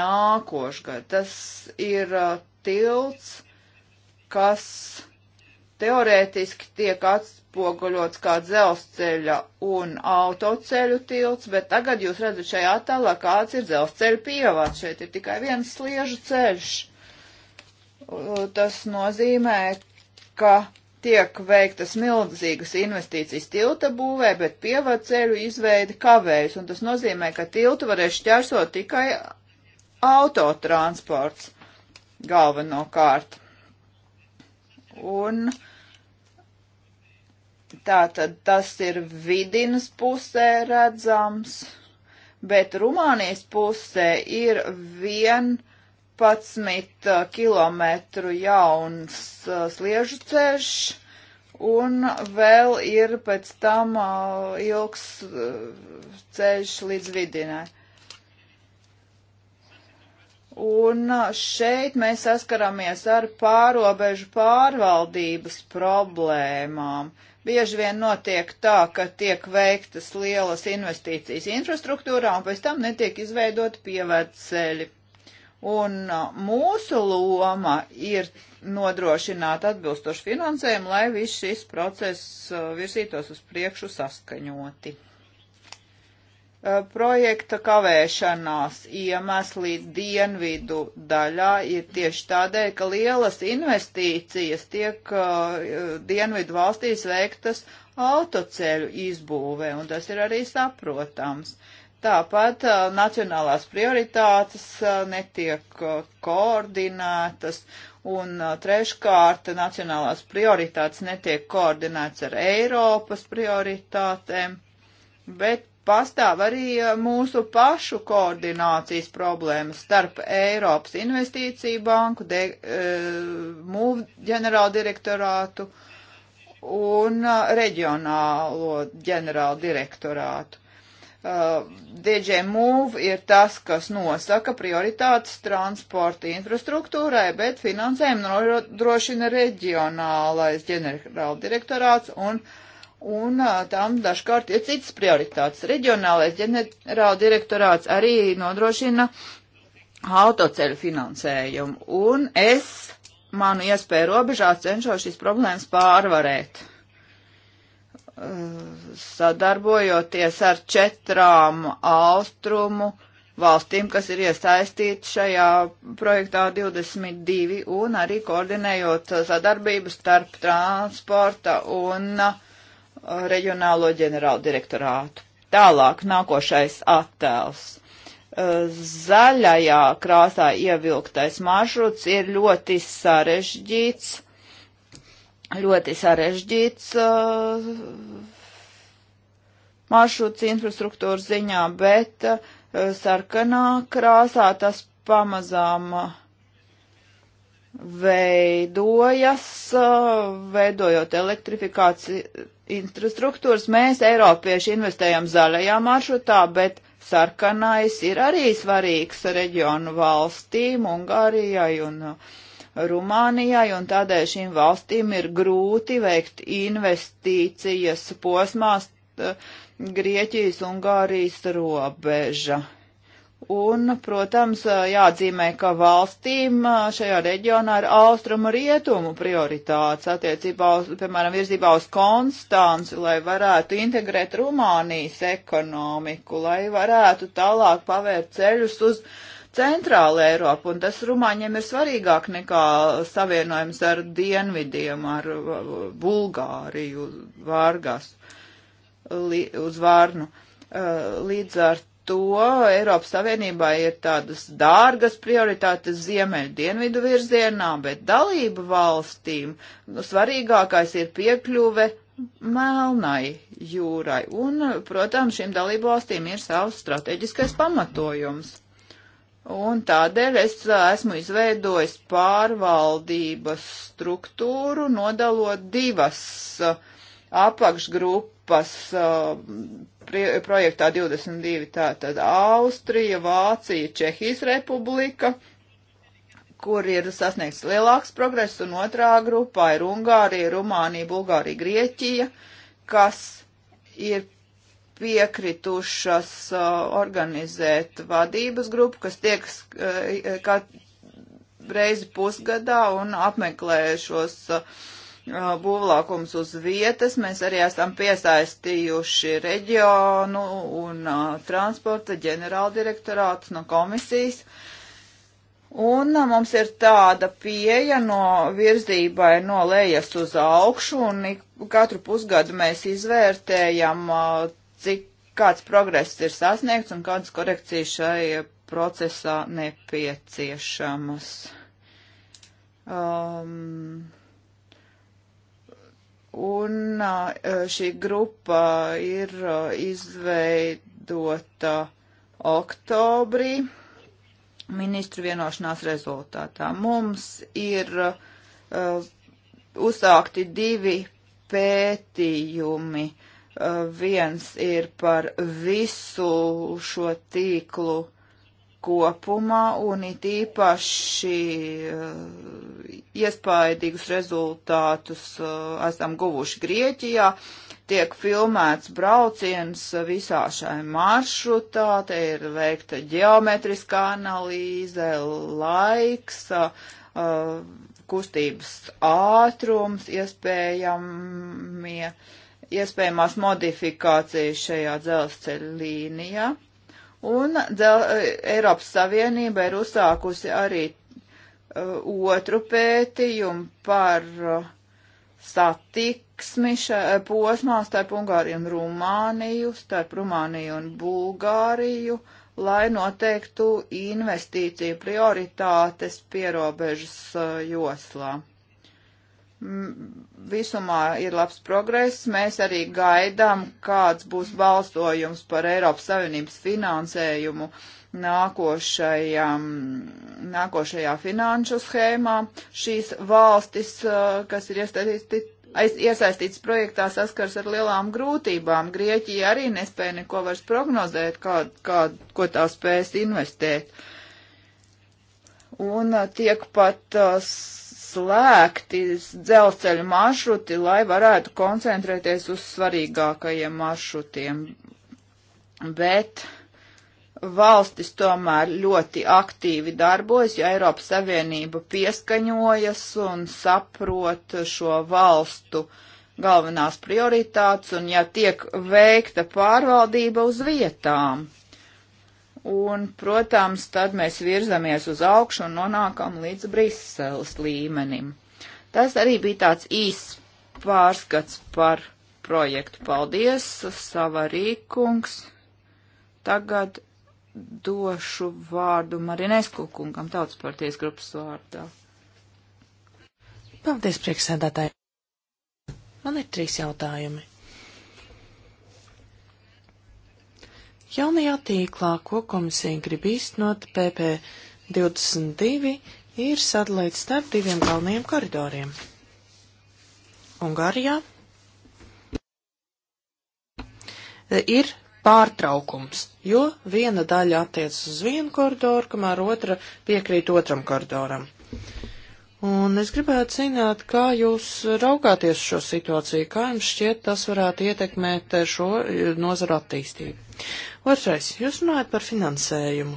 nākošgad. Tas ir tilts, kas teorētiski tiek atspoguļots kā dzelzceļa un autoceļu tilts, bet tagad jūs redzat šajā attēlā, kāds ir dzelzceļa pievāts. Šeit ir tikai viens sliežu ceļš. Tas nozīmē, ka tiek veiktas milzīgas investīcijas tilta būvē, bet pievāceļu izveidi kavējas, un tas nozīmē, ka tiltu varēs šķērsot tikai autotransports galvenokārt. Un tātad tas ir vidinas pusē redzams, bet Rumānijas pusē ir vien 11 km jauns uh, sliežu ceļš, un vēl ir pēc tam uh, ilgs uh, ceļš līdz vidinai. Un šeit mēs saskaramies ar pārobežu pārvaldības problēmām. Bieži vien notiek tā, ka tiek veiktas lielas investīcijas infrastruktūrā un pēc tam netiek izveidot pievērceļi. Un mūsu loma ir nodrošināt atbilstošu finansējumu, lai viss šis process virzītos uz priekšu saskaņoti. Eh, projekta kavēšanās iemesli dienvidu daļā ir tieši tādēļ, ka lielas investīcijas tiek uh, dienvidu valstīs veiktas autoceļu izbūvē, un tas ir arī saprotams. Tāpat uh, nacionālās prioritātes uh, netiek uh, koordinētas, un treškārt nacionālās prioritātes netiek koordinētas ar Eiropas prioritātēm, bet pastāv arī eh, mūsu pašu koordinācijas problēmas starp Eiropas investīciju banku, de, e, MUV ģenerāldirektorātu un eh, reģionālo ģenerāldirektorātu. Uh, DJ Move ir tas, kas nosaka prioritātes transporta infrastruktūrai, bet finansējumu nodrošina reģionālais ģenerāldirektorāts un uh, un tam dažkārt ir citas prioritātes. Reģionālais ģenerāla direktorāts arī nodrošina autoceļu finansējumu, un es manu iespēju robežā cenšos šīs problēmas pārvarēt, sadarbojoties ar četrām austrumu valstīm, kas ir iesaistīti šajā projektā 22 un arī koordinējot sadarbību starp transporta un uh, reģionālo ģenerālu direktorātu. Tālāk nākošais attēls. Zaļajā krāsā ievilktais maršruts ir ļoti sarežģīts, ļoti sarežģīts uh, maršruts infrastruktūras ziņā, bet uh, sarkanā krāsā tas pamazām uh, veidojas, veidojot elektrifikāciju infrastruktūras. Mēs, Eiropieši, investējam zaļajā maršrutā, bet sarkanais ir arī svarīgs reģionu valstīm, Ungārijai un uh, Rumānijai, un tādēļ šīm valstīm ir grūti veikt investīcijas posmās uh, Grieķijas-Ungārijas robeža. Un, protams, jāatzīmē, ka valstīm šajā reģionā ir austrumu rietumu prioritātes attiecībā, uz, piemēram, virzībā uz Konstanci, lai varētu integrēt Rumānijas ekonomiku, lai varētu tālāk pavērt ceļus uz centrālu Eiropu, un tas Rumāņiem ir svarīgāk nekā savienojums ar dienvidiem, ar Bulgāriju, Vārgas, li, uz Vārnu. Līdz ar to Eiropas Savienībā ir tādas dārgas prioritātes ziemeļu dienvidu virzienā, bet dalību valstīm nu, svarīgākais ir piekļuve Melnai jūrai. Un, protams, šīm dalību valstīm ir savs strateģiskais pamatojums. Un tādēļ es esmu izveidojis pārvaldības struktūru, nodalot divas uh, apakšgrupas uh, projektā 22 tātad Austrija, Vācija, Čehijas republika, kur ir sasniegts lielāks progress, un otrā grupā ir Ungārija, Rumānija, Bulgārija, Grieķija, kas ir piekritušas uh, organizēt vadības grupu, kas tiek uh, reizi pusgadā un apmeklē šos uh, būvlākums uz vietas. Mēs arī esam piesaistījuši reģionu un uh, transporta ģenerāldirektorātu no komisijas. Un uh, mums ir tāda pieeja no virzībai no lejas uz augšu, un katru pusgadu mēs izvērtējam, uh, cik kāds progress ir sasniegts un kādas korekcijas šai procesā nepieciešamas. Um, Un šī grupa ir izveidota oktobrī ministru vienošanās rezultātā. Mums ir uzsākti divi pētījumi. Viens ir par visu šo tīklu kopumā un it īpaši eh, iespaidīgus rezultātus eh, esam guvuši Grieķijā. Tiek filmēts brauciens visā šai maršrutā, te ir veikta ģeometriskā analīze, laiks, eh, kustības ātrums, iespējamie, iespējamās modifikācijas šajā dzelzceļa līnijā. Un dzel, e, Eiropas Savienība ir uzsākusi arī uh, otru pētījumu par uh, satiksmi še, posmā starp Ungāriju un Rumāniju, starp Rumāniju un Bulgāriju, lai noteiktu investīciju prioritātes pierobežas uh, joslā visumā ir labs progress. Mēs arī gaidām, kāds būs balsojums par Eiropas Savienības finansējumu nākošajam, nākošajā finanšu schēmā. Šīs valstis, kas ir iesaistīts projektā, saskars ar lielām grūtībām. Grieķija arī nespēja neko vairs prognozēt, kā, kā, ko tā spēs investēt. Un tiek pat uh, slēgti dzelzceļa maršruti, lai varētu koncentrēties uz svarīgākajiem maršrutiem. Bet valstis tomēr ļoti aktīvi darbojas, jo Eiropas Savienība pieskaņojas un saprot šo valstu galvenās prioritātes, un ja tiek veikta pārvaldība uz vietām Un, protams, tad mēs virzamies uz augšu un nonākam līdz Briseles līmenim. Tas arī bija tāds īsts pārskats par projektu. Paldies, Savarīkungs. Tagad došu vārdu Marinesku kungam, tautas parties grupas vārdā. Paldies, prieksēdētāji. Man ir trīs jautājumi. Jaunajā tīklā, ko komisija grib īstenot, PP22 ir sadalīts starp diviem galvenajiem koridoriem. Ungārijā ir pārtraukums, jo viena daļa attiecas uz vienu koridoru, kamēr otra piekrīt otram koridoram. Un es gribētu zināt, kā jūs raugāties šo situāciju, kā jums šķiet tas varētu ietekmēt šo nozaru attīstību. Otrais, jūs runājat par finansējumu.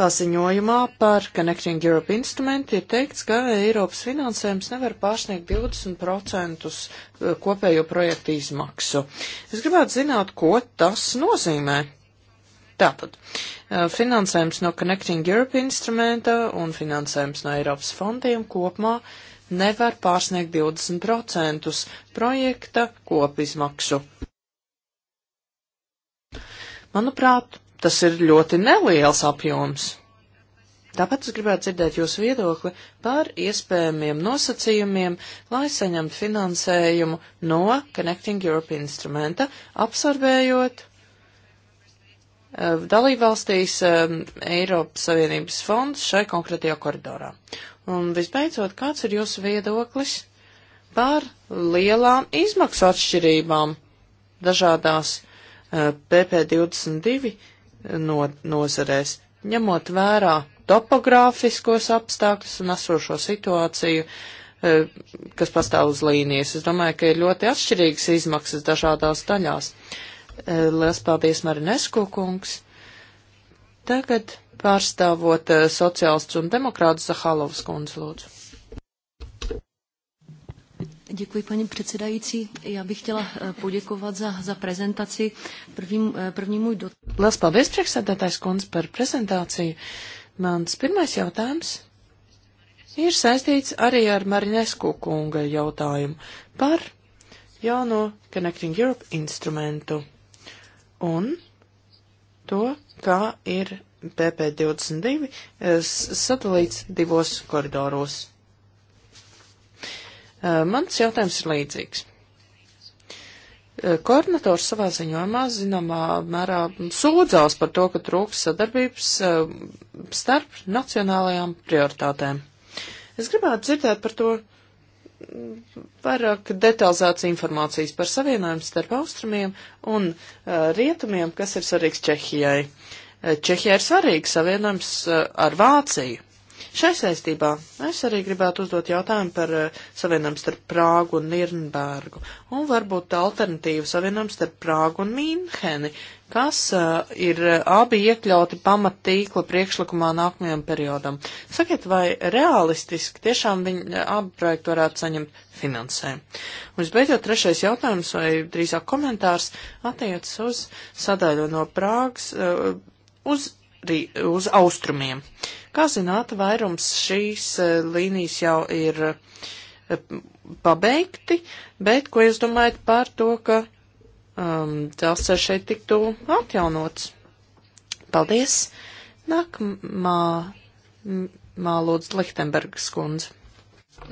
Paziņojumā par Connecting Europe instrumentu ir teikts, ka Eiropas finansējums nevar pārsniegt 20% eh, kopējo projektu izmaksu. Es gribētu zināt, ko tas nozīmē. Tātad eh, finansējums no Connecting Europe instrumenta un finansējums no Eiropas fondiem kopumā nevar pārsniegt 20% projekta kopizmaksu. Manuprāt, tas ir ļoti neliels apjoms. Tāpēc es gribētu dzirdēt jūsu viedokli par iespējamiem nosacījumiem, lai saņemtu finansējumu no Connecting Europe instrumenta, absorbējot uh, dalībvalstīs uh, Eiropas Savienības fondus šai konkrētajā koridorā. Un visbeidzot, kāds ir jūsu viedoklis par lielām izmaksu atšķirībām dažādās PP22 no, nozarēs, ņemot vērā topogrāfiskos apstākļus un esošo situāciju, e, kas pastāv uz līnijas. Es domāju, ka ir ļoti atšķirīgas izmaksas dažādās daļās. E, Lielas paldies, Marinesku kungs. Tagad pārstāvot e, sociālists un demokrāts Zahalovs kundze, lūdzu. Děkuji, paní předsedající. Já bych chtěla eh, poděkovat za, za prezentaci. První, eh, první můj dotaz. Lielas paldies, priekšsēdētājs kundze, par prezentāciju. Mans pirmais jautājums ir saistīts arī ar Marinesku kunga jautājumu par jauno Connecting Europe instrumentu un to, kā ir PP22 eh, sadalīts divos koridoros. Eh, mans jautājums ir līdzīgs. Eh, koordinators savā ziņojumā zināmā mērā sūdzās par to, ka trūks sadarbības eh, starp nacionālajām prioritātēm. Es gribētu dzirdēt par to mm, vairāk detalizētas informācijas par savienojumu starp austrumiem un rietumiem, kas ir svarīgs Čehijai. Čehijai ir svarīgs savienojums ar Vāciju. Šai saistībā es arī gribētu uzdot jautājumu par eh, savienojumu starp Prāgu un Nirnbergu, un varbūt alternatīvu savienojumu starp Prāgu un Mīnheni, kas uh, ir eh, abi iekļauti pamatīkla priekšlikumā nākamajam periodam. Sakiet, vai realistiski tiešām viņi abi projekti varētu saņemt finansējumu? Un visbeidzot, trešais jautājums, vai drīzāk komentārs, attiecas uz sadaļu no Prāgas. Uh, uz arī uz austrumiem. Kā zināt, vairums šīs eh, līnijas jau ir eh, pabeigti, bet ko jūs domājat par to, ka um, dzelzceļš šeit tiktu atjaunots? Paldies! Nākamā mālūdz mm, Lehtenbergas kundze.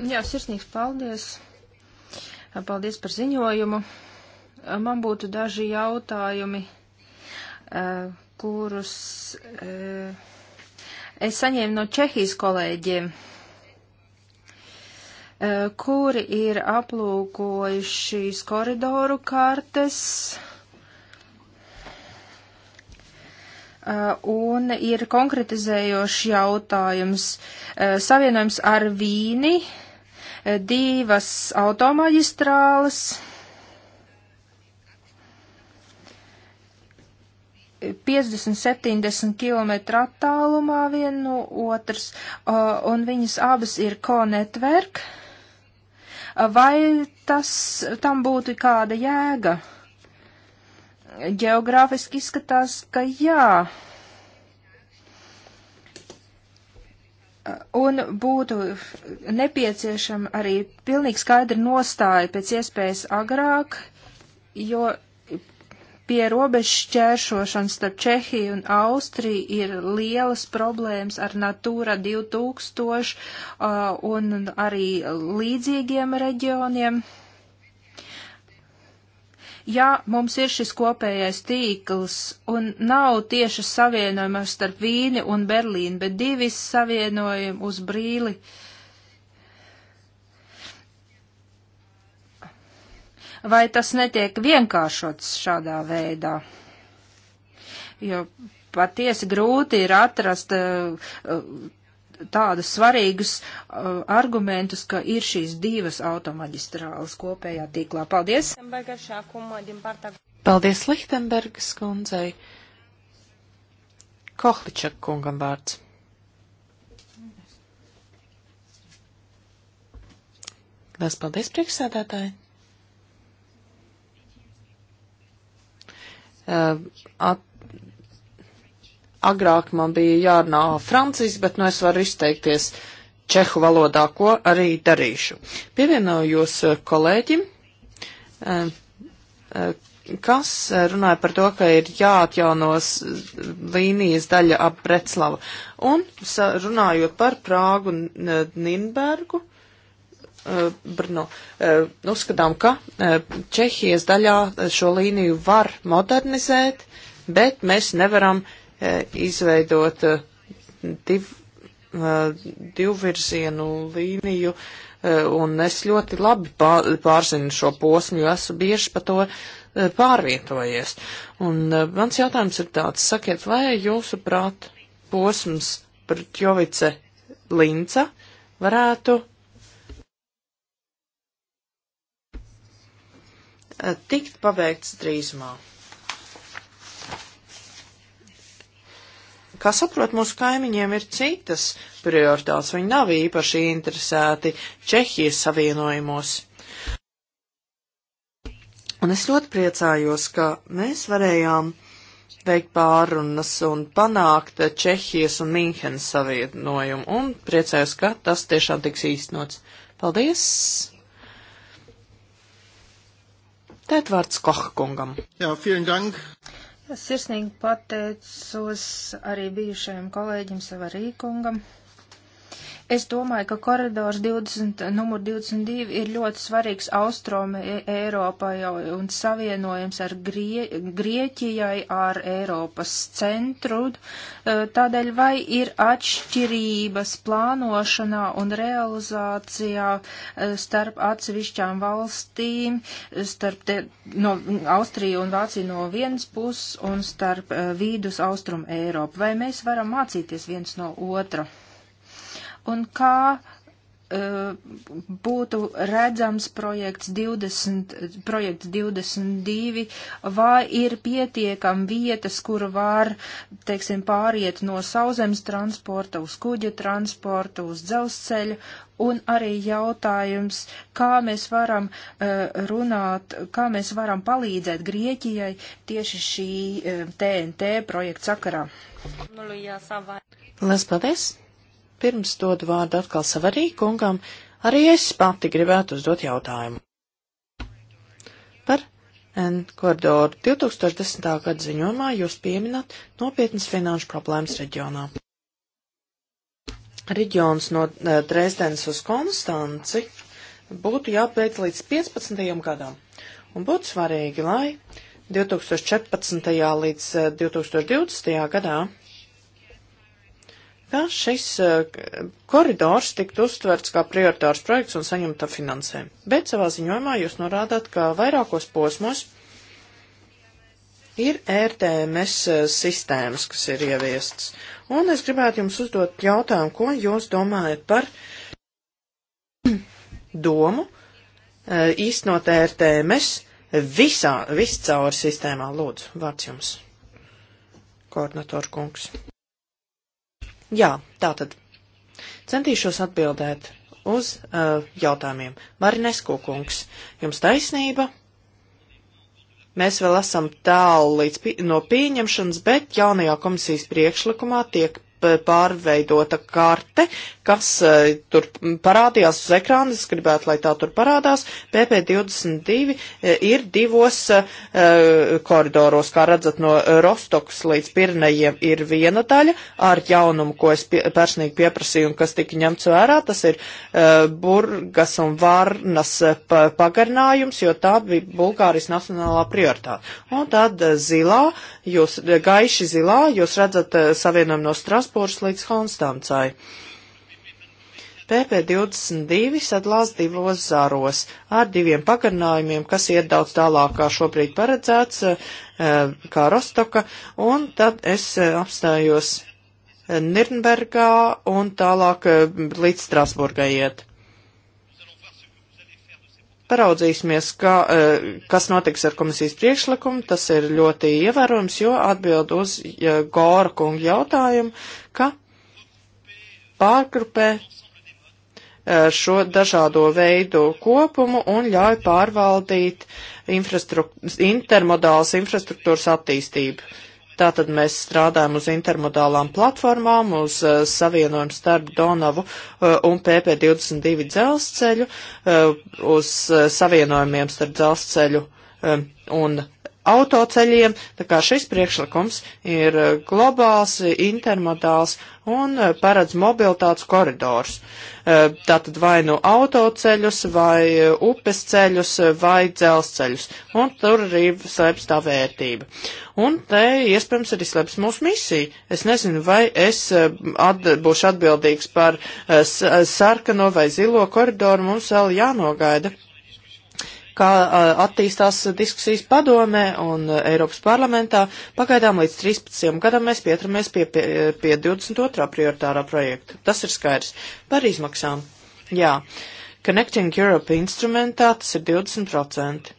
Jā, sirsnīgs paldies! Paldies par ziņojumu! Man būtu daži jautājumi eh, kurus e, es saņēmu no Čehijas kolēģiem, e, kuri ir aplūkojušies koridoru kartes. Uh, un ir konkretizējošs jautājums. Uh, savienojums ar Vīni, uh, divas automaģistrāles, uh, 50-70 km attālumā viena no otras, un viņas abas ir konetverk. Vai tas tam būtu kāda jēga? Geogrāfiski izskatās, ka jā. Un būtu nepieciešama arī pilnīgi skaidra nostāja pēc iespējas agrāk, jo Pie robežas šķēršošanas starp Čehiju un Austriju ir lielas problēmas ar Natūra 2000 uh, un arī līdzīgiem reģioniem. Ja mums ir šis kopējais tīkls un nav tieši savienojuma starp Vīni un Berlīnu, bet divi savienojumi uz brīli, uh, vai tas netiek vienkāršots šādā veidā? Jo patiesi grūti ir atrast eh, eh, tādus svarīgus eh, argumentus, ka ir šīs divas automaģistrāles kopējā tīklā. Paldies! Paldies Lihtenbergas kundzei! Kohličak kungam vārds. Liels paldies, priekšsēdētāji! Uh, at, agrāk man bija jārunā franciski, bet nu es varu izteikties čehu valodā, ko arī darīšu. Pievienojos uh, kolēģim, uh, kas runāja par to, ka ir jāatjaunos līnijas daļa ap Breclavu. Un runājot par Prāgu un Ninbergu, Eh, Brno, nu, eh, uzskatām, ka eh, Čehijas daļā šo līniju var modernizēt, bet mēs nevaram izveidot div, divvirzienu līniju, un es ļoti labi pārzinu šo posmu, jo esmu bieži pa to pārvietojies. Un mans jautājums ir tāds, sakiet, vai jūsuprāt posms Prķovice Linca varētu Eh, tikt pabeigts drīzumā. Kā saprot, mūsu kaimiņiem ir citas prioritātes, viņi nav īpaši interesēti Čehijas savienojumos. Un es ļoti priecājos, ka mēs varējām veikt pārunas un panākt Čehijas un Minhenes savienojumu, un priecājos, ka tas tiešām tiks īstenots. Paldies! Tēt vārds Koha kungam. Jā, vielen dank. Es sirsnīgi pateicos arī bijušajam kolēģim Savarī kungam. Es domāju, ka koridors 20, numur 22 ir ļoti svarīgs Austrome Eiropai un savienojums ar Grie, Grieķijai, ar Eiropas centru. E, tādēļ vai ir atšķirības plānošanā un realizācijā e, starp atsevišķām valstīm, starp te, no Austriju un Vāciju no vienas puses un starp e, vīdus Austrum Eiropu? Vai mēs varam mācīties viens no otra? un kā e, būtu redzams projekts 20, projekts 22, vai ir pietiekam vietas, kur var, teiksim, pāriet no sauzemes transporta uz kuģa transportu, uz dzelzceļu, un arī jautājums, kā mēs varam uh, runāt, kā mēs varam palīdzēt Grieķijai tieši šī uh, e, TNT projekta sakarā. Lielas paldies! pirms dodu vārdu atkal Savarī kungam, arī es pati gribētu uzdot jautājumu. Par N koridoru 2010. gada ziņojumā jūs pieminat nopietnas finanšu problēmas reģionā. Reģions no uh, eh, Dresdens uz Konstanci būtu jāpēc līdz 15. gadam, un būtu svarīgi, lai 2014. līdz 2020. Eh, gadā ka šis eh, koridors tiktu uztverts kā prioritārs projekts un saņemta finansē. Bet savā ziņojumā jūs norādāt, ka vairākos posmos ir RTMS eh, sistēmas, kas ir ieviestas. Un es gribētu jums uzdot jautājumu, ko jūs domājat par domu eh, īstenot RTMS visā, viscauri sistēmā. Lūdzu, vārds jums, koordinator kungs. Jā, tātad. Centīšos atbildēt uz uh, jautājumiem. Marinesko kungs, jums taisnība? Mēs vēl esam tālu līdz pi no pieņemšanas, bet jaunajā komisijas priekšlikumā tiek uh, pārveidota karte kas eh, tur parādījās uz ekrāna, es gribētu, lai tā tur parādās. PP22 eh, ir divos eh, koridoros, kā redzat, no Rostoks līdz Pirnejiem ir viena daļa ar jaunumu, ko es pie, personīgi pieprasīju un kas tika ņemts vērā. Tas ir Burgas un Varnas pagarinājums, jo tā bija Bulgārijas nacionālā prioritāte. Un tad zilā, jūs, gaiši zilā, jūs redzat savienojumu no Strasbūras līdz Honstancai. Uh, PP22 sadalās divos zāros ar diviem pagarinājumiem, kas iet daudz tālāk, kā šobrīd paredzēts, eh, kā Rostoka, un tad es eh, apstājos eh, Nirnbergā un tālāk līdz Strasburgai iet. Paraudzīsimies, ka, kas notiks ar komisijas priekšlikumu. Tas ir ļoti ievērojams, jo atbild uz Gora kunga jautājumu, ka pārgrupē Eh, šo dažādo veidu kopumu un ļauj pārvaldīt infrastruk intermodālas infrastruktūras attīstību. Tātad mēs strādājam uz intermodālām platformām, uz uh, savienojumu starp Donavu uh, un PP22 dzelzceļu, uh, uz uh, savienojumiem starp dzelzceļu um, un autoceļiem, tā kā šis priekšlikums ir eh, globāls, intermodāls un eh, paredz mobilitātes koridors. Eh, tātad vai nu autoceļus, vai upes ceļus, vai dzelzceļus. Un tur arī slēpjas tā vērtība. Un te iespējams arī slēpjas mūsu misija. Es nezinu, vai es at, būšu atbildīgs par sarkano vai zilo koridoru, mums vēl jānogaida kā attīstās diskusijas padomē un Eiropas parlamentā. Pagaidām līdz 13. gadam mēs pieturamies pie, pie, pie 22. prioritārā projekta. Tas ir skaidrs. Par izmaksām. Jā. Connecting Europe instrumentā tas ir 20%.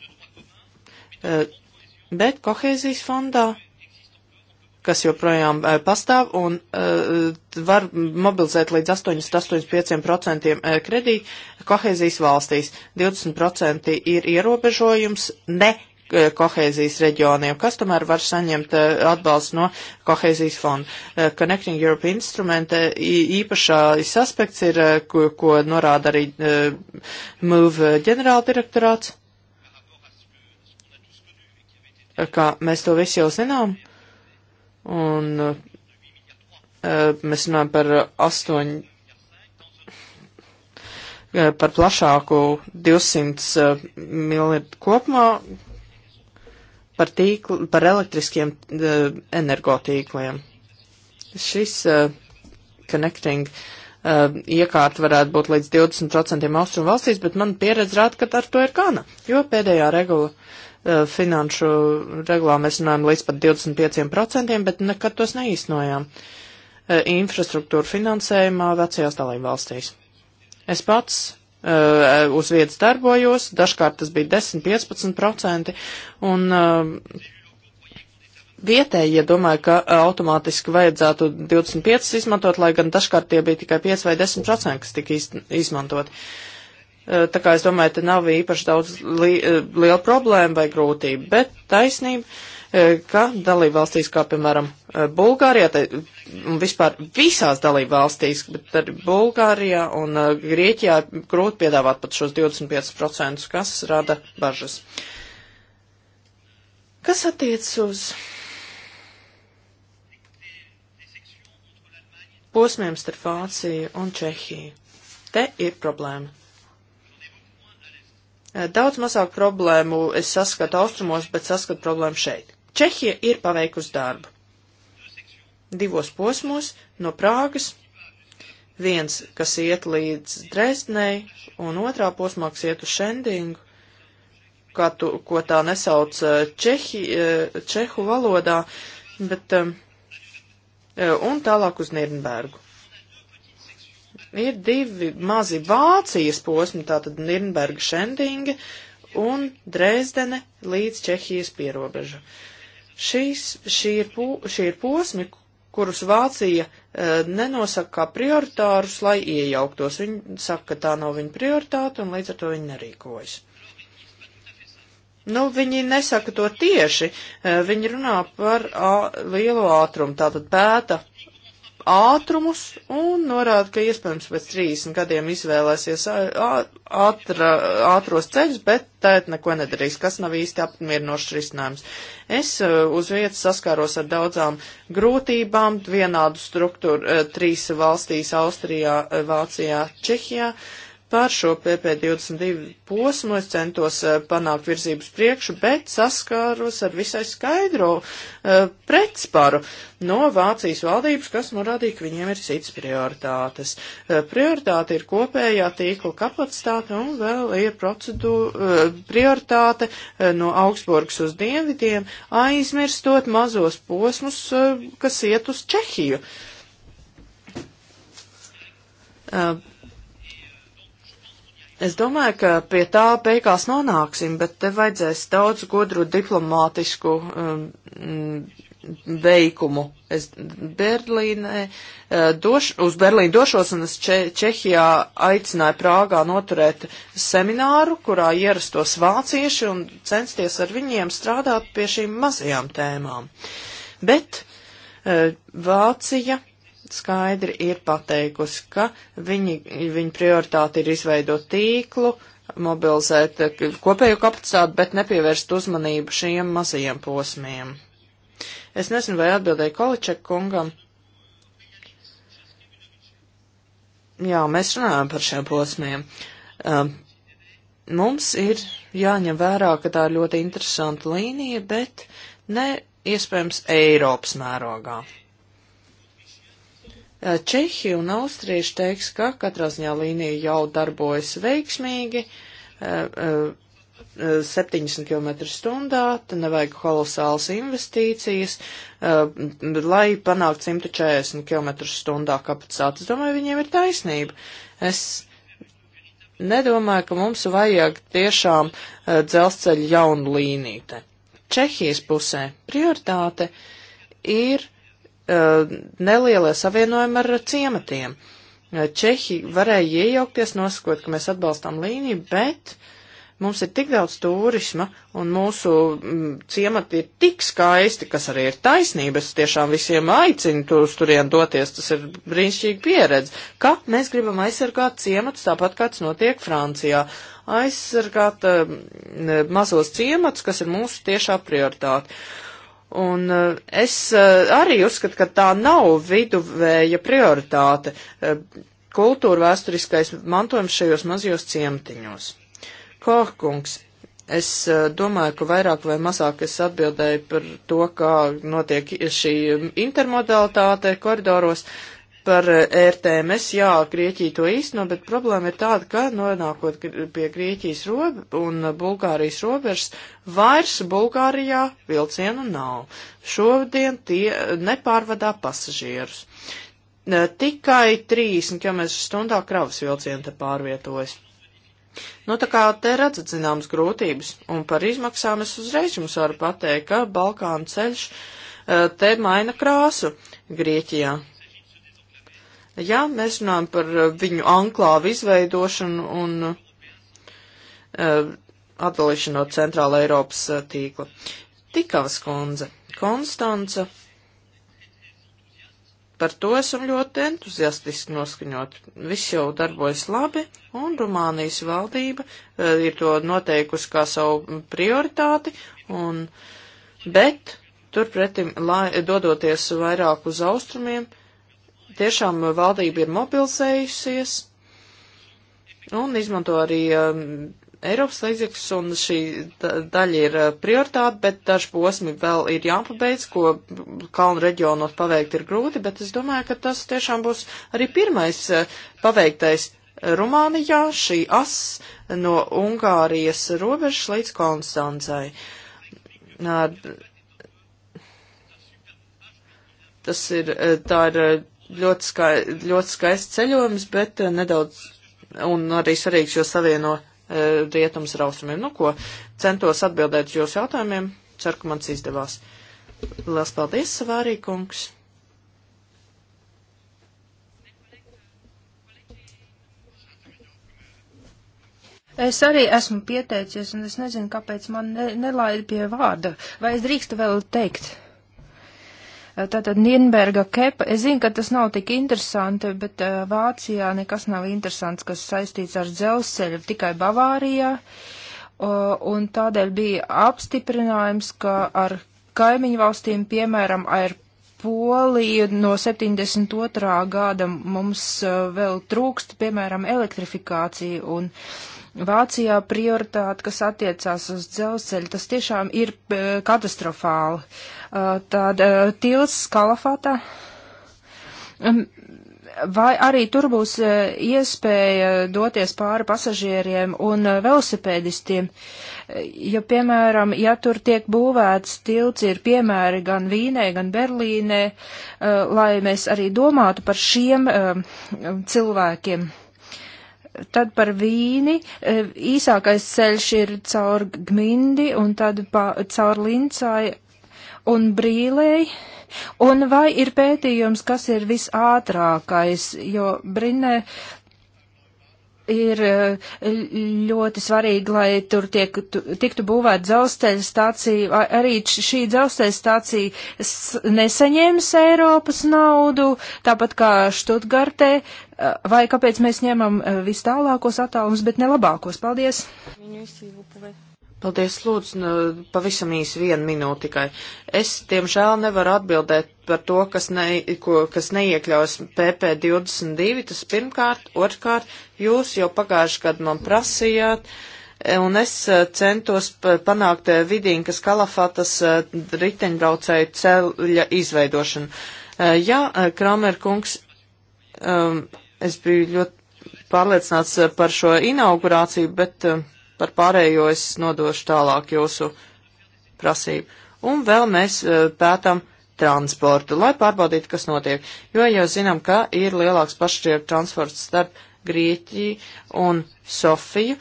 Bet kohēzijas fondā kas joprojām eh, pastāv un eh, var mobilizēt līdz 8,85% eh, kredīti kohēzijas valstīs. 20% ir ierobežojums ne kohēzijas reģioniem, kas tomēr var saņemt atbalstu no kohēzijas fonda. Connecting Europe instrumenta īpašais aspekts ir, ko, ko norāda arī MOVE ģenerāldirektorāts, kā mēs to visi jau zinām. Uh, Un uh, mēs runājam par astoņu, uh, eh, par plašāku 200 uh, eh, miljardu kopumā, par, tīkl, par elektriskiem uh, energotīkliem. Šis uh, connecting uh, iekārta varētu būt līdz 20% austrumu valstīs, bet man pieredze rāda, ka ar to ir gana, jo pēdējā regula uh, Eh, finanšu regulā mēs runājam līdz pat 25%, bet nekad tos neīsnojām eh, infrastruktūra finansējumā vecajās dalībvalstīs. Es pats uh, uz vietas darbojos, dažkārt tas bija 10-15%, un uh, vietēji, ja domāju, ka automātiski vajadzētu 25 izmantot, lai gan dažkārt tie bija tikai 5 vai 10%, kas tika izmantot. Uh, Eh, tā kā es domāju, te nav īpaši daudz li eh, liela problēma vai grūtība, bet taisnība, eh, ka dalība valstīs, kā piemēram Bulgārijā, un vispār visās dalība valstīs, bet arī Bulgārijā un Grieķijā grūti piedāvāt pat šos 25%, kas rada bažas. Kas attiec uz posmiem starp Vāciju un Čehiju? Te ir problēma. Eh, daudz mazāk problēmu es saskatu austrumos, bet saskatu problēmu šeit. Čehija ir paveikusi darbu. Divos posmos no Prāgas, viens, kas iet līdz Dresdnei, un otrā posmā, kas iet uz Šendingu, kā tu, ko tā nesauc eh, Čehi, eh, Čehu valodā, bet, um, un tālāk uz Nirnbergu. Ir divi mazi Vācijas posmi, tātad Nirnberga Šendinga un Dresdene līdz Čehijas pierobeža. Šīs, šī, ir, po, šī ir posmi, kurus Vācija e, nenosaka kā prioritārus, lai iejauktos. Viņi saka, ka tā nav viņa prioritāte un līdz ar to viņi nerīkojas. Nu, viņi nesaka to tieši, e, viņi runā par a, lielu ātrumu, tātad pēta ātrumus un norāda, ka iespējams pēc 30 gadiem izvēlēsies ātra, ātros ceļus, bet tēt neko nedarīs, kas nav īsti apmierinošs risinājums. Es uz vietas saskāros ar daudzām grūtībām, vienādu struktūru trīs valstīs - Austrijā, Vācijā, Čehijā. Uh, Par šo PP22 posmu es centos eh, panākt virzības priekšu, bet saskāros ar visai skaidro uh, pretsparu no Vācijas valdības, kas norādīja, ka viņiem ir cits prioritātes. Uh, prioritāte ir kopējā tīkla kapacitāte un vēl ir procedūra, uh, prioritāte no Augsburgas uz dienvidiem, aizmirstot mazos posmus, kas iet uz Čehiju. Uh, Es domāju, ka pie tā beigās nonāksim, bet te vajadzēs daudz gudru diplomātisku um, mm, veikumu. Es Berlīnē uh, doš, uz Berlīnu došos un es Če, Čehijā aicināju Prāgā noturēt semināru, kurā ierastos vācieši un censties ar viņiem strādāt pie šīm mazajām tēmām. Bet uh, Vācija skaidri ir pateikusi, ka viņi, viņa prioritāte ir izveidot tīklu, mobilizēt kopējo kapacitāti, bet nepievērst uzmanību šiem mazajiem posmiem. Es nezinu, vai atbildēju Količek kungam. Jā, mēs runājam par šiem posmiem. Um, mums ir jāņem vērā, ka tā ir ļoti interesanta līnija, bet ne iespējams Eiropas mērogā. Eh, Čehi un Austrieši teiks, ka katrā ziņā līnija jau darbojas veiksmīgi, 70 eh, eh, km stundā, te nevajag kolosāls investīcijas, lai panāktu 140 km stundā kapacitāti. Es domāju, viņiem ir taisnība. Es nedomāju, ka mums vajag tiešām uh, dzelzceļa jaunu līniju. Čehijas pusē prioritāte ir Uh, nelielie savienojumi ar ciematiem. Uh, Čehi varēja iejaukties, nosakot, ka mēs atbalstām līniju, bet mums ir tik daudz turisma un mūsu mm, ciemati ir tik skaisti, kas arī ir taisnība. Es tiešām visiem aicinu tur uz turien doties, tas ir brīnišķīgi pieredze. Kā mēs gribam aizsargāt ciematus tāpat, kāds notiek Francijā? Aizsargāt uh, mazos ciematus, kas ir mūsu tiešā prioritāte. Uh, Un eh, es eh, arī uzskatu, ka tā nav viduvēja prioritāte eh, kultūra vēsturiskais mantojums šajos mazajos ciemtiņos. Kohkungs, es domāju, ka vairāk vai mazāk es atbildēju par to, kā notiek šī intermodalitāte koridoros. Uh, par eh, RTMS, jā, Grieķija to īsteno, bet problēma ir tāda, ka nonākot pie Grieķijas robe un Bulgārijas robežas, vairs Bulgārijā vilcienu nav. Šodien tie eh, nepārvadā pasažierus. Eh, tikai 30 km stundā kravas vilcieni te pārvietojas. Nu, tā kā te redzat zināmas grūtības, un par izmaksām es uzreiz jums varu pateikt, ka Balkānu ceļš te maina krāsu Grieķijā. Ja mēs runājam par eh, viņu anklāvu izveidošanu un uh, atdalīšanu no Centrāla Eiropas eh, tīkla. Tikavas kundze, Konstance, par to esam ļoti entuziastiski noskaņoti. Viss jau darbojas labi, un Rumānijas valdība uh, ir to noteikusi kā savu prioritāti, un, bet turpretim, lai, dodoties vairāk uz austrumiem, uh, tiešām valdība ir mobilizējusies un izmanto arī um, Eiropas līdzekļus, un šī daļa ir uh, prioritāte, bet daži posmi vēl ir jāpabeidz, ko kalnu reģionos paveikt ir grūti, bet es domāju, ka tas tiešām būs arī pirmais uh, paveiktais Rumānijā, šī as no Ungārijas robežas līdz Konstancai. Tas ir, uh, tā ir ļoti, skai, ļoti skaists ceļojums, bet eh, nedaudz un arī svarīgs, jo savieno eh, rietums ar austrumiem. Nu ko, centos atbildēt jūsu jautājumiem, ceru, ka mans izdevās. Lielas paldies, Savārī kungs! Es arī esmu pieteicies, un es nezinu, kāpēc man ne, nelaida pie vārda. Vai es drīkstu vēl teikt? Tātad Nienberga kepa, es zinu, ka tas nav tik interesanti, bet uh, Vācijā nekas nav interesants, kas saistīts ar dzelzceļu, tikai Bavārijā. Uh, un tādēļ bija apstiprinājums, ka ar kaimiņu valstīm, piemēram, ar Poliju no 72. gada mums uh, vēl trūkst, piemēram, elektrifikācija un Vācijā prioritāte, kas attiecās uz dzelzceļu, tas tiešām ir katastrofāli. Uh, tāda tils kalafātā. Um, vai arī tur būs iespēja doties pāri pasažieriem un velosipēdistiem? Jo, piemēram, ja tur tiek būvēts tilts, ir piemēri gan Vīnē, gan Berlīnē, lai mēs arī domātu par šiem cilvēkiem. Tad par Vīni īsākais ceļš ir caur Gmindi un tad pa, caur Lincai un brīlēji, un vai ir pētījums, kas ir visātrākais, jo Brinē ir eh, ļoti svarīgi, lai tur tiek, tiktu būvēta dzelzceļa stācija. Arī šī dzelzceļa stācija nesaņēmis Eiropas naudu, tāpat kā Štutgartē. Eh, vai kāpēc mēs ņemam eh, vis tālākos attālums, bet ne labākos? Paldies! Ministri, Paldies, lūdzu, nu, pavisam īsi vienu minūti tikai. Es, diemžēl, nevaru atbildēt par to, kas, ne, ko, kas neiekļaus PP22, tas pirmkārt, otrkārt, jūs jau pagājuši gadu man prasījāt, un es eh, centos panākt eh, vidīnkas kalafatas eh, riteņbraucēju ceļa izveidošanu. Jā, Kramer kungs, es biju ļoti pārliecināts par šo inaugurāciju, bet. Uh, par pārējo es nodošu tālāk jūsu prasību. Un vēl mēs e, pētam transportu, lai pārbaudītu, kas notiek, jo jau zinām, ka ir lielāks pašķirta transports starp Grieķiju un Sofiju,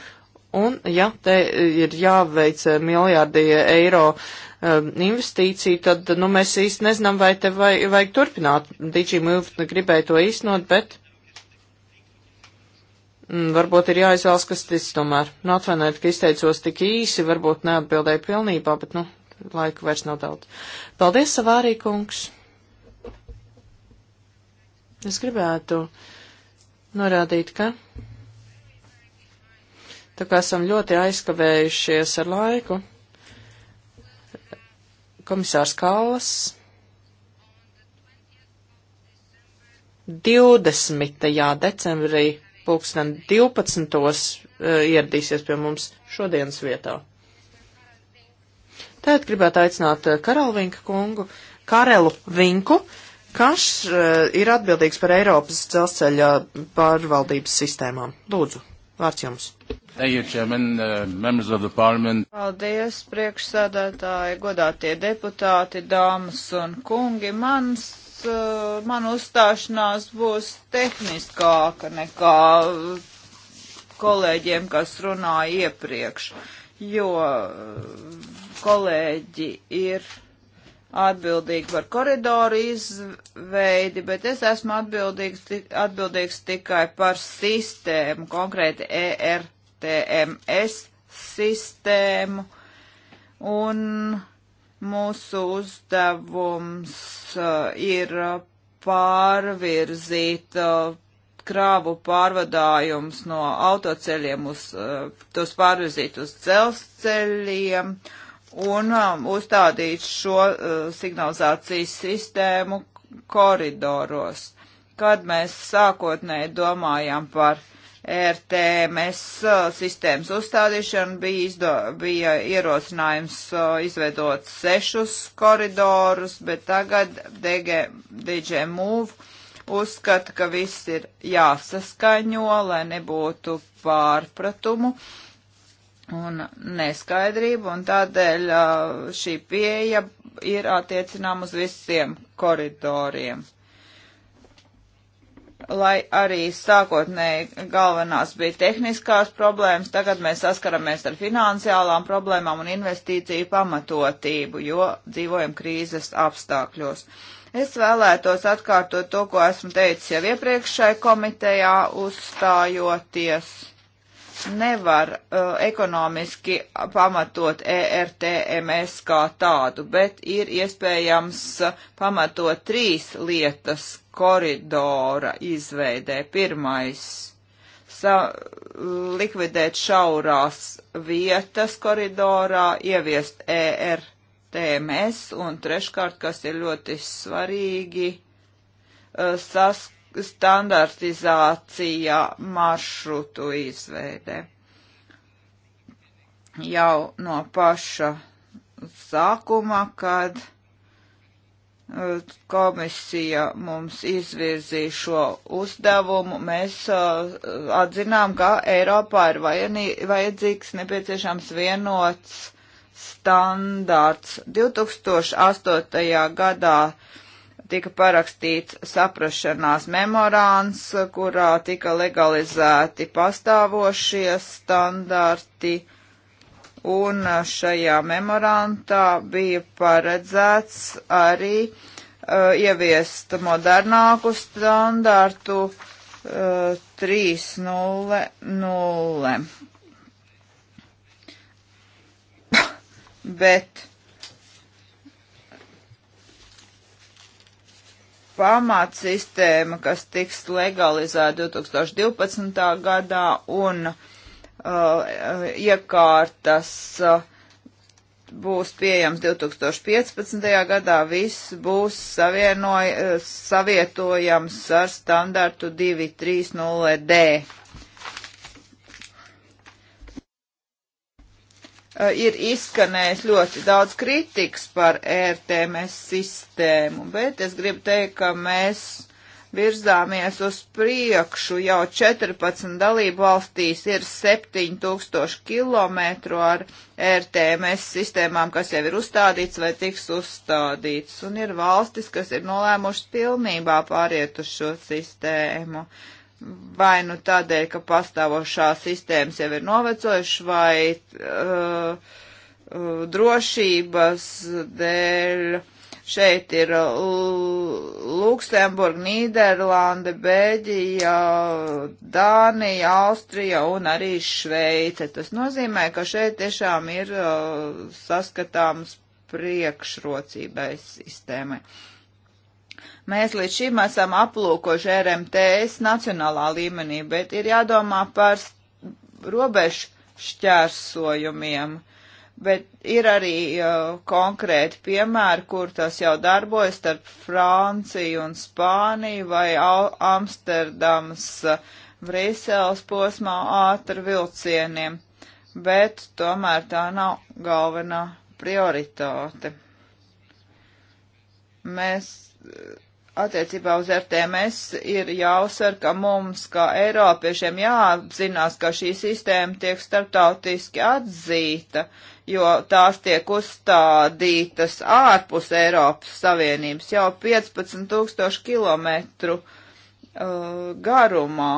un, ja te ir jāveic miljārdi eiro um, investīciju, tad, nu, mēs īsti nezinām, vai te vai, vajag turpināt. DigiMove gribēja to īstenot, bet Mm, varbūt ir jāizvēlas, kas tic tomēr. Nu, atvainojiet, ka izteicos tik īsi, varbūt neatbildēju pilnībā, bet, nu, laika vairs nav daudz. Paldies, Savārī kungs! Es gribētu norādīt, ka tā kā esam ļoti aizkavējušies ar laiku, komisārs Kallas 20. decembrī pulksten 12. Eh, ieradīsies pie mums šodienas vietā. Tēt gribētu aicināt eh, Karalvinku kungu, Karelu Vinku, kas eh, ir atbildīgs par Eiropas dzelzceļa pārvaldības sistēmām. Lūdzu, vārds jums. You, chairman, uh, Paldies, priekšsādātāji, godātie deputāti, dāmas un kungi. Mans uh, man uzstāšanās būs tehniskāka nekā kolēģiem, kas runāja iepriekš, jo eh, kolēģi ir atbildīgi par koridoru izveidi, bet es esmu atbildīgs, atbildīgs tikai par sistēmu, konkrēti ERTMS sistēmu. Un Mūsu uzdevums uh, ir uh, pārvirzīt uh, krāvu pārvadājums no autoceļiem uz, tos pārvirzīt uz dzelzceļiem un um, uzstādīt šo signalizācijas sistēmu koridoros. Kad mēs sākotnēji domājām par RTMS uh, sistēmas uzstādīšanu bija, izdo, bija ierosinājums uh, izveidot sešus koridorus, bet tagad DG, DG Move uzskata, ka viss ir jāsaskaņo, lai nebūtu pārpratumu un neskaidrību, un tādēļ uh, šī pieeja ir attiecinām uz visiem koridoriem lai arī sākotnēji galvenās bija tehniskās problēmas, tagad mēs saskaramies ar finansiālām problēmām un investīciju pamatotību, jo dzīvojam krīzes apstākļos. Es vēlētos atkārtot to, ko esmu teicis jau iepriekšai komitejā uzstājoties nevar uh, ekonomiski pamatot ERTMS kā tādu, bet ir iespējams uh, pamatot trīs lietas koridora izveidē. Pirmais sa, likvidēt šaurās vietas koridorā, ieviest ERTMS un treškārt, kas ir ļoti svarīgi, uh, saskatīt standartizācija maršrutu izveidē. Jau no paša sākuma, kad uh, komisija mums izvirzīja šo uzdevumu, mēs uh, atzinām, ka Eiropā ir vajadzīgs nepieciešams vienots standārts. 2008. gadā uh, tika parakstīts saprašanās memorāns, kurā tika legalizēti pastāvošie standarti, un šajā memorantā bija paredzēts arī uh, ieviest modernāku standartu uh, 3.0. Bet pamatsistēma, kas tiks legalizēta 2012. gadā un uh, iekārtas uh, būs pieejams 2015. gadā, viss būs savienoj, uh, savietojams ar standartu 230D. Eh, ir izskanējis ļoti daudz kritikas par ērtēmēs sistēmu, bet es gribu teikt, ka mēs virzāmies uz priekšu. Jau 14 dalību valstīs ir 7000 km ar RTMS sistēmām, kas jau ir uzstādīts vai tiks uzstādīts. Un ir valstis, kas ir nolēmušas pilnībā pāriet uz šo sistēmu. Uh, vai nu tādēļ, ka pastāvošās sistēmas jau ir novecojušas, vai uh, uh, drošības dēļ. Šeit ir uh, Luksemburga, Nīderlanda, Bēģija, Dānija, Austrija un arī Šveice. Tas nozīmē, ka šeit tiešām ir uh, saskatāms priekšrocībai sistēmai. Uh, Mēs līdz šim esam aplūkoši RMTS nacionālā līmenī, bet ir jādomā par robežu šķērsojumiem. Bet ir arī uh, konkrēti piemēri, kur tas jau darbojas starp Franciju un Spāniju vai Al Amsterdams uh, Brīseles posmā ātri vilcieniem, bet tomēr tā nav galvenā prioritāte. Mēs uh, attiecībā uz RTMS ir jāuzsver, ka mums, kā Eiropiešiem, jāapzinās, ka šī sistēma tiek starptautiski atzīta, jo tās tiek uzstādītas ārpus Eiropas Savienības jau 15 tūkstošu kilometru uh, garumā.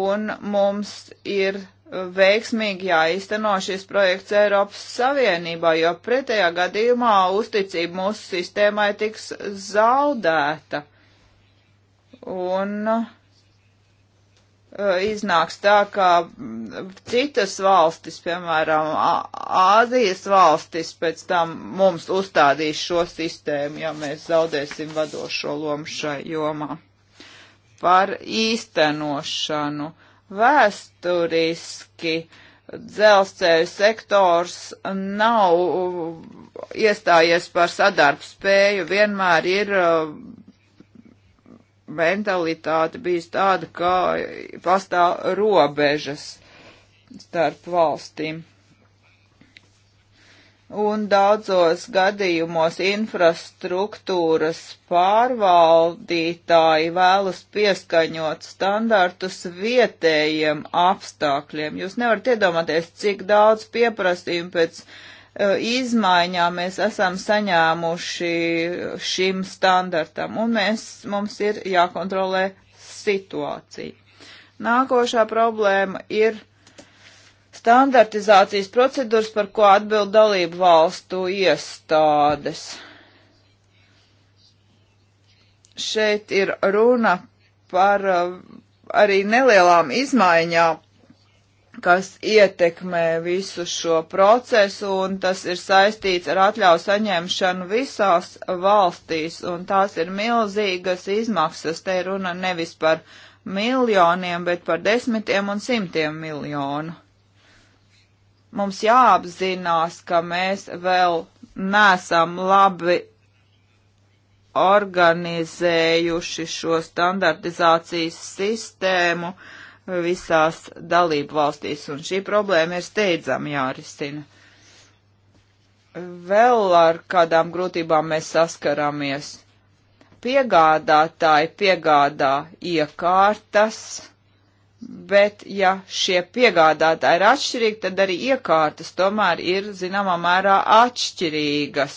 Un mums ir veiksmīgi jāizteno šis projekts Eiropas Savienībā, jo pretējā gadījumā uzticība mūsu sistēmai tiks zaudēta. Un uh, iznāks tā, ka mm, citas valstis, piemēram, Āzijas valstis, pēc tam mums uzstādīs šo sistēmu, ja mēs zaudēsim vadošo lomu šai jomā. Par īstenošanu. Uh, Vēsturiski dzelzceļu sektors nav iestājies par sadarbspēju, vienmēr ir uh, mentalitāte bijis tāda, ka pastāv robežas starp valstīm un daudzos gadījumos infrastruktūras pārvaldītāji vēlas pieskaņot standartus vietējiem apstākļiem. Jūs nevarat iedomāties, cik daudz pieprasījumu pēc uh, izmaiņām mēs esam saņēmuši šim standartam, un mēs, mums ir jākontrolē situācija. Nākošā problēma ir standartizācijas procedūras, par ko atbild dalību valstu iestādes. Šeit ir runa par eh, arī nelielām izmaiņām, kas ietekmē visu šo procesu, un tas ir saistīts ar atļauju saņemšanu visās valstīs, un tās ir milzīgas izmaksas. Te runa nevis par miljoniem, bet par desmitiem un simtiem miljonu. Mums jāapzinās, ka mēs vēl nesam labi organizējuši šo standartizācijas sistēmu visās dalību valstīs, un šī problēma ir steidzami jārisina. Vēl ar kādām grūtībām mēs saskaramies. Piegādātāji piegādā iekārtas, bet ja šie piegādātāji ir atšķirīgi, tad arī iekārtas tomēr ir zināmā mērā atšķirīgas.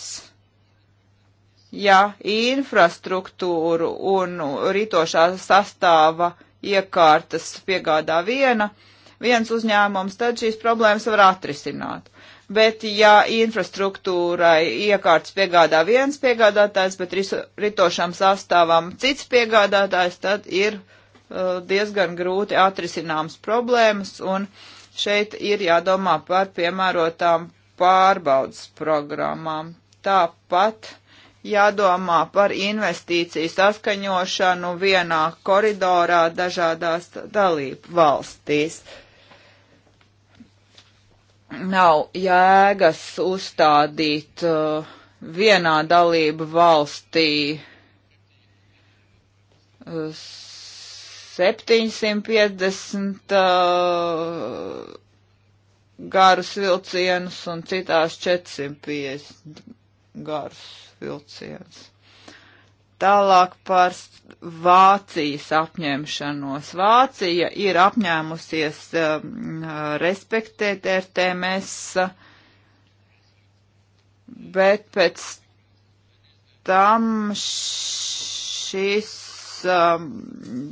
Ja infrastruktūru un rītošā sastāva iekārtas piegādā viena, viens uzņēmums, tad šīs problēmas var atrisināt. Bet ja infrastruktūrai iekārtas piegādā viens piegādātājs, bet ritošam sastāvam cits piegādātājs, tad ir uh, Eh, diezgan grūti atrisināms problēmas, un šeit ir jādomā par piemērotām pārbaudas programmām. Tāpat jādomā par investīciju saskaņošanu vienā koridorā dažādās dalību valstīs. Nav jēgas uzstādīt uh, vienā dalību valstī uh, 750 uh, garus vilcienus un citās 450 garus vilcienus. Tālāk par Vācijas apņemšanos. Vācija ir apņēmusies uh, respektēt RTMS, bet pēc tam šis um,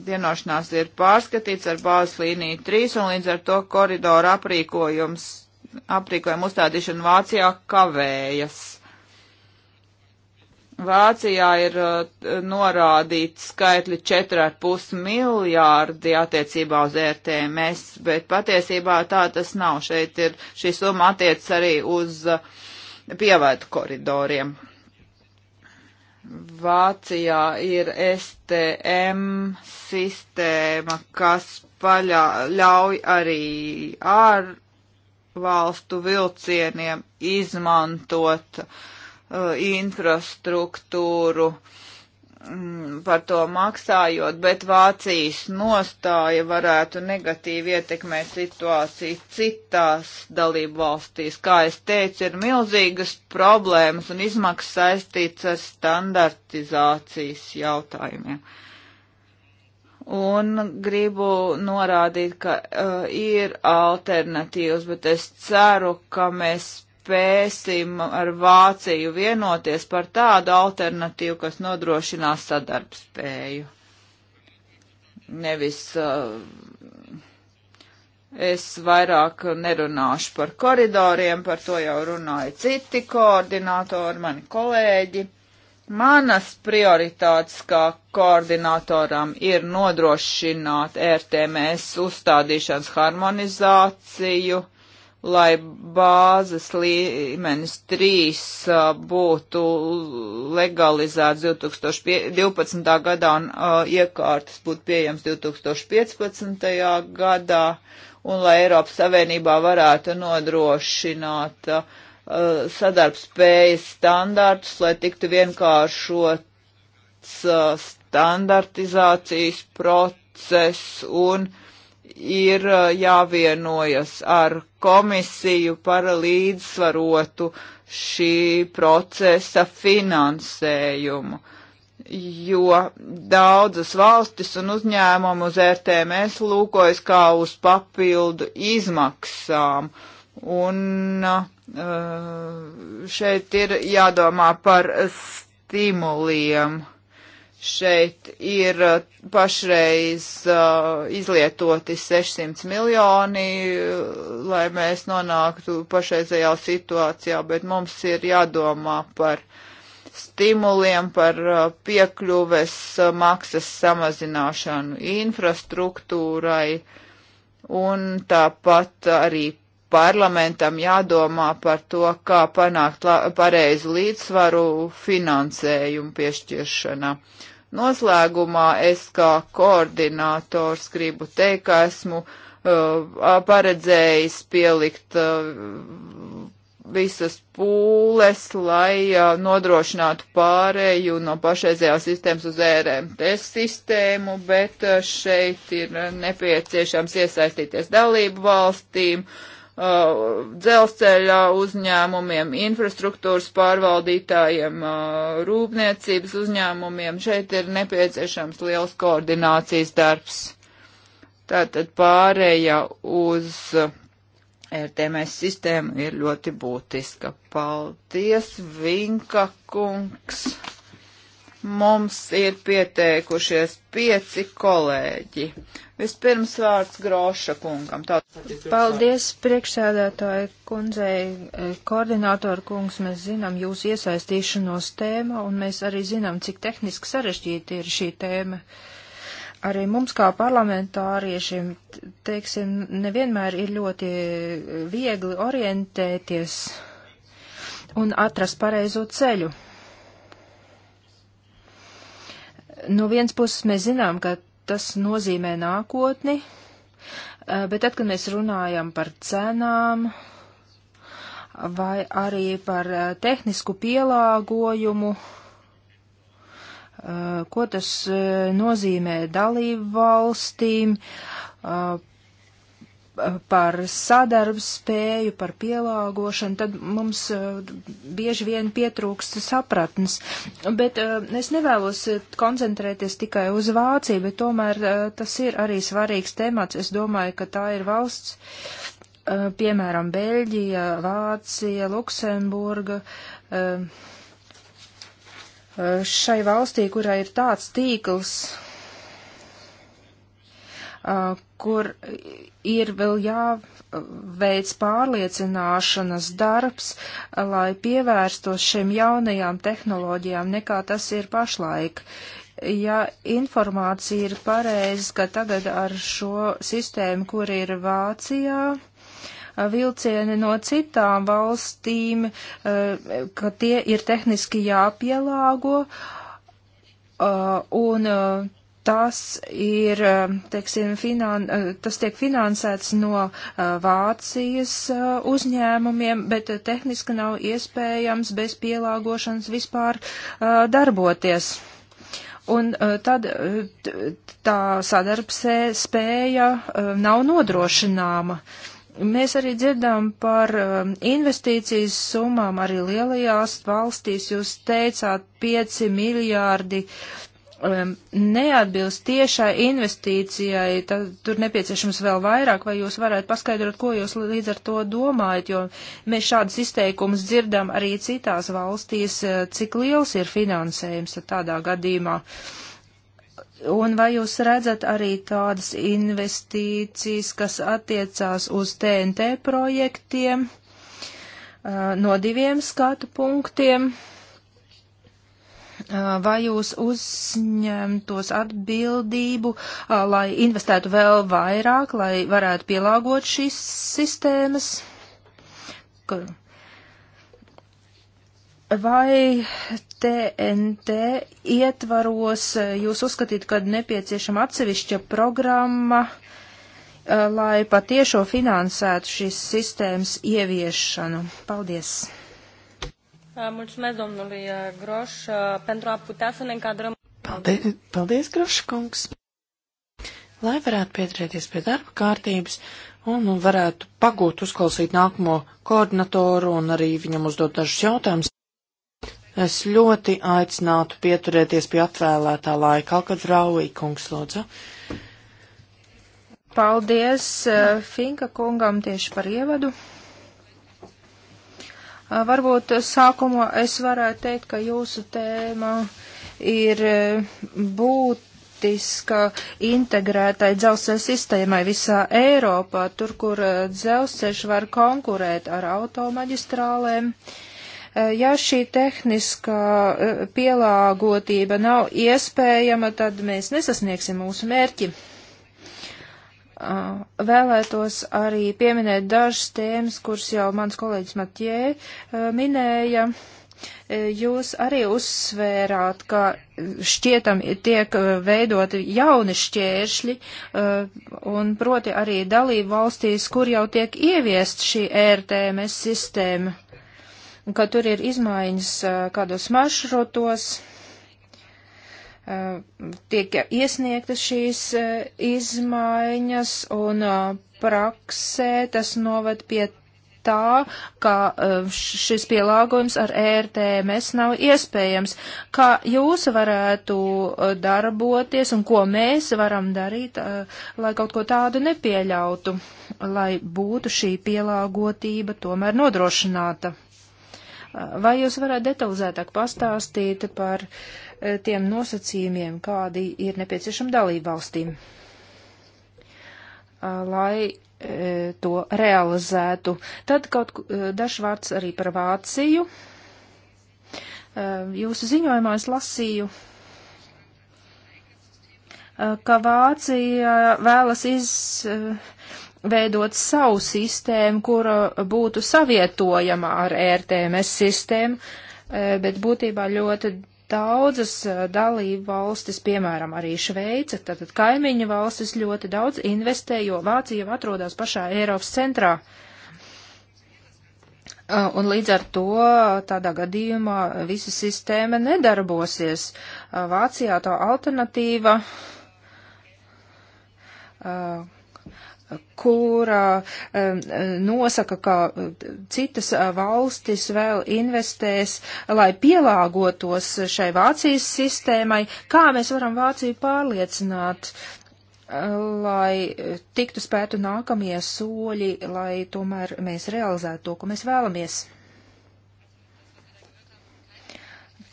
vienošanās ir pārskatīts ar bāzes līniju 3 un līdz ar to koridoru aprīkojums, aprīkojumu uzstādīšanu Vācijā kavējas. Vācijā ir uh, norādīti skaitļi 4,5 miljārdi attiecībā uz RTMS, bet patiesībā tā tas nav. Šeit ir šī summa attiec arī uz uh, pievētu koridoriem. Vācijā ir STM sistēma, kas paļā, ļauj arī ārvalstu vilcieniem izmantot uh, infrastruktūru. Uh, Mm, par to maksājot, bet Vācijas nostāja varētu negatīvi ietekmēt situāciju citās dalību valstīs. Kā es teicu, ir milzīgas problēmas un izmaksas saistīts ar standartizācijas jautājumiem. Un gribu norādīt, ka uh, ir alternatīvas, bet es ceru, ka mēs spēsim ar Vāciju vienoties par tādu alternatīvu, kas nodrošinās sadarbspēju. Nevis uh, es vairāk nerunāšu par koridoriem, par to jau runāja citi koordinātori, mani kolēģi. Manas prioritātes kā koordinatoram ir nodrošināt RTMS uzstādīšanas harmonizāciju, lai bāzes līmenis 3 būtu legalizēts 2012. gadā un uh, iekārtas būtu pieejams 2015. gadā, un lai Eiropas Savienībā varētu nodrošināt uh, sadarbspējas standārtus, lai tiktu vienkāršots uh, standartizācijas process un ir jāvienojas ar komisiju par līdzsvarotu šī procesa finansējumu, jo daudzas valstis un uzņēmumu uz RTMS lūkojas kā uz papildu izmaksām. Un uh, šeit ir jādomā par stimuliem šeit ir uh, pašreiz uh, izlietoti 600 miljoni, uh, lai mēs nonāktu pašreizējā situācijā, bet mums ir jādomā par stimuliem, par uh, piekļuves uh, maksas samazināšanu infrastruktūrai un tāpat arī parlamentam jādomā par to, kā panākt pareizu līdzsvaru finansējumu piešķiršanā. Uh, Noslēgumā es kā koordinators gribu teikt, ka esmu uh, paredzējis pielikt uh, visas pūles, lai uh, nodrošinātu pārēju no pašreizējās sistēmas uz e RMT sistēmu, bet uh, šeit ir nepieciešams iesaistīties dalību valstīm. Uh, Uh, dzelzceļa uzņēmumiem, infrastruktūras pārvaldītājiem, uh, rūpniecības uzņēmumiem. Šeit ir nepieciešams liels koordinācijas darbs. Tātad pārēja uz RTMS sistēmu ir ļoti būtiska. Paldies, Vinka kungs! Mums ir pieteikušies pieci kolēģi. Vispirms vārds Groša kungam. Tā... Paldies priekšsēdētāji kundzei, eh, koordinātori kungs, mēs zinām jūsu iesaistīšanos tēma un mēs arī zinām, cik tehniski sarežģīta ir šī tēma. Arī mums kā parlamentāriešiem, teiksim, nevienmēr ir ļoti eh, viegli orientēties un atrast pareizo ceļu. no vienas puses mēs zinām, ka tas nozīmē nākotni, bet tad, kad mēs runājam par cenām vai arī par tehnisku pielāgojumu, ko tas nozīmē dalību valstīm, par sadarbspēju, par pielāgošanu, tad mums uh, bieži vien pietrūkst sapratnes. Bet uh, es nevēlos uh, koncentrēties tikai uz Vāciju, bet tomēr tas ir arī svarīgs temats. Es domāju, ka tā ir valsts, piemēram, Beļģija, Vācija, Luksemburga. Šai valstī, kurā ir tāds tīkls, Uh, kur ir vēl jāveic pārliecināšanas darbs, lai pievērstos šiem jaunajām tehnoloģijām, nekā tas ir pašlaik. Ja informācija ir pareiza, ka tagad ar šo sistēmu, kur ir Vācijā, vilcieni no citām valstīm, uh, ka tie ir tehniski jāpielāgo, uh, un tas ir, eh, teiksim, finan, eh, tas tiek finansēts no eh, Vācijas uzņēmumiem, bet tehniski nav iespējams bez pielāgošanas vispār darboties. Un tad tā sadarbsē spēja nav nodrošināma. Mēs arī dzirdām par investīcijas summām arī lielajās valstīs. Jūs teicāt 5 miljārdi uh, um, neatbilst tiešai investīcijai, tad tur nepieciešams vēl vairāk, vai jūs varētu paskaidrot, ko jūs līdz ar to domājat, jo mēs šādas izteikumus dzirdam arī citās valstīs, uh, cik liels ir finansējums tādā gadījumā. Un vai jūs redzat arī tādas investīcijas, kas attiecās uz TNT projektiem uh, no diviem skatu punktiem? Uh, vai jūs uzņemtos atbildību, lai investētu vēl vairāk, lai varētu pielāgot šīs sistēmas? Kur? Vai TNT ietvaros jūs uzskatīt, ka nepieciešama atsevišķa programma, lai patiešo finansētu šīs sistēmas ieviešanu? Paldies! Uh, mulțumesc domnului uh, Groș uh, pentru a putea să ne încadrăm. Paldies, paldies Groš kungs! Lai varētu pieturēties pie darba kārtības un nu varētu pagūt uzklausīt nākamo koordinatoru un arī viņam uzdot dažus jautājumus, es ļoti aicinātu pieturēties pie atvēlētā laika, kaut kad Rauī kungs lūdzu. Paldies uh, Finka kungam tieši par ievadu. Varbūt sākumā es varētu teikt, ka jūsu tēma ir būt būtiska integrētai dzelzceļa sistēmai visā Eiropā, tur, kur dzelzceļš var konkurēt ar automaģistrālēm. Ja šī tehniskā pielāgotība nav iespējama, tad mēs nesasniegsim mūsu mērķi. Uh, vēlētos arī pieminēt dažas tēmas, kuras jau mans kolēģis Matjē uh, minēja. Uh, jūs arī uzsvērāt, ka šķietam tiek veidoti jauni šķēršļi, un proti arī dalību valstīs, kur jau tiek ieviest šī ērtēmes sistēma, ka tur ir izmaiņas kādos maršrutos tiek iesniegtas šīs eh, izmaiņas un eh, praksē tas novad pie tā, ka eh, šis pielāgojums ar ērtēmēs e nav iespējams. Kā jūs varētu darboties un ko mēs varam darīt, lai kaut ko tādu nepieļautu, lai būtu šī pielāgotība tomēr nodrošināta? Vai jūs varētu detalizētāk pastāstīt par uh, tiem nosacījumiem, kādi ir nepieciešami dalībvalstīm, lai to realizētu. Tad kaut dažs vārds arī par Vāciju. Jūsu ziņojumā es lasīju, ka Vācija vēlas izveidot savu sistēmu, kura būtu savietojama ar ērtēmēs sistēmu, bet būtībā ļoti Daudzas eh, dalību valstis, piemēram, arī Šveica, tātad kaimiņu valstis ļoti daudz investē, jo Vācija jau atrodas pašā Eiropas centrā. Eh, un līdz ar to eh, tādā gadījumā visa sistēma nedarbosies. Vācijā tā alternatīva, kurā nosaka, ka eh, citas eh, valstis vēl investēs, lai pielāgotos šai Vācijas sistēmai. Kā mēs varam Vāciju pārliecināt, eh, lai tiktu spētu nākamie soļi, lai tomēr mēs realizētu to, ko mēs vēlamies?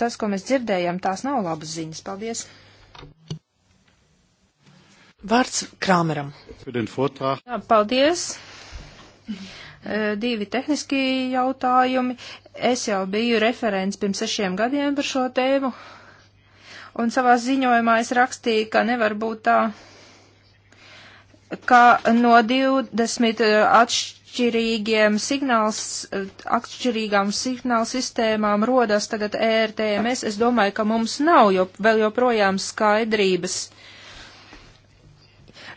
Tas, ko mēs dzirdējam, tās nav labas ziņas. Paldies! Vārds Krāmeram. Jā, paldies. E, divi tehniski jautājumi. Es jau biju referents pirms sešiem gadiem par šo tēmu, un savā ziņojumā es rakstīju, ka nevar būt tā, ka no 20 atšķirīgiem signāls, atšķirīgām signāla sistēmām rodas tagad ERTMS. Es domāju, ka mums nav jo, vēl joprojām skaidrības. Uh,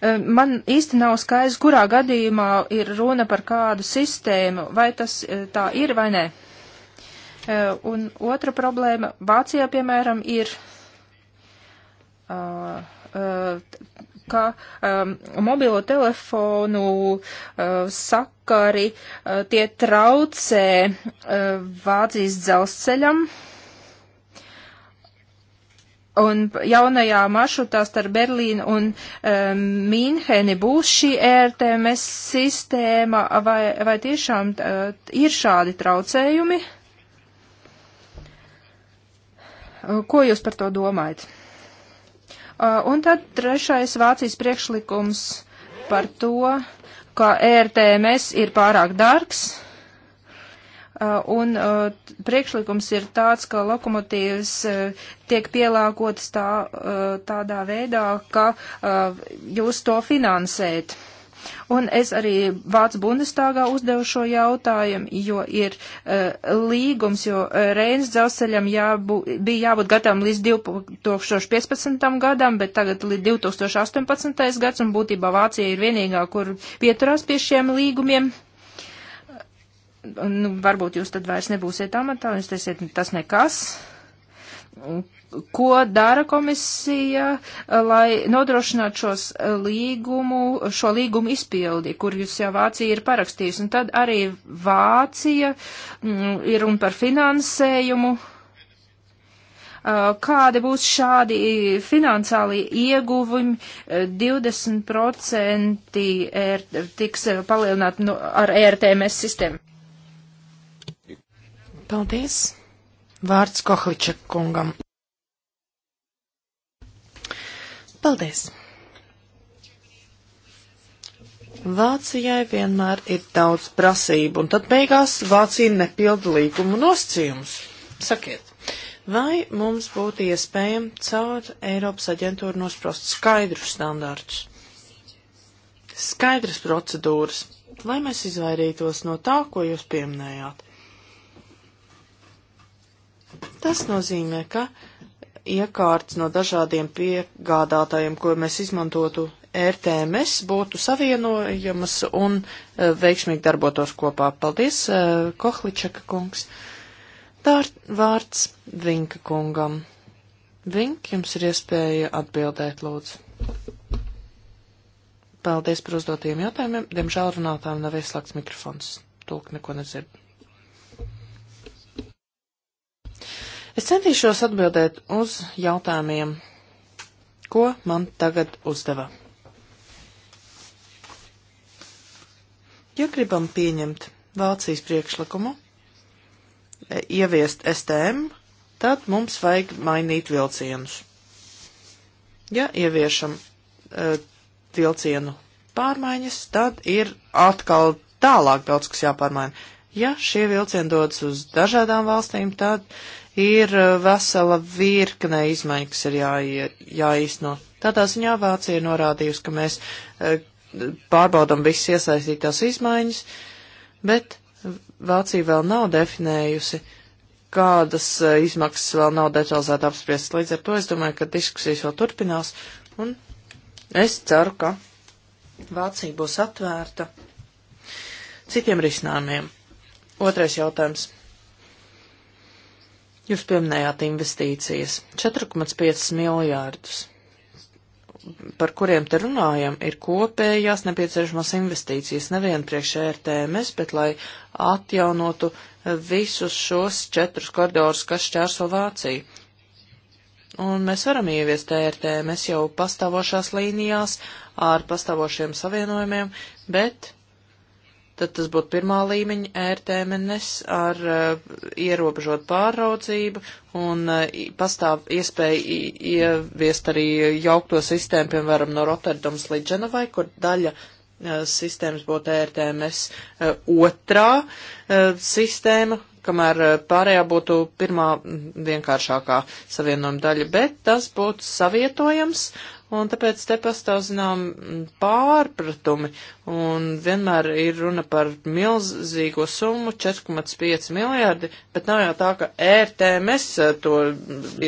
Eh, man īsti nav skaidrs, kurā gadījumā ir runa par kādu sistēmu, vai tas eh, tā ir vai nē. Eh, un otra problēma - Vācijā, piemēram, ir, ka mobilo telefonu sakari tie traucē Vācijas dzelzceļam Un jaunajā maršrutā starp Berlīnu un um, ehm, Mīnheni būs šī ērtēmes e sistēma, vai, vai tiešām uh, ir šādi traucējumi? Uh, ko jūs par to domājat? Uh, un tad trešais Vācijas priekšlikums par to, ka ērtēmes ir pārāk dārgs. Uh, Uh, un uh, priekšlikums ir tāds, ka lokomotīvas uh, tiek pielāgotas tā, tādā veidā, ka jūs to finansējat. Un es arī Vācu Bundestāgā uzdevu šo jautājumu, jo ir uh, līgums, jo Reins dzelzceļam jābū, bija jābūt gatavam līdz 2015. gadam, bet tagad līdz 2018. gads, un būtībā Vācija ir vienīgā, kur pieturās pie šiem līgumiem. Uh, nu, varbūt jūs tad vairs nebūsiet amatā, un jūs teiksiet, tas nekas. Ko dara komisija, eh, lai nodrošinātu šos eh, līgumu, šo līgumu izpildi, kur jūs jau Vācija ir parakstījusi, un tad arī Vācija mm, ir un par finansējumu. Eh, kādi būs šādi finansiāli ieguvumi? 20% ir, er, tiks palielināti no, ar ERTMS sistēmu. Paldies! Vārds Kohliča kungam. Paldies! Vācijai vienmēr ir daudz prasību, un tad beigās Vācija nepilda līgumu nosacījumus. Sakiet, vai mums būtu iespējams caur Eiropas aģentūru nosprost skaidrus standārtus, skaidras procedūras, lai mēs izvairītos no tā, ko jūs pieminējāt? Tas nozīmē, ka iekārts no dažādiem piegādātājiem, ko mēs izmantotu RTMS, būtu savienojamas un eh, veiksmīgi darbotos kopā. Paldies, eh, Kohličaka kungs. Tā vārds Vinka kungam. Vink, jums ir iespēja atbildēt, lūdzu. Paldies par uzdotiem jautājumiem. Diemžēl runātājiem nav ieslēgts mikrofons. Tūk neko nedzird. Es centīšos atbildēt uz jautājumiem, ko man tagad uzdeva. Ja gribam pieņemt Vācijas priekšlikumu, e, ieviest STM, tad mums vajag mainīt vilcienus. Ja ieviešam uh, vilcienu pārmaiņas, tad ir atkal tālāk daudz kas jāpārmaina. Ja šie vilcieni dodas uz dažādām valstīm, tad ir uh, vesela virkne izmaiņas, kas ir jāie, jāīsno. Tādā ziņā Vācija ir norādījusi, ka mēs uh, pārbaudam visas iesaistītās izmaiņas, bet Vācija vēl nav definējusi, kādas uh, izmaksas vēl nav detalizēti apspriestas. Līdz ar to es domāju, ka diskusijas vēl turpinās, un es ceru, ka Vācija būs atvērta citiem risinājumiem. Otrais jautājums. Jūs pieminējāt investīcijas - 4,5 miljārdus, par kuriem te runājam, ir kopējās nepieciešamās investīcijas nevien priekš ērtēmes, e bet lai atjaunotu visus šos četrus koridorus, kas šķērso Vāciju. Un mēs varam ieviest ērtēmes e jau pastāvošās līnijās ar pastāvošiem savienojumiem, bet Tad tas būtu pirmā līmeņa ērtēmenes ar uh, ierobežot pārraudzību un uh, pastāv iespēja ieviest arī jaukto sistēmu, piemēram, no Rotterdams līdz Ženevai, kur daļa uh, sistēmas būtu ērtēmes uh, otrā uh, sistēma, kamēr uh, pārējā būtu pirmā vienkāršākā savienojuma daļa, bet tas būtu savietojams. Uh, un tāpēc te pastāv zinām pārpratumi, un vienmēr ir runa par milzīgo summu 4,5 miljārdi, bet nav jau tā, ka RTMS eh, to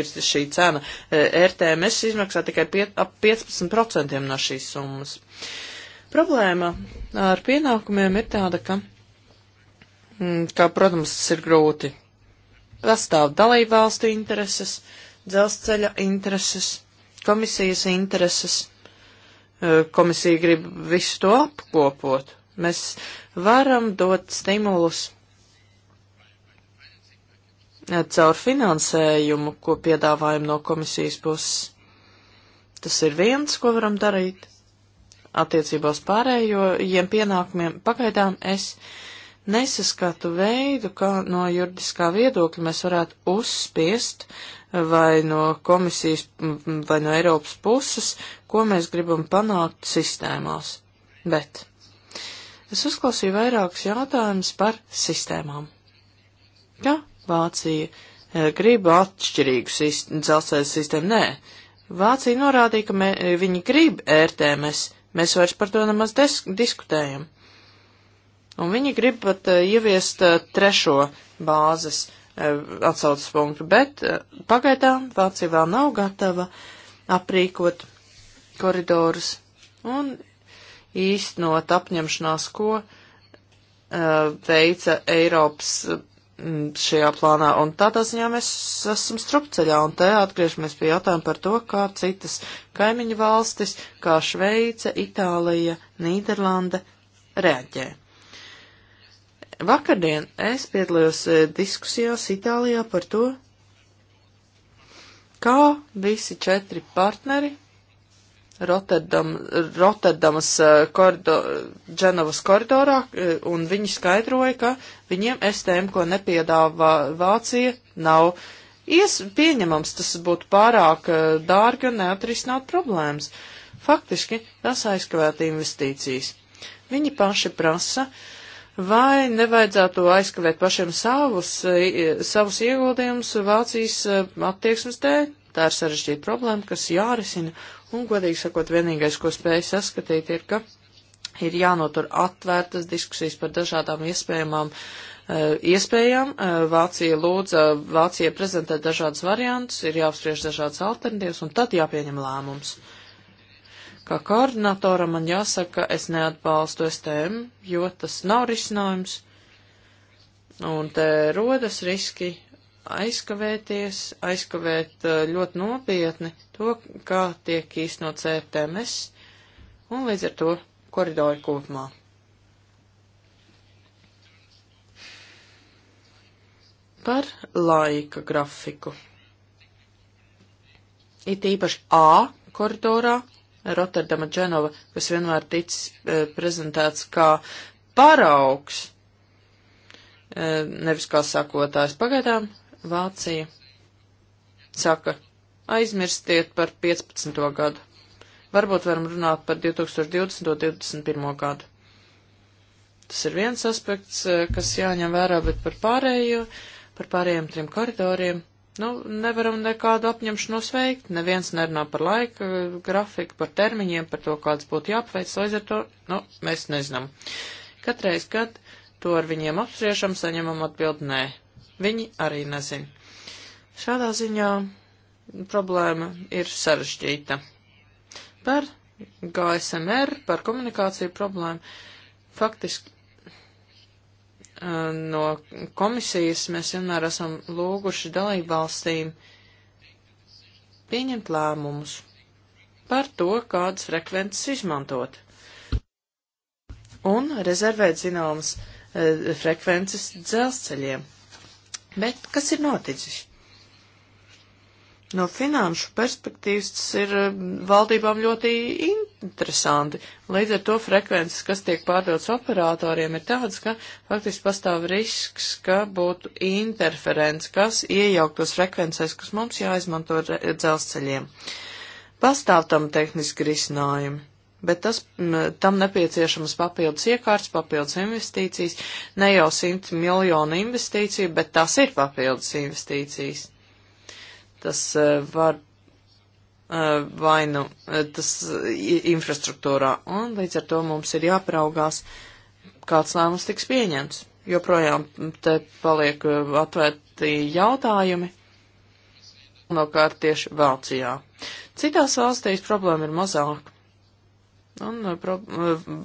ir šī cena. Eh, RTMS izmaksā tikai pie, ap 15% no šīs summas. Problēma ar pienākumiem ir tāda, ka, mm, ka protams, tas ir grūti. Pastāv dalībvalstu intereses, dzelzceļa intereses komisijas intereses. E, komisija grib visu to apkopot. Mēs varam dot stimulus e, caur finansējumu, ko piedāvājam no komisijas puses. Tas ir viens, ko varam darīt. Attiecībā uz pārējiem pienākumiem pagaidām es nesaskatu veidu, kā no juridiskā viedokļa mēs varētu uzspiest vai no komisijas vai no Eiropas puses, ko mēs gribam panākt sistēmās. Bet es uzklausīju vairākus jautājumus par sistēmām. Ja Vācija e, grib atšķirīgu sist dzelzceļa sistēmu, nē. Vācija norādīja, ka mē, e, viņi grib RTMS, mēs vairs par to nemaz diskutējam. Un viņi grib pat eh, ieviest eh, trešo bāzes eh, atsaucas punktu, bet pagaidām Vācija vēl nav gatava aprīkot koridorus un īstenot apņemšanās, ko veica Eiropas mm, šajā plānā. Un tādā ziņā mēs esam strupceļā, un te atgriežamies pie jautājuma par to, kā citas kaimiņu valstis, kā Šveice, Itālija, Nīderlanda reaģē. Vakardien es piedalījos eh, diskusijās Itālijā par to, kā visi četri partneri Rotterdam, Rotterdamas eh, koridor, Dženovas koridorā, eh, un viņi skaidroja, ka viņiem STM, ko nepiedāvā Vācija, nav ies, pieņemams, tas būtu pārāk dārgi un neatrisināt problēmas. Faktiski tas aizkavētu investīcijas. Viņi paši prasa uh, Vai nevajadzētu aizkavēt pašiem savus, savus ieguldījumus Vācijas e, attieksmes dēļ? Tā ir sarežģīta problēma, kas jārisina, un, godīgi sakot, vienīgais, ko spēju saskatīt, ir, ka ir jānotur atvērtas diskusijas par dažādām iespējamām e, iespējām. E, Vācija lūdza Vācija prezentēt dažādas variantus, ir jāapspriež dažādas alternatīvas, un tad jāpieņem lēmums. Kā koordinatoram man jāsaka, ka es neatbalstu STM, jo tas nav risinājums, un te rodas riski aizkavēties, aizkavēt eh, ļoti nopietni to, kā tiek īstenots ETMS, un līdz ar to koridori kopumā. par laika grafiku. It īpaši A koridorā Rotterdama Dženova, kas vienmēr ticis e, prezentēts kā paraugs, e, nevis kā sakotājs. Pagaidām Vācija saka, aizmirstiet par 15. gadu. Varbūt varam runāt par 2020. un 2021. gadu. Tas ir viens aspekts, e, kas jāņem vērā, bet par pārējo, par pārējiem trim koridoriem Nu, nevaram nekādu apņemšanos veikt, neviens nerunā par laika eh, grafiku, par termiņiem, par to, kāds būtu jāpaveic, līdz ar to, nu, mēs nezinām. Katreiz, kad to ar viņiem apspriešam, saņemam atbildi nē. Viņi arī nezina. Šādā ziņā problēma ir sarežģīta. Par GSMR, par komunikāciju problēmu, faktiski Eh, no komisijas mēs vienmēr esam lūguši dalībvalstīm pieņemt lēmumus par to, kādas frekvences izmantot. Un rezervēt zināmas e, frekvences dzelzceļiem. Bet kas ir noticis? No finanšu perspektīvas tas ir eh, valdībām ļoti in interesanti. Līdz ar to frekvences, kas tiek pārdotas operatoriem, ir tādas, ka faktiski pastāv risks, ka būtu interference, kas iejauktos frekvencēs, kas mums jāizmanto dzelzceļiem. Pastāv tam tehniski risinājumi, bet tas, m, tam nepieciešamas papildus iekārtas, papildus investīcijas, ne jau 100 miljonu investīciju, bet tas ir papildus investīcijas. Tas uh, var Eh, vai nu eh, tas infrastruktūrā, un līdz ar to mums ir jāpraugās, kāds lēmums tiks pieņemts. Joprojām te paliek eh, atvērti jautājumi, nokārt tieši Vācijā. Citās valstīs problēma ir mazāka, un pro,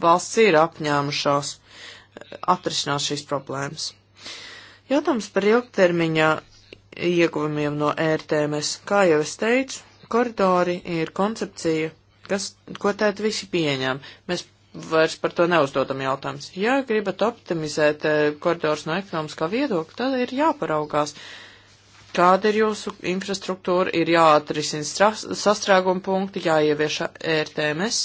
valsts ir apņēmušās atrisināt šīs problēmas. Jautājums par ilgtermiņa ieguvumiem no ērtēmēs, kā jau es teicu, koridori ir koncepcija, kas, ko tēt visi pieņem. Mēs vairs par to neuzdodam jautājums. Ja gribat optimizēt eh, koridors no ekonomiskā viedokļa, tad ir jāparaugās, kāda ir jūsu infrastruktūra, ir jāatrisina sastrēguma punkti, jāievieš RTMS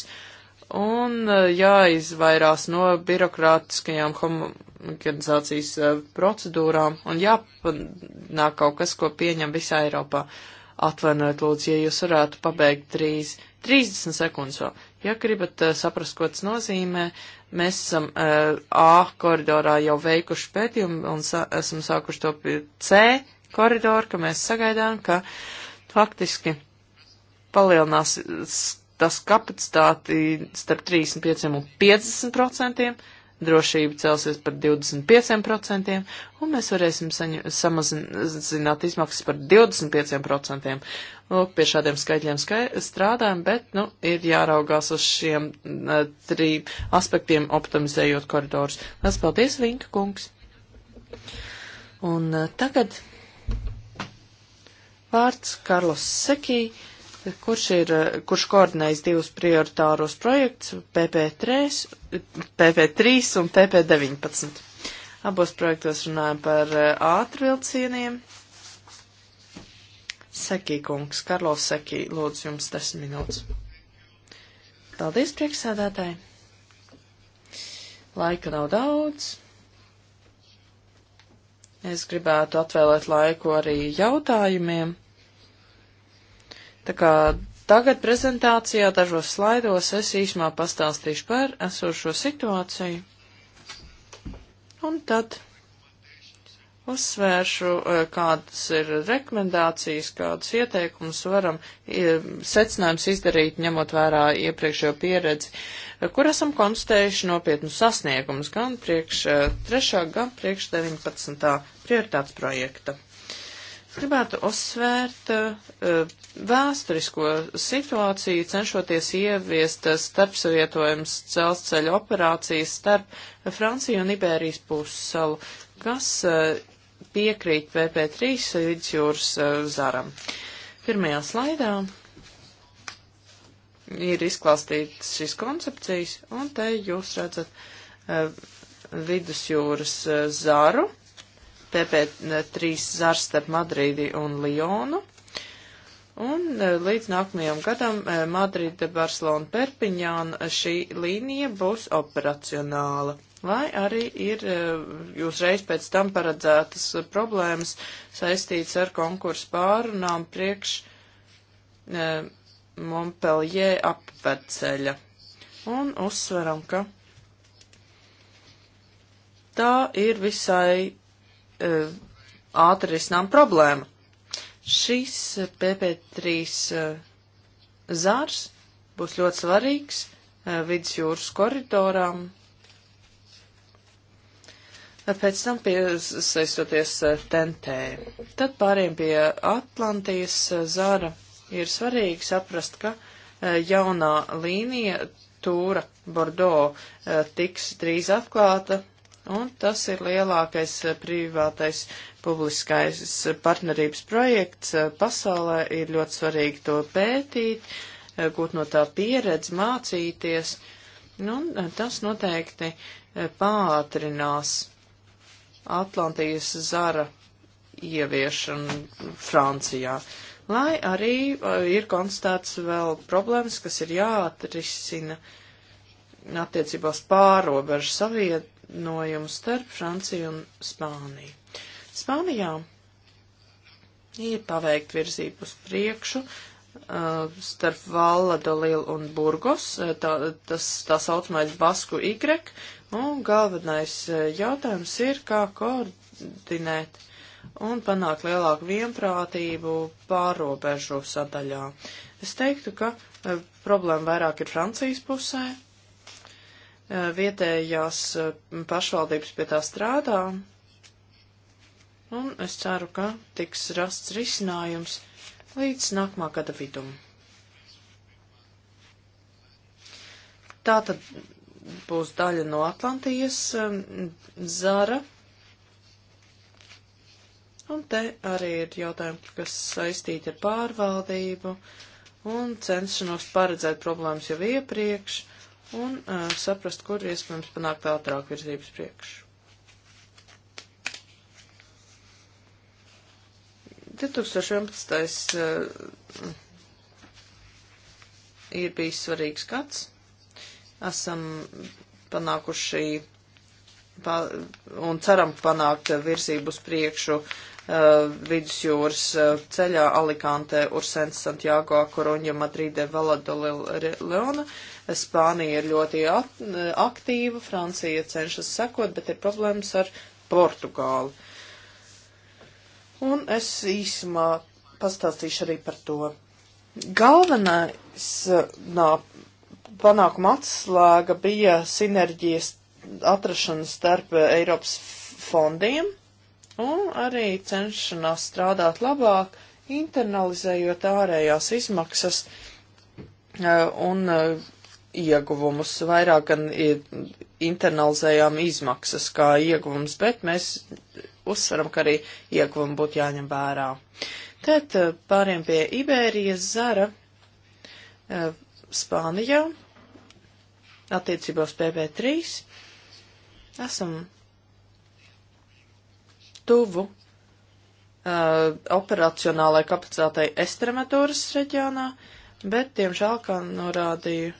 un eh, jāizvairās no birokrātiskajām homogenizācijas eh, procedūrām un jāpanāk kaut kas, ko pieņem visā Eiropā. Uh, Atvainojiet, lūdzu, ja jūs varētu pabeigt drīz 30 sekundes vēl. Ja gribat uh, saprast, ko tas nozīmē, mēs esam uh, A koridorā jau veikuši pētījumu un sa esam sākuši to pie C koridoru, ka mēs sagaidām, ka faktiski palielinās tas kapacitāti starp 35 un 50 procentiem. Uh, drošība celsies par 25%, un mēs varēsim samazināt izmaksas par 25%. Lūk, pie šādiem skaitļiem skai strādājam, bet, nu, ir jāraugās uz šiem uh, trim aspektiem, optimizējot koridorus. Lielas paldies, Vinka kungs! Un uh, tagad vārds Karlos Sekī kurš ir, eh, kurš koordinējas divus prioritāros projektus, PP3, PP3 un PP19. Abos projektos runājam par eh, ātrvilcieniem. Sekī kungs, Karlovs Sekī, lūdzu jums desmit minūtes. Paldies, priekšsēdētāji. Laika nav daudz. Es gribētu atvēlēt laiku arī jautājumiem Tā kā tagad prezentācijā dažos slaidos es īsumā pastāstīšu par esošo situāciju. Un tad uzsvēršu, e, kādas ir rekomendācijas, kādas ieteikumus varam e, secinājums izdarīt, ņemot vērā iepriekšējo pieredzi, e, kur esam konstatējuši nopietnu sasniegumus gan priekš 3. gan priekš 19. prioritātes projekta. Gribētu uzsvērt uh, vēsturisko situāciju, cenšoties ieviest starpsavietojums celsceļa operācijas starp Franciju un Ibērijas pussalu, kas uh, piekrīt VP3 vidusjūras uh, zaram. Pirmajā slaidā ir izklāstīts šīs koncepcijas, un te jūs redzat vidusjūras zaru PP3 zars starp Madrīdi un Lionu. Un e, līdz nākamajam gadam e, Madrida, Barcelona, Perpiņāna e, šī līnija būs operacionāla. Vai arī ir uzreiz pēc tam paredzētas problēmas saistīts ar konkursu pārunām priekš Montpellier apveceļa. Un uzsveram, ka tā ir visai E, ātri risinām problēmu. Šis PP3 e, zārs būs ļoti svarīgs e, vidus jūras koridorām. Pēc tam piesaistoties tentē. Tad pāriem pie Atlantijas zāra ir svarīgi saprast, ka jaunā līnija Tūra Bordeaux tiks drīz atklāta un tas ir lielākais eh, privātais publiskais eh, partnerības projekts eh, pasaulē. Ir ļoti svarīgi to pētīt, gūt no tā pieredzi, mācīties, nu, un tas noteikti pātrinās Atlantijas zara ieviešanu Francijā. Lai arī ir konstatēts vēl problēmas, kas ir jāatrisina attiecībās pārobežu saviet, vienojumu starp Franciju un Spāniju. Spānijā ir paveikt virzību uz priekšu uh, starp Valladolil un Burgos, uh, tā, tas tā saucamais Basku Y, un galvenais uh, jautājums ir, kā koordinēt un panākt lielāku vienprātību pārobežu sadaļā. Es teiktu, ka uh, problēma vairāk ir Francijas pusē, Eh, vietējās eh, pašvaldības pie tā strādā, un es ceru, ka tiks rasts risinājums līdz nākamā gada vidum. Tā tad būs daļa no Atlantijas eh, zara. Un te arī ir jautājumi, kas saistīti ar pārvaldību un cenšanos paredzēt problēmas jau iepriekš. Uh, un uh, saprast, kur iespējams panākt ātrāk virzības priekšu. 2011. Uh, ir bijis svarīgs gads. Esam panākuši pa, un ceram panākt virzību uz priekšu uh, Uh, vidusjūras uh, ceļā Alicante, Ursens, Santiago, Koruņa, Madride, Valadolid, Leona. Spānija ir ļoti at, uh, aktīva, Francija cenšas sekot, bet ir problēmas ar Portugāli. Un es īsumā pastāstīšu arī par to. Galvenais nā, panākuma atslēga bija sinerģijas atrašana starp Eiropas fondiem un arī cenšanās strādāt labāk, internalizējot ārējās izmaksas e, un e, ieguvumus. Vairāk gan internalizējām izmaksas kā ieguvums, bet mēs uzsveram, ka arī ieguvumi būtu jāņem vērā. Tad e, pāriem pie Ibērijas zara Spānijā attiecībos PB3. Esam tuvu uh, operacionālai kapacitātei Estrematūras reģionā, bet, diemžēl, kā norādīju,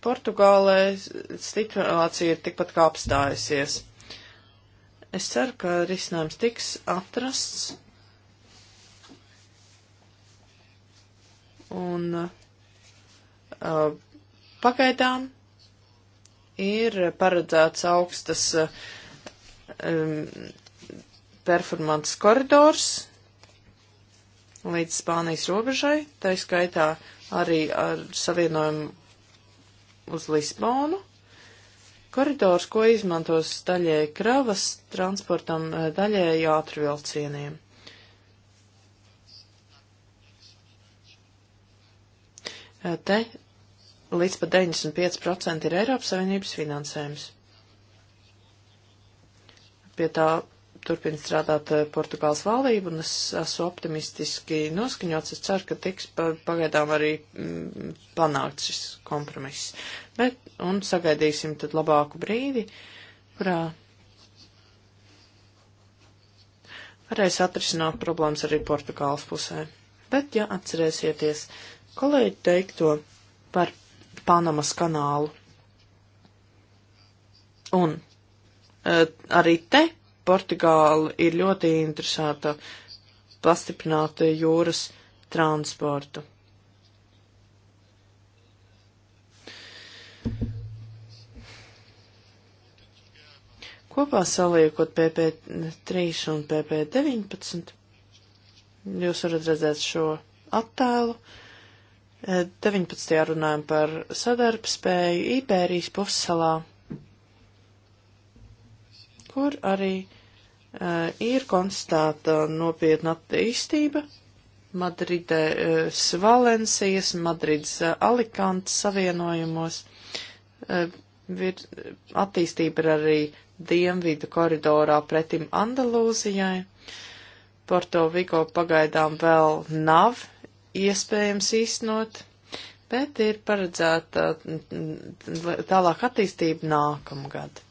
Portugālē situācija ir tikpat kā apstājusies. Es ceru, ka risinājums tiks atrasts. Un uh, pagaidām ir paredzēts augstas um, performants koridors līdz Spānijas robežai, tā skaitā arī ar savienojumu uz Lisbonu. Koridors, ko izmantos daļai kravas transportam, eh, daļai ātrvilcieniem. Eh, te līdz pat 95% ir Eiropas Savienības finansējums. Pie tā turpina strādāt eh, Portugāles valdība, un es esmu optimistiski noskaņots. Es ceru, ka tiks pagaidām arī mm, panākts šis kompromiss. Bet, un sagaidīsim tad labāku brīdi, kurā varēs atrisināt problēmas arī Portugāles pusē. Bet, ja atcerēsieties kolēģi teikto par Panamas kanālu, un uh, arī te Portugāla ir ļoti interesēta pastiprināt jūras transportu. Kopā saliekot PP3 un PP19, jūs varat redzēt šo attēlu. 19. runājam par sadarbspēju Ibērijas pussalā, kur arī Eh, ir konstatēta nopietna attīstība. Madrides eh, Valencijas, Madrides eh, Alikantas savienojumos vir, attīstība ir arī dienvidu koridorā pretim Andalūzijai. Porto Vigo pagaidām vēl nav iespējams īstenot, bet ir paredzēta mm, mm, tālāk attīstība nākamgad.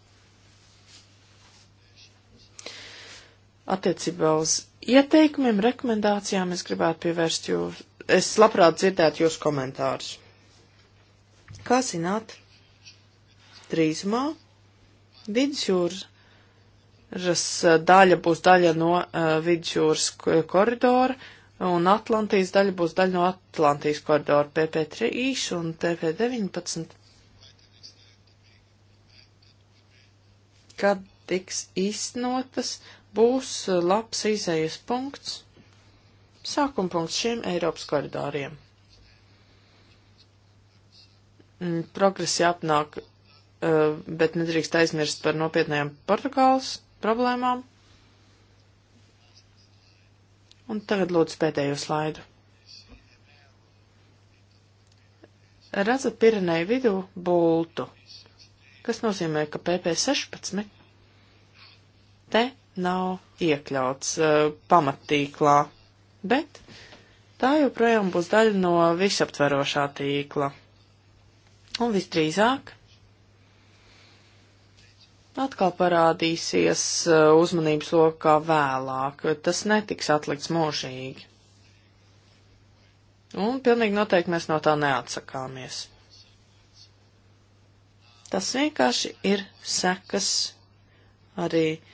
Attiecībā uz ieteikumiem, rekomendācijām es gribētu pievērst jūs, es labprāt dzirdētu jūs komentārus. Kā zināt, drīzumā vidusjūras daļa būs daļa no uh, vidusjūras koridora, un Atlantijas daļa būs daļa no Atlantijas koridora PP3 un PP19. Kad tiks īstenotas būs eh, labs izējas punkts, sākumpunkts šiem Eiropas koridoriem. Mm, Progress jāpanāk, eh, bet nedrīkst aizmirst par nopietnējām Portugāles problēmām. Un tagad lūdzu pēdējo slaidu. Redzat Pirenei vidū bultu, kas nozīmē, ka PP16 te nav iekļauts uh, pamattīklā, bet tā joprojām būs daļa no visaptverošā tīkla. Un visdrīzāk atkal parādīsies uh, uzmanības lokā vēlāk, tas netiks atlikts mūžīgi. Un pilnīgi noteikti mēs no tā neatsakāmies. Tas vienkārši ir sekas arī uh,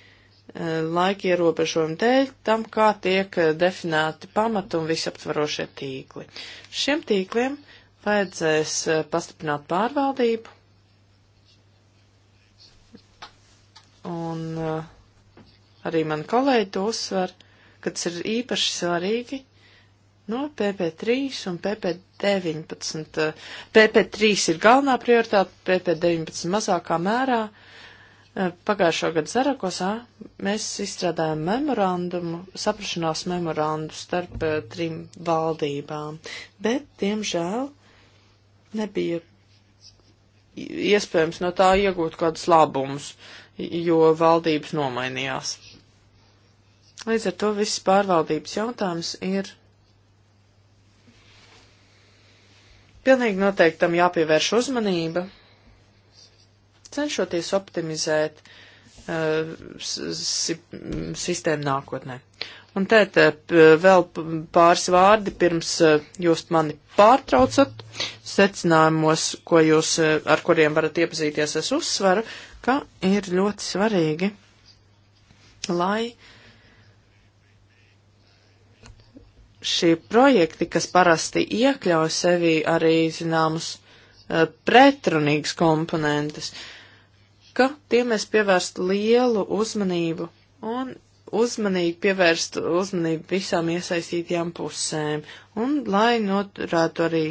laika ierobežojumu dēļ tam, kā tiek eh, definēti pamat un visaptvarošie tīkli. Šiem tīkliem vajadzēs eh, pastiprināt pārvaldību un eh, arī man kolēģi to uzsver, ka tas ir īpaši svarīgi no PP3 un PP19. PP3 ir galvenā prioritāte, PP19 mazākā mērā. Uh, Eh, Pagājušā gada Zarakosā mēs izstrādājām memorandumu, saprašanās memorandu starp eh, trim valdībām, bet, diemžēl, nebija iespējams no tā iegūt kādus labumus, jo valdības nomainījās. Līdz ar to viss pārvaldības jautājums ir pilnīgi noteikti tam jāpievērš uzmanība cenšoties optimizēt uh, si sistēmu nākotnē. Un tēt uh, vēl pāris vārdi pirms uh, jūs mani pārtraucat. Secinājumos, ko jūs, uh, ar kuriem varat iepazīties, es uzsveru, ka ir ļoti svarīgi, lai šie projekti, kas parasti iekļauj sevī arī zināmus pretrunīgas komponentes, uh, ka tiem mēs pievērstu lielu uzmanību un uzmanīgi pievērstu uzmanību visām iesaistītajām pusēm un lai noturētu arī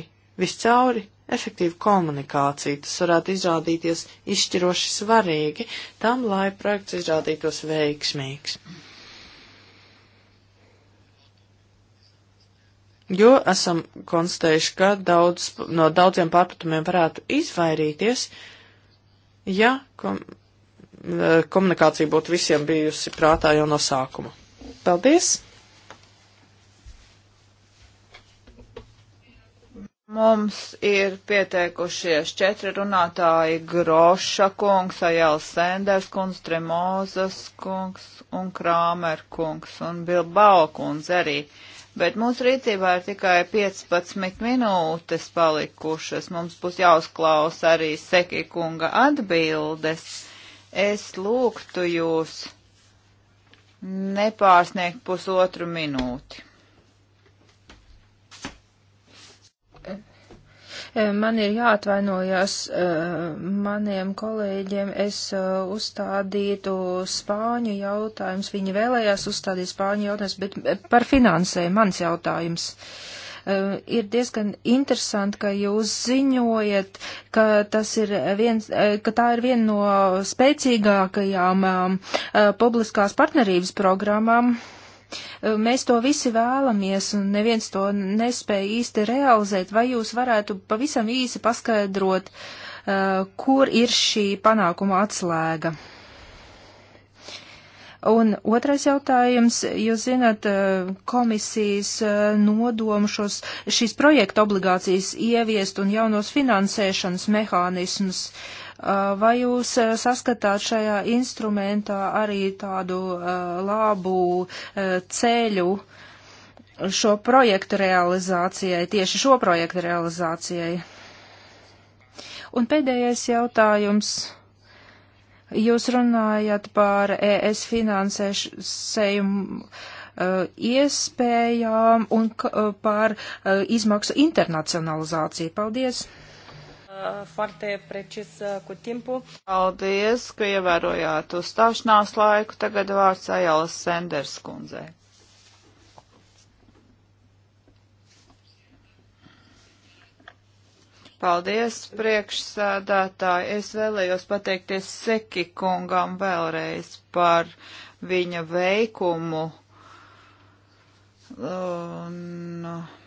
viscauri efektīvu komunikāciju. Tas varētu izrādīties izšķiroši svarīgi tam, lai projekts izrādītos veiksmīgs. Jo esam konstatējuši, ka daudz, no daudziem pārpratumiem varētu izvairīties, uh, ja kom e, komunikācija būtu visiem bijusi prātā jau no sākuma. Paldies! Mums ir pieteikušies četri runātāji - Groša kungs, Ajāls Senders kungs, Tremozas kungs un Krāmer kungs un Bilbao kungs arī. Uh, bet mūsu rīcībā ir tikai 15 minūtes palikušas. Mums būs jāuzklausa arī Sekikunga atbildes. Es lūgtu jūs nepārsniegt pusotru minūti. Eh, man ir jāatvainojas eh, maniem kolēģiem. Es eh, uzstādītu spāņu jautājumus. Viņi vēlējās uzstādīt spāņu jautājumus, bet par finansēm mans jautājums. Uh, ir diezgan interesanti, ka jūs ziņojat, ka, tas ir viens, ka tā ir viena no spēcīgākajām uh, publiskās partnerības programmām Mēs to visi vēlamies, un neviens to nespēja īsti realizēt. Vai jūs varētu pavisam īsi paskaidrot, uh, kur ir šī panākuma atslēga? Un otrais jautājums, jūs zināt, uh, komisijas uh, nodomu šos, šīs projekta obligācijas ieviest un jaunos finansēšanas mehānismus. Uh, Vai jūs saskatāt šajā instrumentā arī tādu labu ceļu šo projektu realizācijai, tieši šo projektu realizācijai? Un pēdējais jautājums. Jūs runājat par ES finansējumu uh, iespējām un par uh, izmaksu internacionalizāciju. Paldies! foarte precis uh, cu timpul. Paldies, ka ievērojāt uzstāšanās laiku. Tagad vārds Ajālas Senders kundzei. Paldies, priekšsādātāji. Es vēlējos pateikties Seki kungam vēlreiz par viņa veikumu. Un, uh,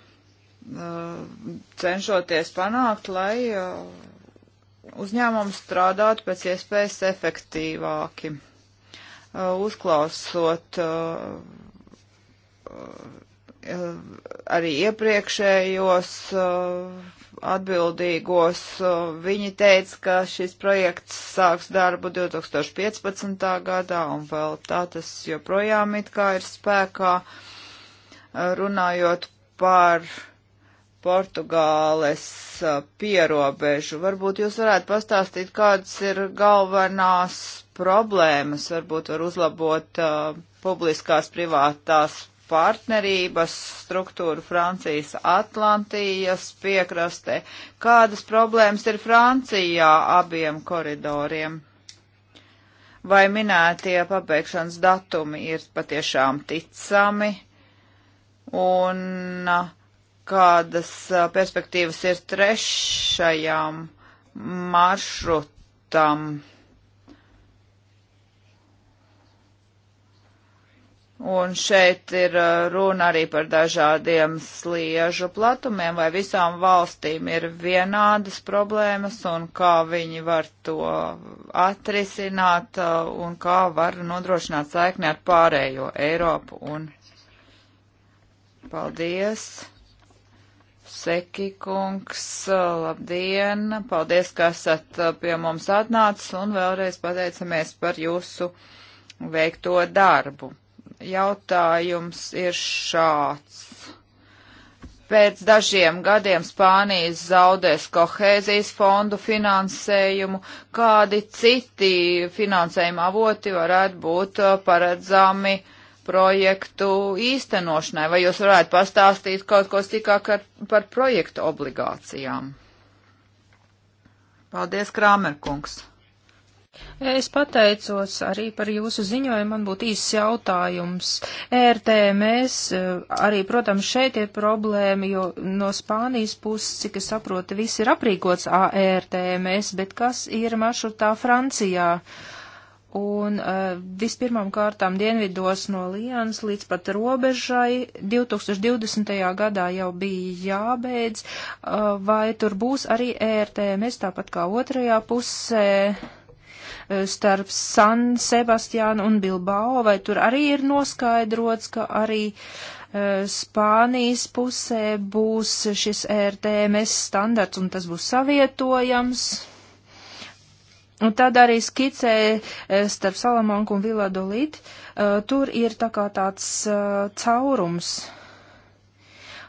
Uh, cenšoties panākt, lai uh, uzņēmumi strādātu pēc iespējas efektīvāki. Uh, uzklausot arī iepriekšējos atbildīgos, viņi teica, ka šis projekts sāks darbu 2015. gadā, un vēl tā tas joprojām it kā ir spēkā, runājot par uh, Portugāles uh, pierobežu. Varbūt jūs varētu pastāstīt, kādas ir galvenās problēmas, varbūt var uzlabot uh, publiskās privātās partnerības struktūru Francijas Atlantijas piekrastē. Kādas problēmas ir Francijā abiem koridoriem? Vai minētie pabeigšanas datumi ir patiešām ticami? Un uh, kādas perspektīvas ir trešajam maršrutam. Un šeit ir runa arī par dažādiem sliežu platumiem, vai visām valstīm ir vienādas problēmas un kā viņi var to atrisināt un kā var nodrošināt saikni ar pārējo Eiropu. Un paldies! Seki kungs, labdien! Paldies, ka esat uh, pie mums atnācis un vēlreiz pateicamies par jūsu veikto darbu. Jautājums ir šāds. Pēc dažiem gadiem Spānijas zaudēs kohēzijas fondu finansējumu, kādi citi finansējuma avoti varētu būt uh, paredzami uh, projektu īstenošanai, vai jūs varētu pastāstīt kaut ko sīkāk par projektu obligācijām? Paldies, Krāmerkungs! Es pateicos arī par jūsu ziņojumu. Man būtu īsts jautājums. E RTMS eh, arī, protams, šeit ir problēma, jo no Spānijas puses, cik es saprotu, viss ir aprīkots ARTMS, bet kas ir maršrutā Francijā? Uh, un uh, vispirmām kārtām dienvidos no Lienas līdz pat robežai 2020. gadā jau bija jābeidz, uh, vai tur būs arī ērtēmēs e tāpat kā otrajā pusē uh, starp San Sebastiānu un Bilbao, vai tur arī ir noskaidrots, ka arī uh, Spānijas pusē būs šis ērtēmēs e standarts un tas būs savietojams? Un tad arī skicē eh, starp Salamanku un Viladolīti. Uh, eh, tur ir tā kā tāds uh, caurums.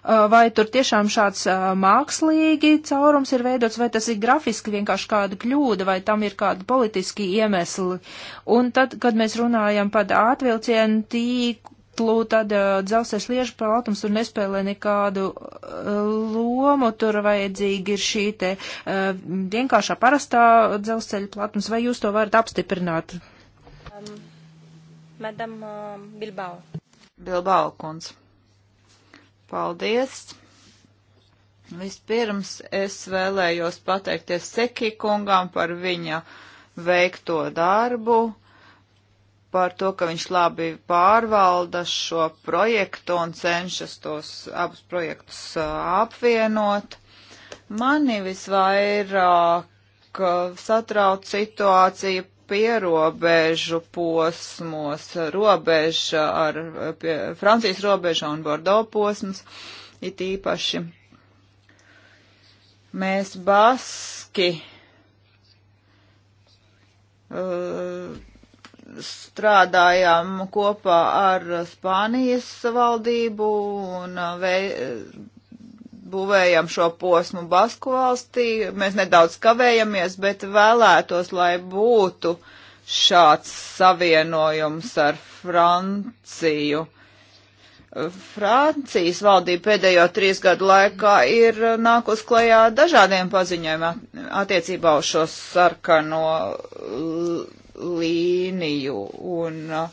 Uh, vai tur tiešām šāds mākslīgi caurums ir veidots, vai tas ir grafiski vienkārši kāda kļūda, vai tam ir kādi politiski iemesli. Un tad, kad mēs runājam par atvilcienu tīku, lū, tad uh, dzelzceļa liežu protams tur nespēlē nekādu uh, lomu, tur vajadzīgi ir šī te uh, vienkāršā parastā dzelzceļa platums, vai jūs to varat apstiprināt? Um, Madam uh, Bilbao. Bilbao kundz. Paldies. Vispirms es vēlējos pateikties Seki kungam par viņa veikto darbu par to, ka viņš labi pārvalda šo projektu un cenšas tos abus projektus apvienot. Mani visvairāk satrauc situācija pierobežu posmos, robeža ar pie, Francijas robeža un Bordeaux posms, it īpaši. Mēs baski uh, strādājām kopā ar Spānijas valdību un uh, vei, būvējam šo posmu Basku valstī. Mēs nedaudz kavējamies, bet vēlētos, lai būtu šāds savienojums ar Franciju. Francijas valdība pēdējo trīs gadu laikā ir nākus klajā dažādiem paziņojumiem attiecībā uz šo sarkano līniju. Un uh,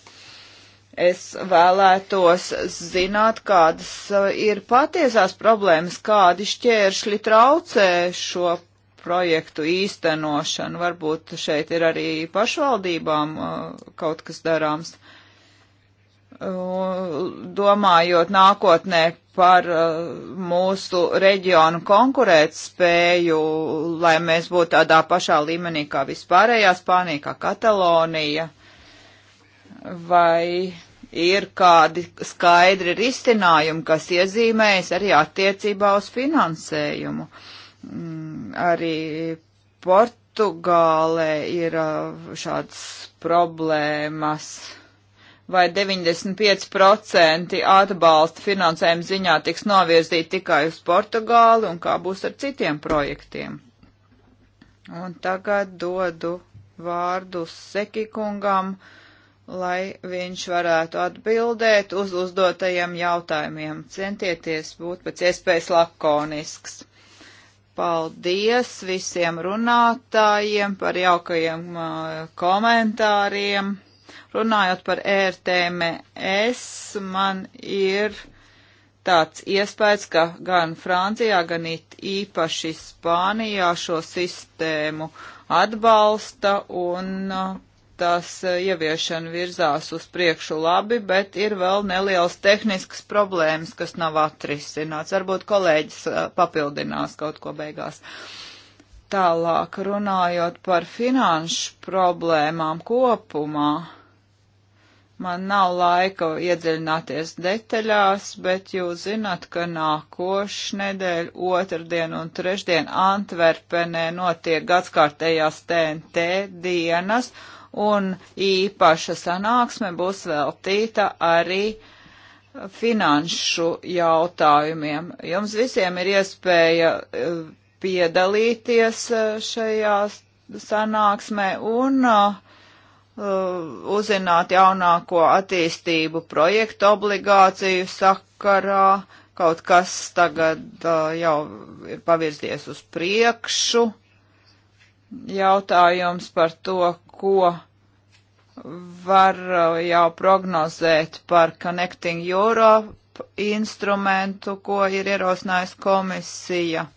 es vēlētos zināt, kādas uh, ir patiesās problēmas, kādi šķēršļi traucē šo projektu īstenošanu. Varbūt šeit ir arī pašvaldībām uh, kaut kas darāms. Domājot nākotnē par uh, mūsu reģionu konkurētspēju, lai mēs būtu tādā pašā līmenī kā vispārējā Spānija, kā Katalonija, vai ir kādi skaidri risinājumi, kas iezīmējas arī attiecībā uz finansējumu. Mm, arī Portugālē ir uh, šādas problēmas vai 95% atbalsta finansējuma ziņā tiks novirzīti tikai uz Portugāli un kā būs ar citiem projektiem. Un tagad dodu vārdu Sekikungam, lai viņš varētu atbildēt uz uzdotajiem jautājumiem. Centieties būt pēc iespējas lakonisks. Paldies visiem runātājiem par jaukajiem uh, komentāriem Runājot par ērtēmēs, man ir tāds iespējas, ka gan Francijā, gan it īpaši Spānijā šo sistēmu atbalsta un uh, tās uh, ieviešana virzās uz priekšu labi, bet ir vēl nelielas tehniskas problēmas, kas nav atrisināts. Varbūt kolēģis uh, papildinās kaut ko beigās. Tālāk runājot par finanšu problēmām kopumā, Man nav laika iedziļināties detaļās, bet jūs zināt, ka nākošnedēļ, otrdien un trešdien Antverpenē notiek gadskārtējās TNT dienas, un īpaša sanāksme būs veltīta arī finanšu jautājumiem. Jums visiem ir iespēja eh, piedalīties eh, šajā sanāksmē un uh, Uh, uzzināt jaunāko attīstību projektu obligāciju sakarā. Kaut kas tagad uh, jau ir pavirzies uz priekšu. Jautājums par to, ko var uh, jau prognozēt par Connecting Europe instrumentu, ko ir ierosinājusi komisija.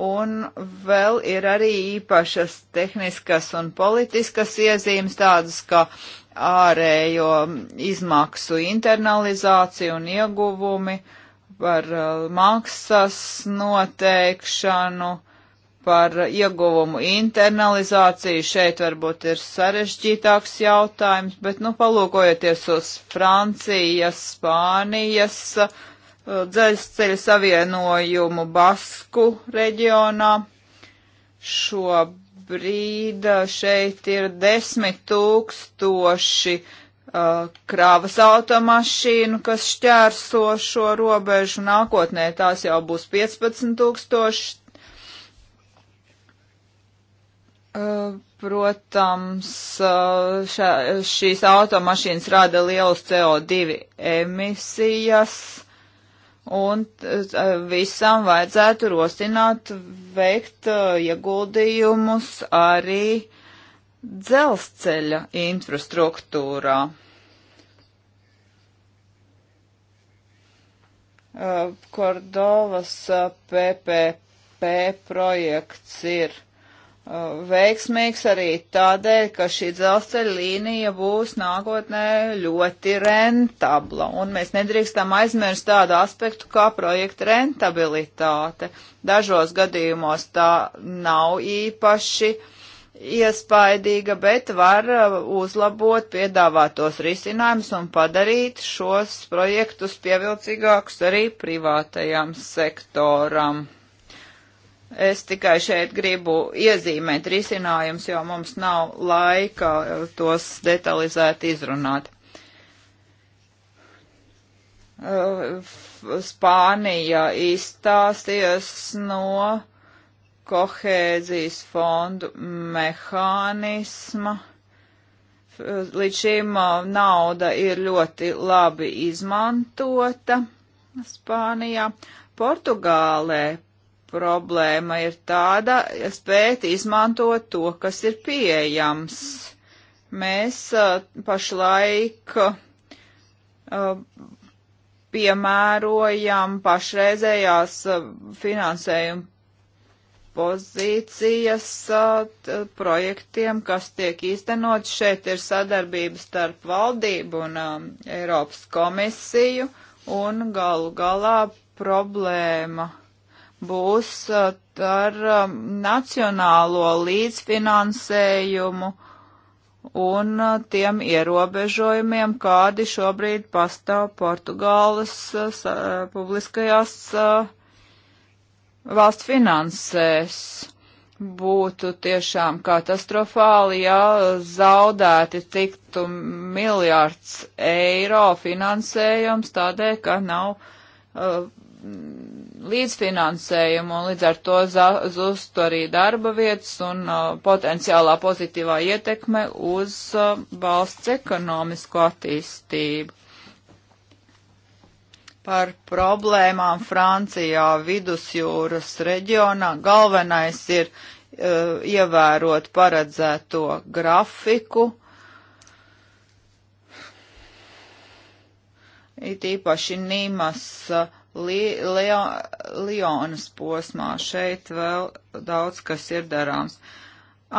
Un vēl ir arī īpašas tehniskas un politiskas iezīmes tādas, kā ārējo izmaksu internalizācija un ieguvumi par uh, maksas noteikšanu, par ieguvumu internalizāciju. Šeit varbūt ir sarežģītāks jautājums, bet nu palūkojoties uz Francijas, Spānijas, uh, dzelzceļa savienojumu Basku reģionā. Šobrīd uh, šeit ir desmit tūkstoši uh, krāvas automašīnu, kas šķērso šo robežu. Nākotnē tās jau būs 15 tūkstoši. Uh, protams, uh, šā, šīs automašīnas rada lielas CO2 emisijas un eh, visam vajadzētu rosināt veikt eh, ieguldījumus arī dzelzceļa infrastruktūrā. Eh, Kordovas PPP projekts ir veiksmīgs arī tādēļ, ka šī dzelzceļa līnija būs nākotnē ļoti rentabla, un mēs nedrīkstam aizmirst tādu aspektu kā projekta rentabilitāte. Dažos gadījumos tā nav īpaši iespaidīga, bet var uh, uzlabot piedāvātos risinājumus un padarīt šos projektus pievilcīgākus arī privātajam sektoram. Es tikai šeit gribu iezīmēt risinājums, jo mums nav laika tos detalizēti izrunāt. Spānija izstāsties no kohēzijas fondu mehānisma. Līdz šim nauda ir ļoti labi izmantota Spānijā. Portugālē problēma ir tāda, spēt izmantot to, kas ir pieejams. Mēs uh, pašlaik uh, piemērojam pašreizējās uh, finansējuma pozīcijas projektiem, kas tiek īstenot. Šeit ir sadarbība starp valdību un Eiropas komisiju un galu galā problēma būs eh, ar eh, nacionālo līdzfinansējumu un eh, tiem ierobežojumiem, kādi šobrīd pastāv Portugāles publiskajās valsts finansēs. Būtu tiešām katastrofāli, ja zaudēti tiktu miljārds eiro finansējums tādēļ, ka nav uh, līdzfinansējumu, un līdz ar to zust arī darba vietas un uh, potenciālā pozitīvā ietekme uz uh, valsts ekonomisko attīstību. Par problēmām Francijā vidusjūras reģionā galvenais ir uh, ievērot paredzēto grafiku, it īpaši Nīmas uh, Li, Leo, Lionas posmā. Šeit vēl daudz kas ir darāms.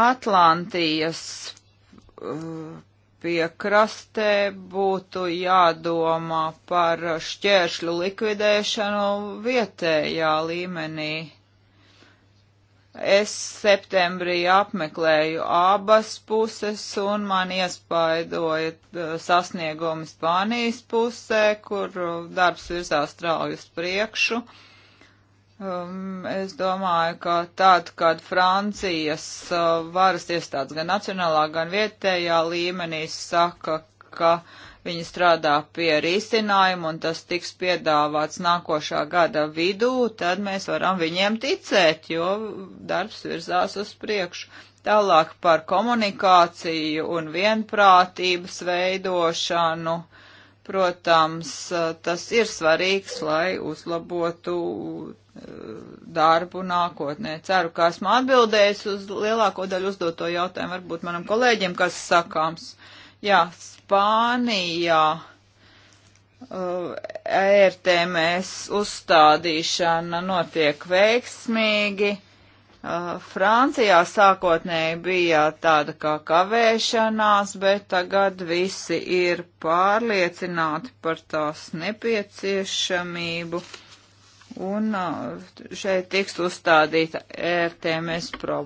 Atlantijas uh, piekrastē būtu jādomā par šķēršļu likvidēšanu vietējā līmenī Es septembrī apmeklēju abas puses un man iespaidoja uh, sasniegumi Spānijas pusē, kur uh, darbs virzās strauji uz priekšu. Um, es domāju, ka tad, kad Francijas uh, varas iestādes gan nacionālā, gan vietējā līmenī saka, ka uh, Viņi strādā pie risinājuma un tas tiks piedāvāts nākošā gada vidū, tad mēs varam viņiem ticēt, jo darbs virzās uz priekšu. Tālāk par komunikāciju un vienprātības veidošanu. Protams, tas ir svarīgs, lai uzlabotu eh, darbu nākotnē. Ceru, ka esmu atbildējis uz lielāko daļu uzdoto jautājumu, varbūt manam kolēģim, kas sakāms. Jā, Spānijā uh, ERTMS uzstādīšana notiek veiksmīgi. Uh, Francijā sākotnēji bija tāda kā kavēšanās, bet tagad visi ir pārliecināti par tās nepieciešamību. Un uh, šeit tiks uzstādīta e RTMS pro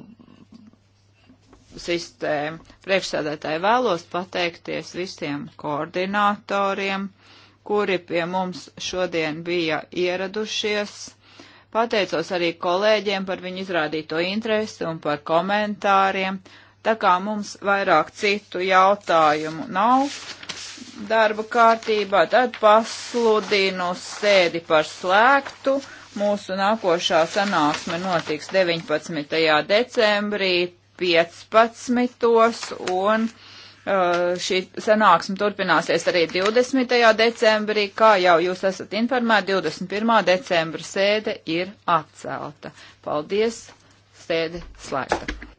sistēmu. Priekšsēdētāji vēlos pateikties visiem koordinatoriem, kuri pie mums šodien bija ieradušies. Pateicos arī kolēģiem par viņu izrādīto interesi un par komentāriem. Tā kā mums vairāk citu jautājumu nav darba kārtībā, tad pasludinu sēdi par slēgtu. Mūsu nākošā sanāksme notiks 19. decembrī 15. un uh, šī sanāksme turpināsies arī 20. decembrī, kā jau jūs esat informēti, 21. decembra sēde ir atcelta. Paldies, sēde slēgta.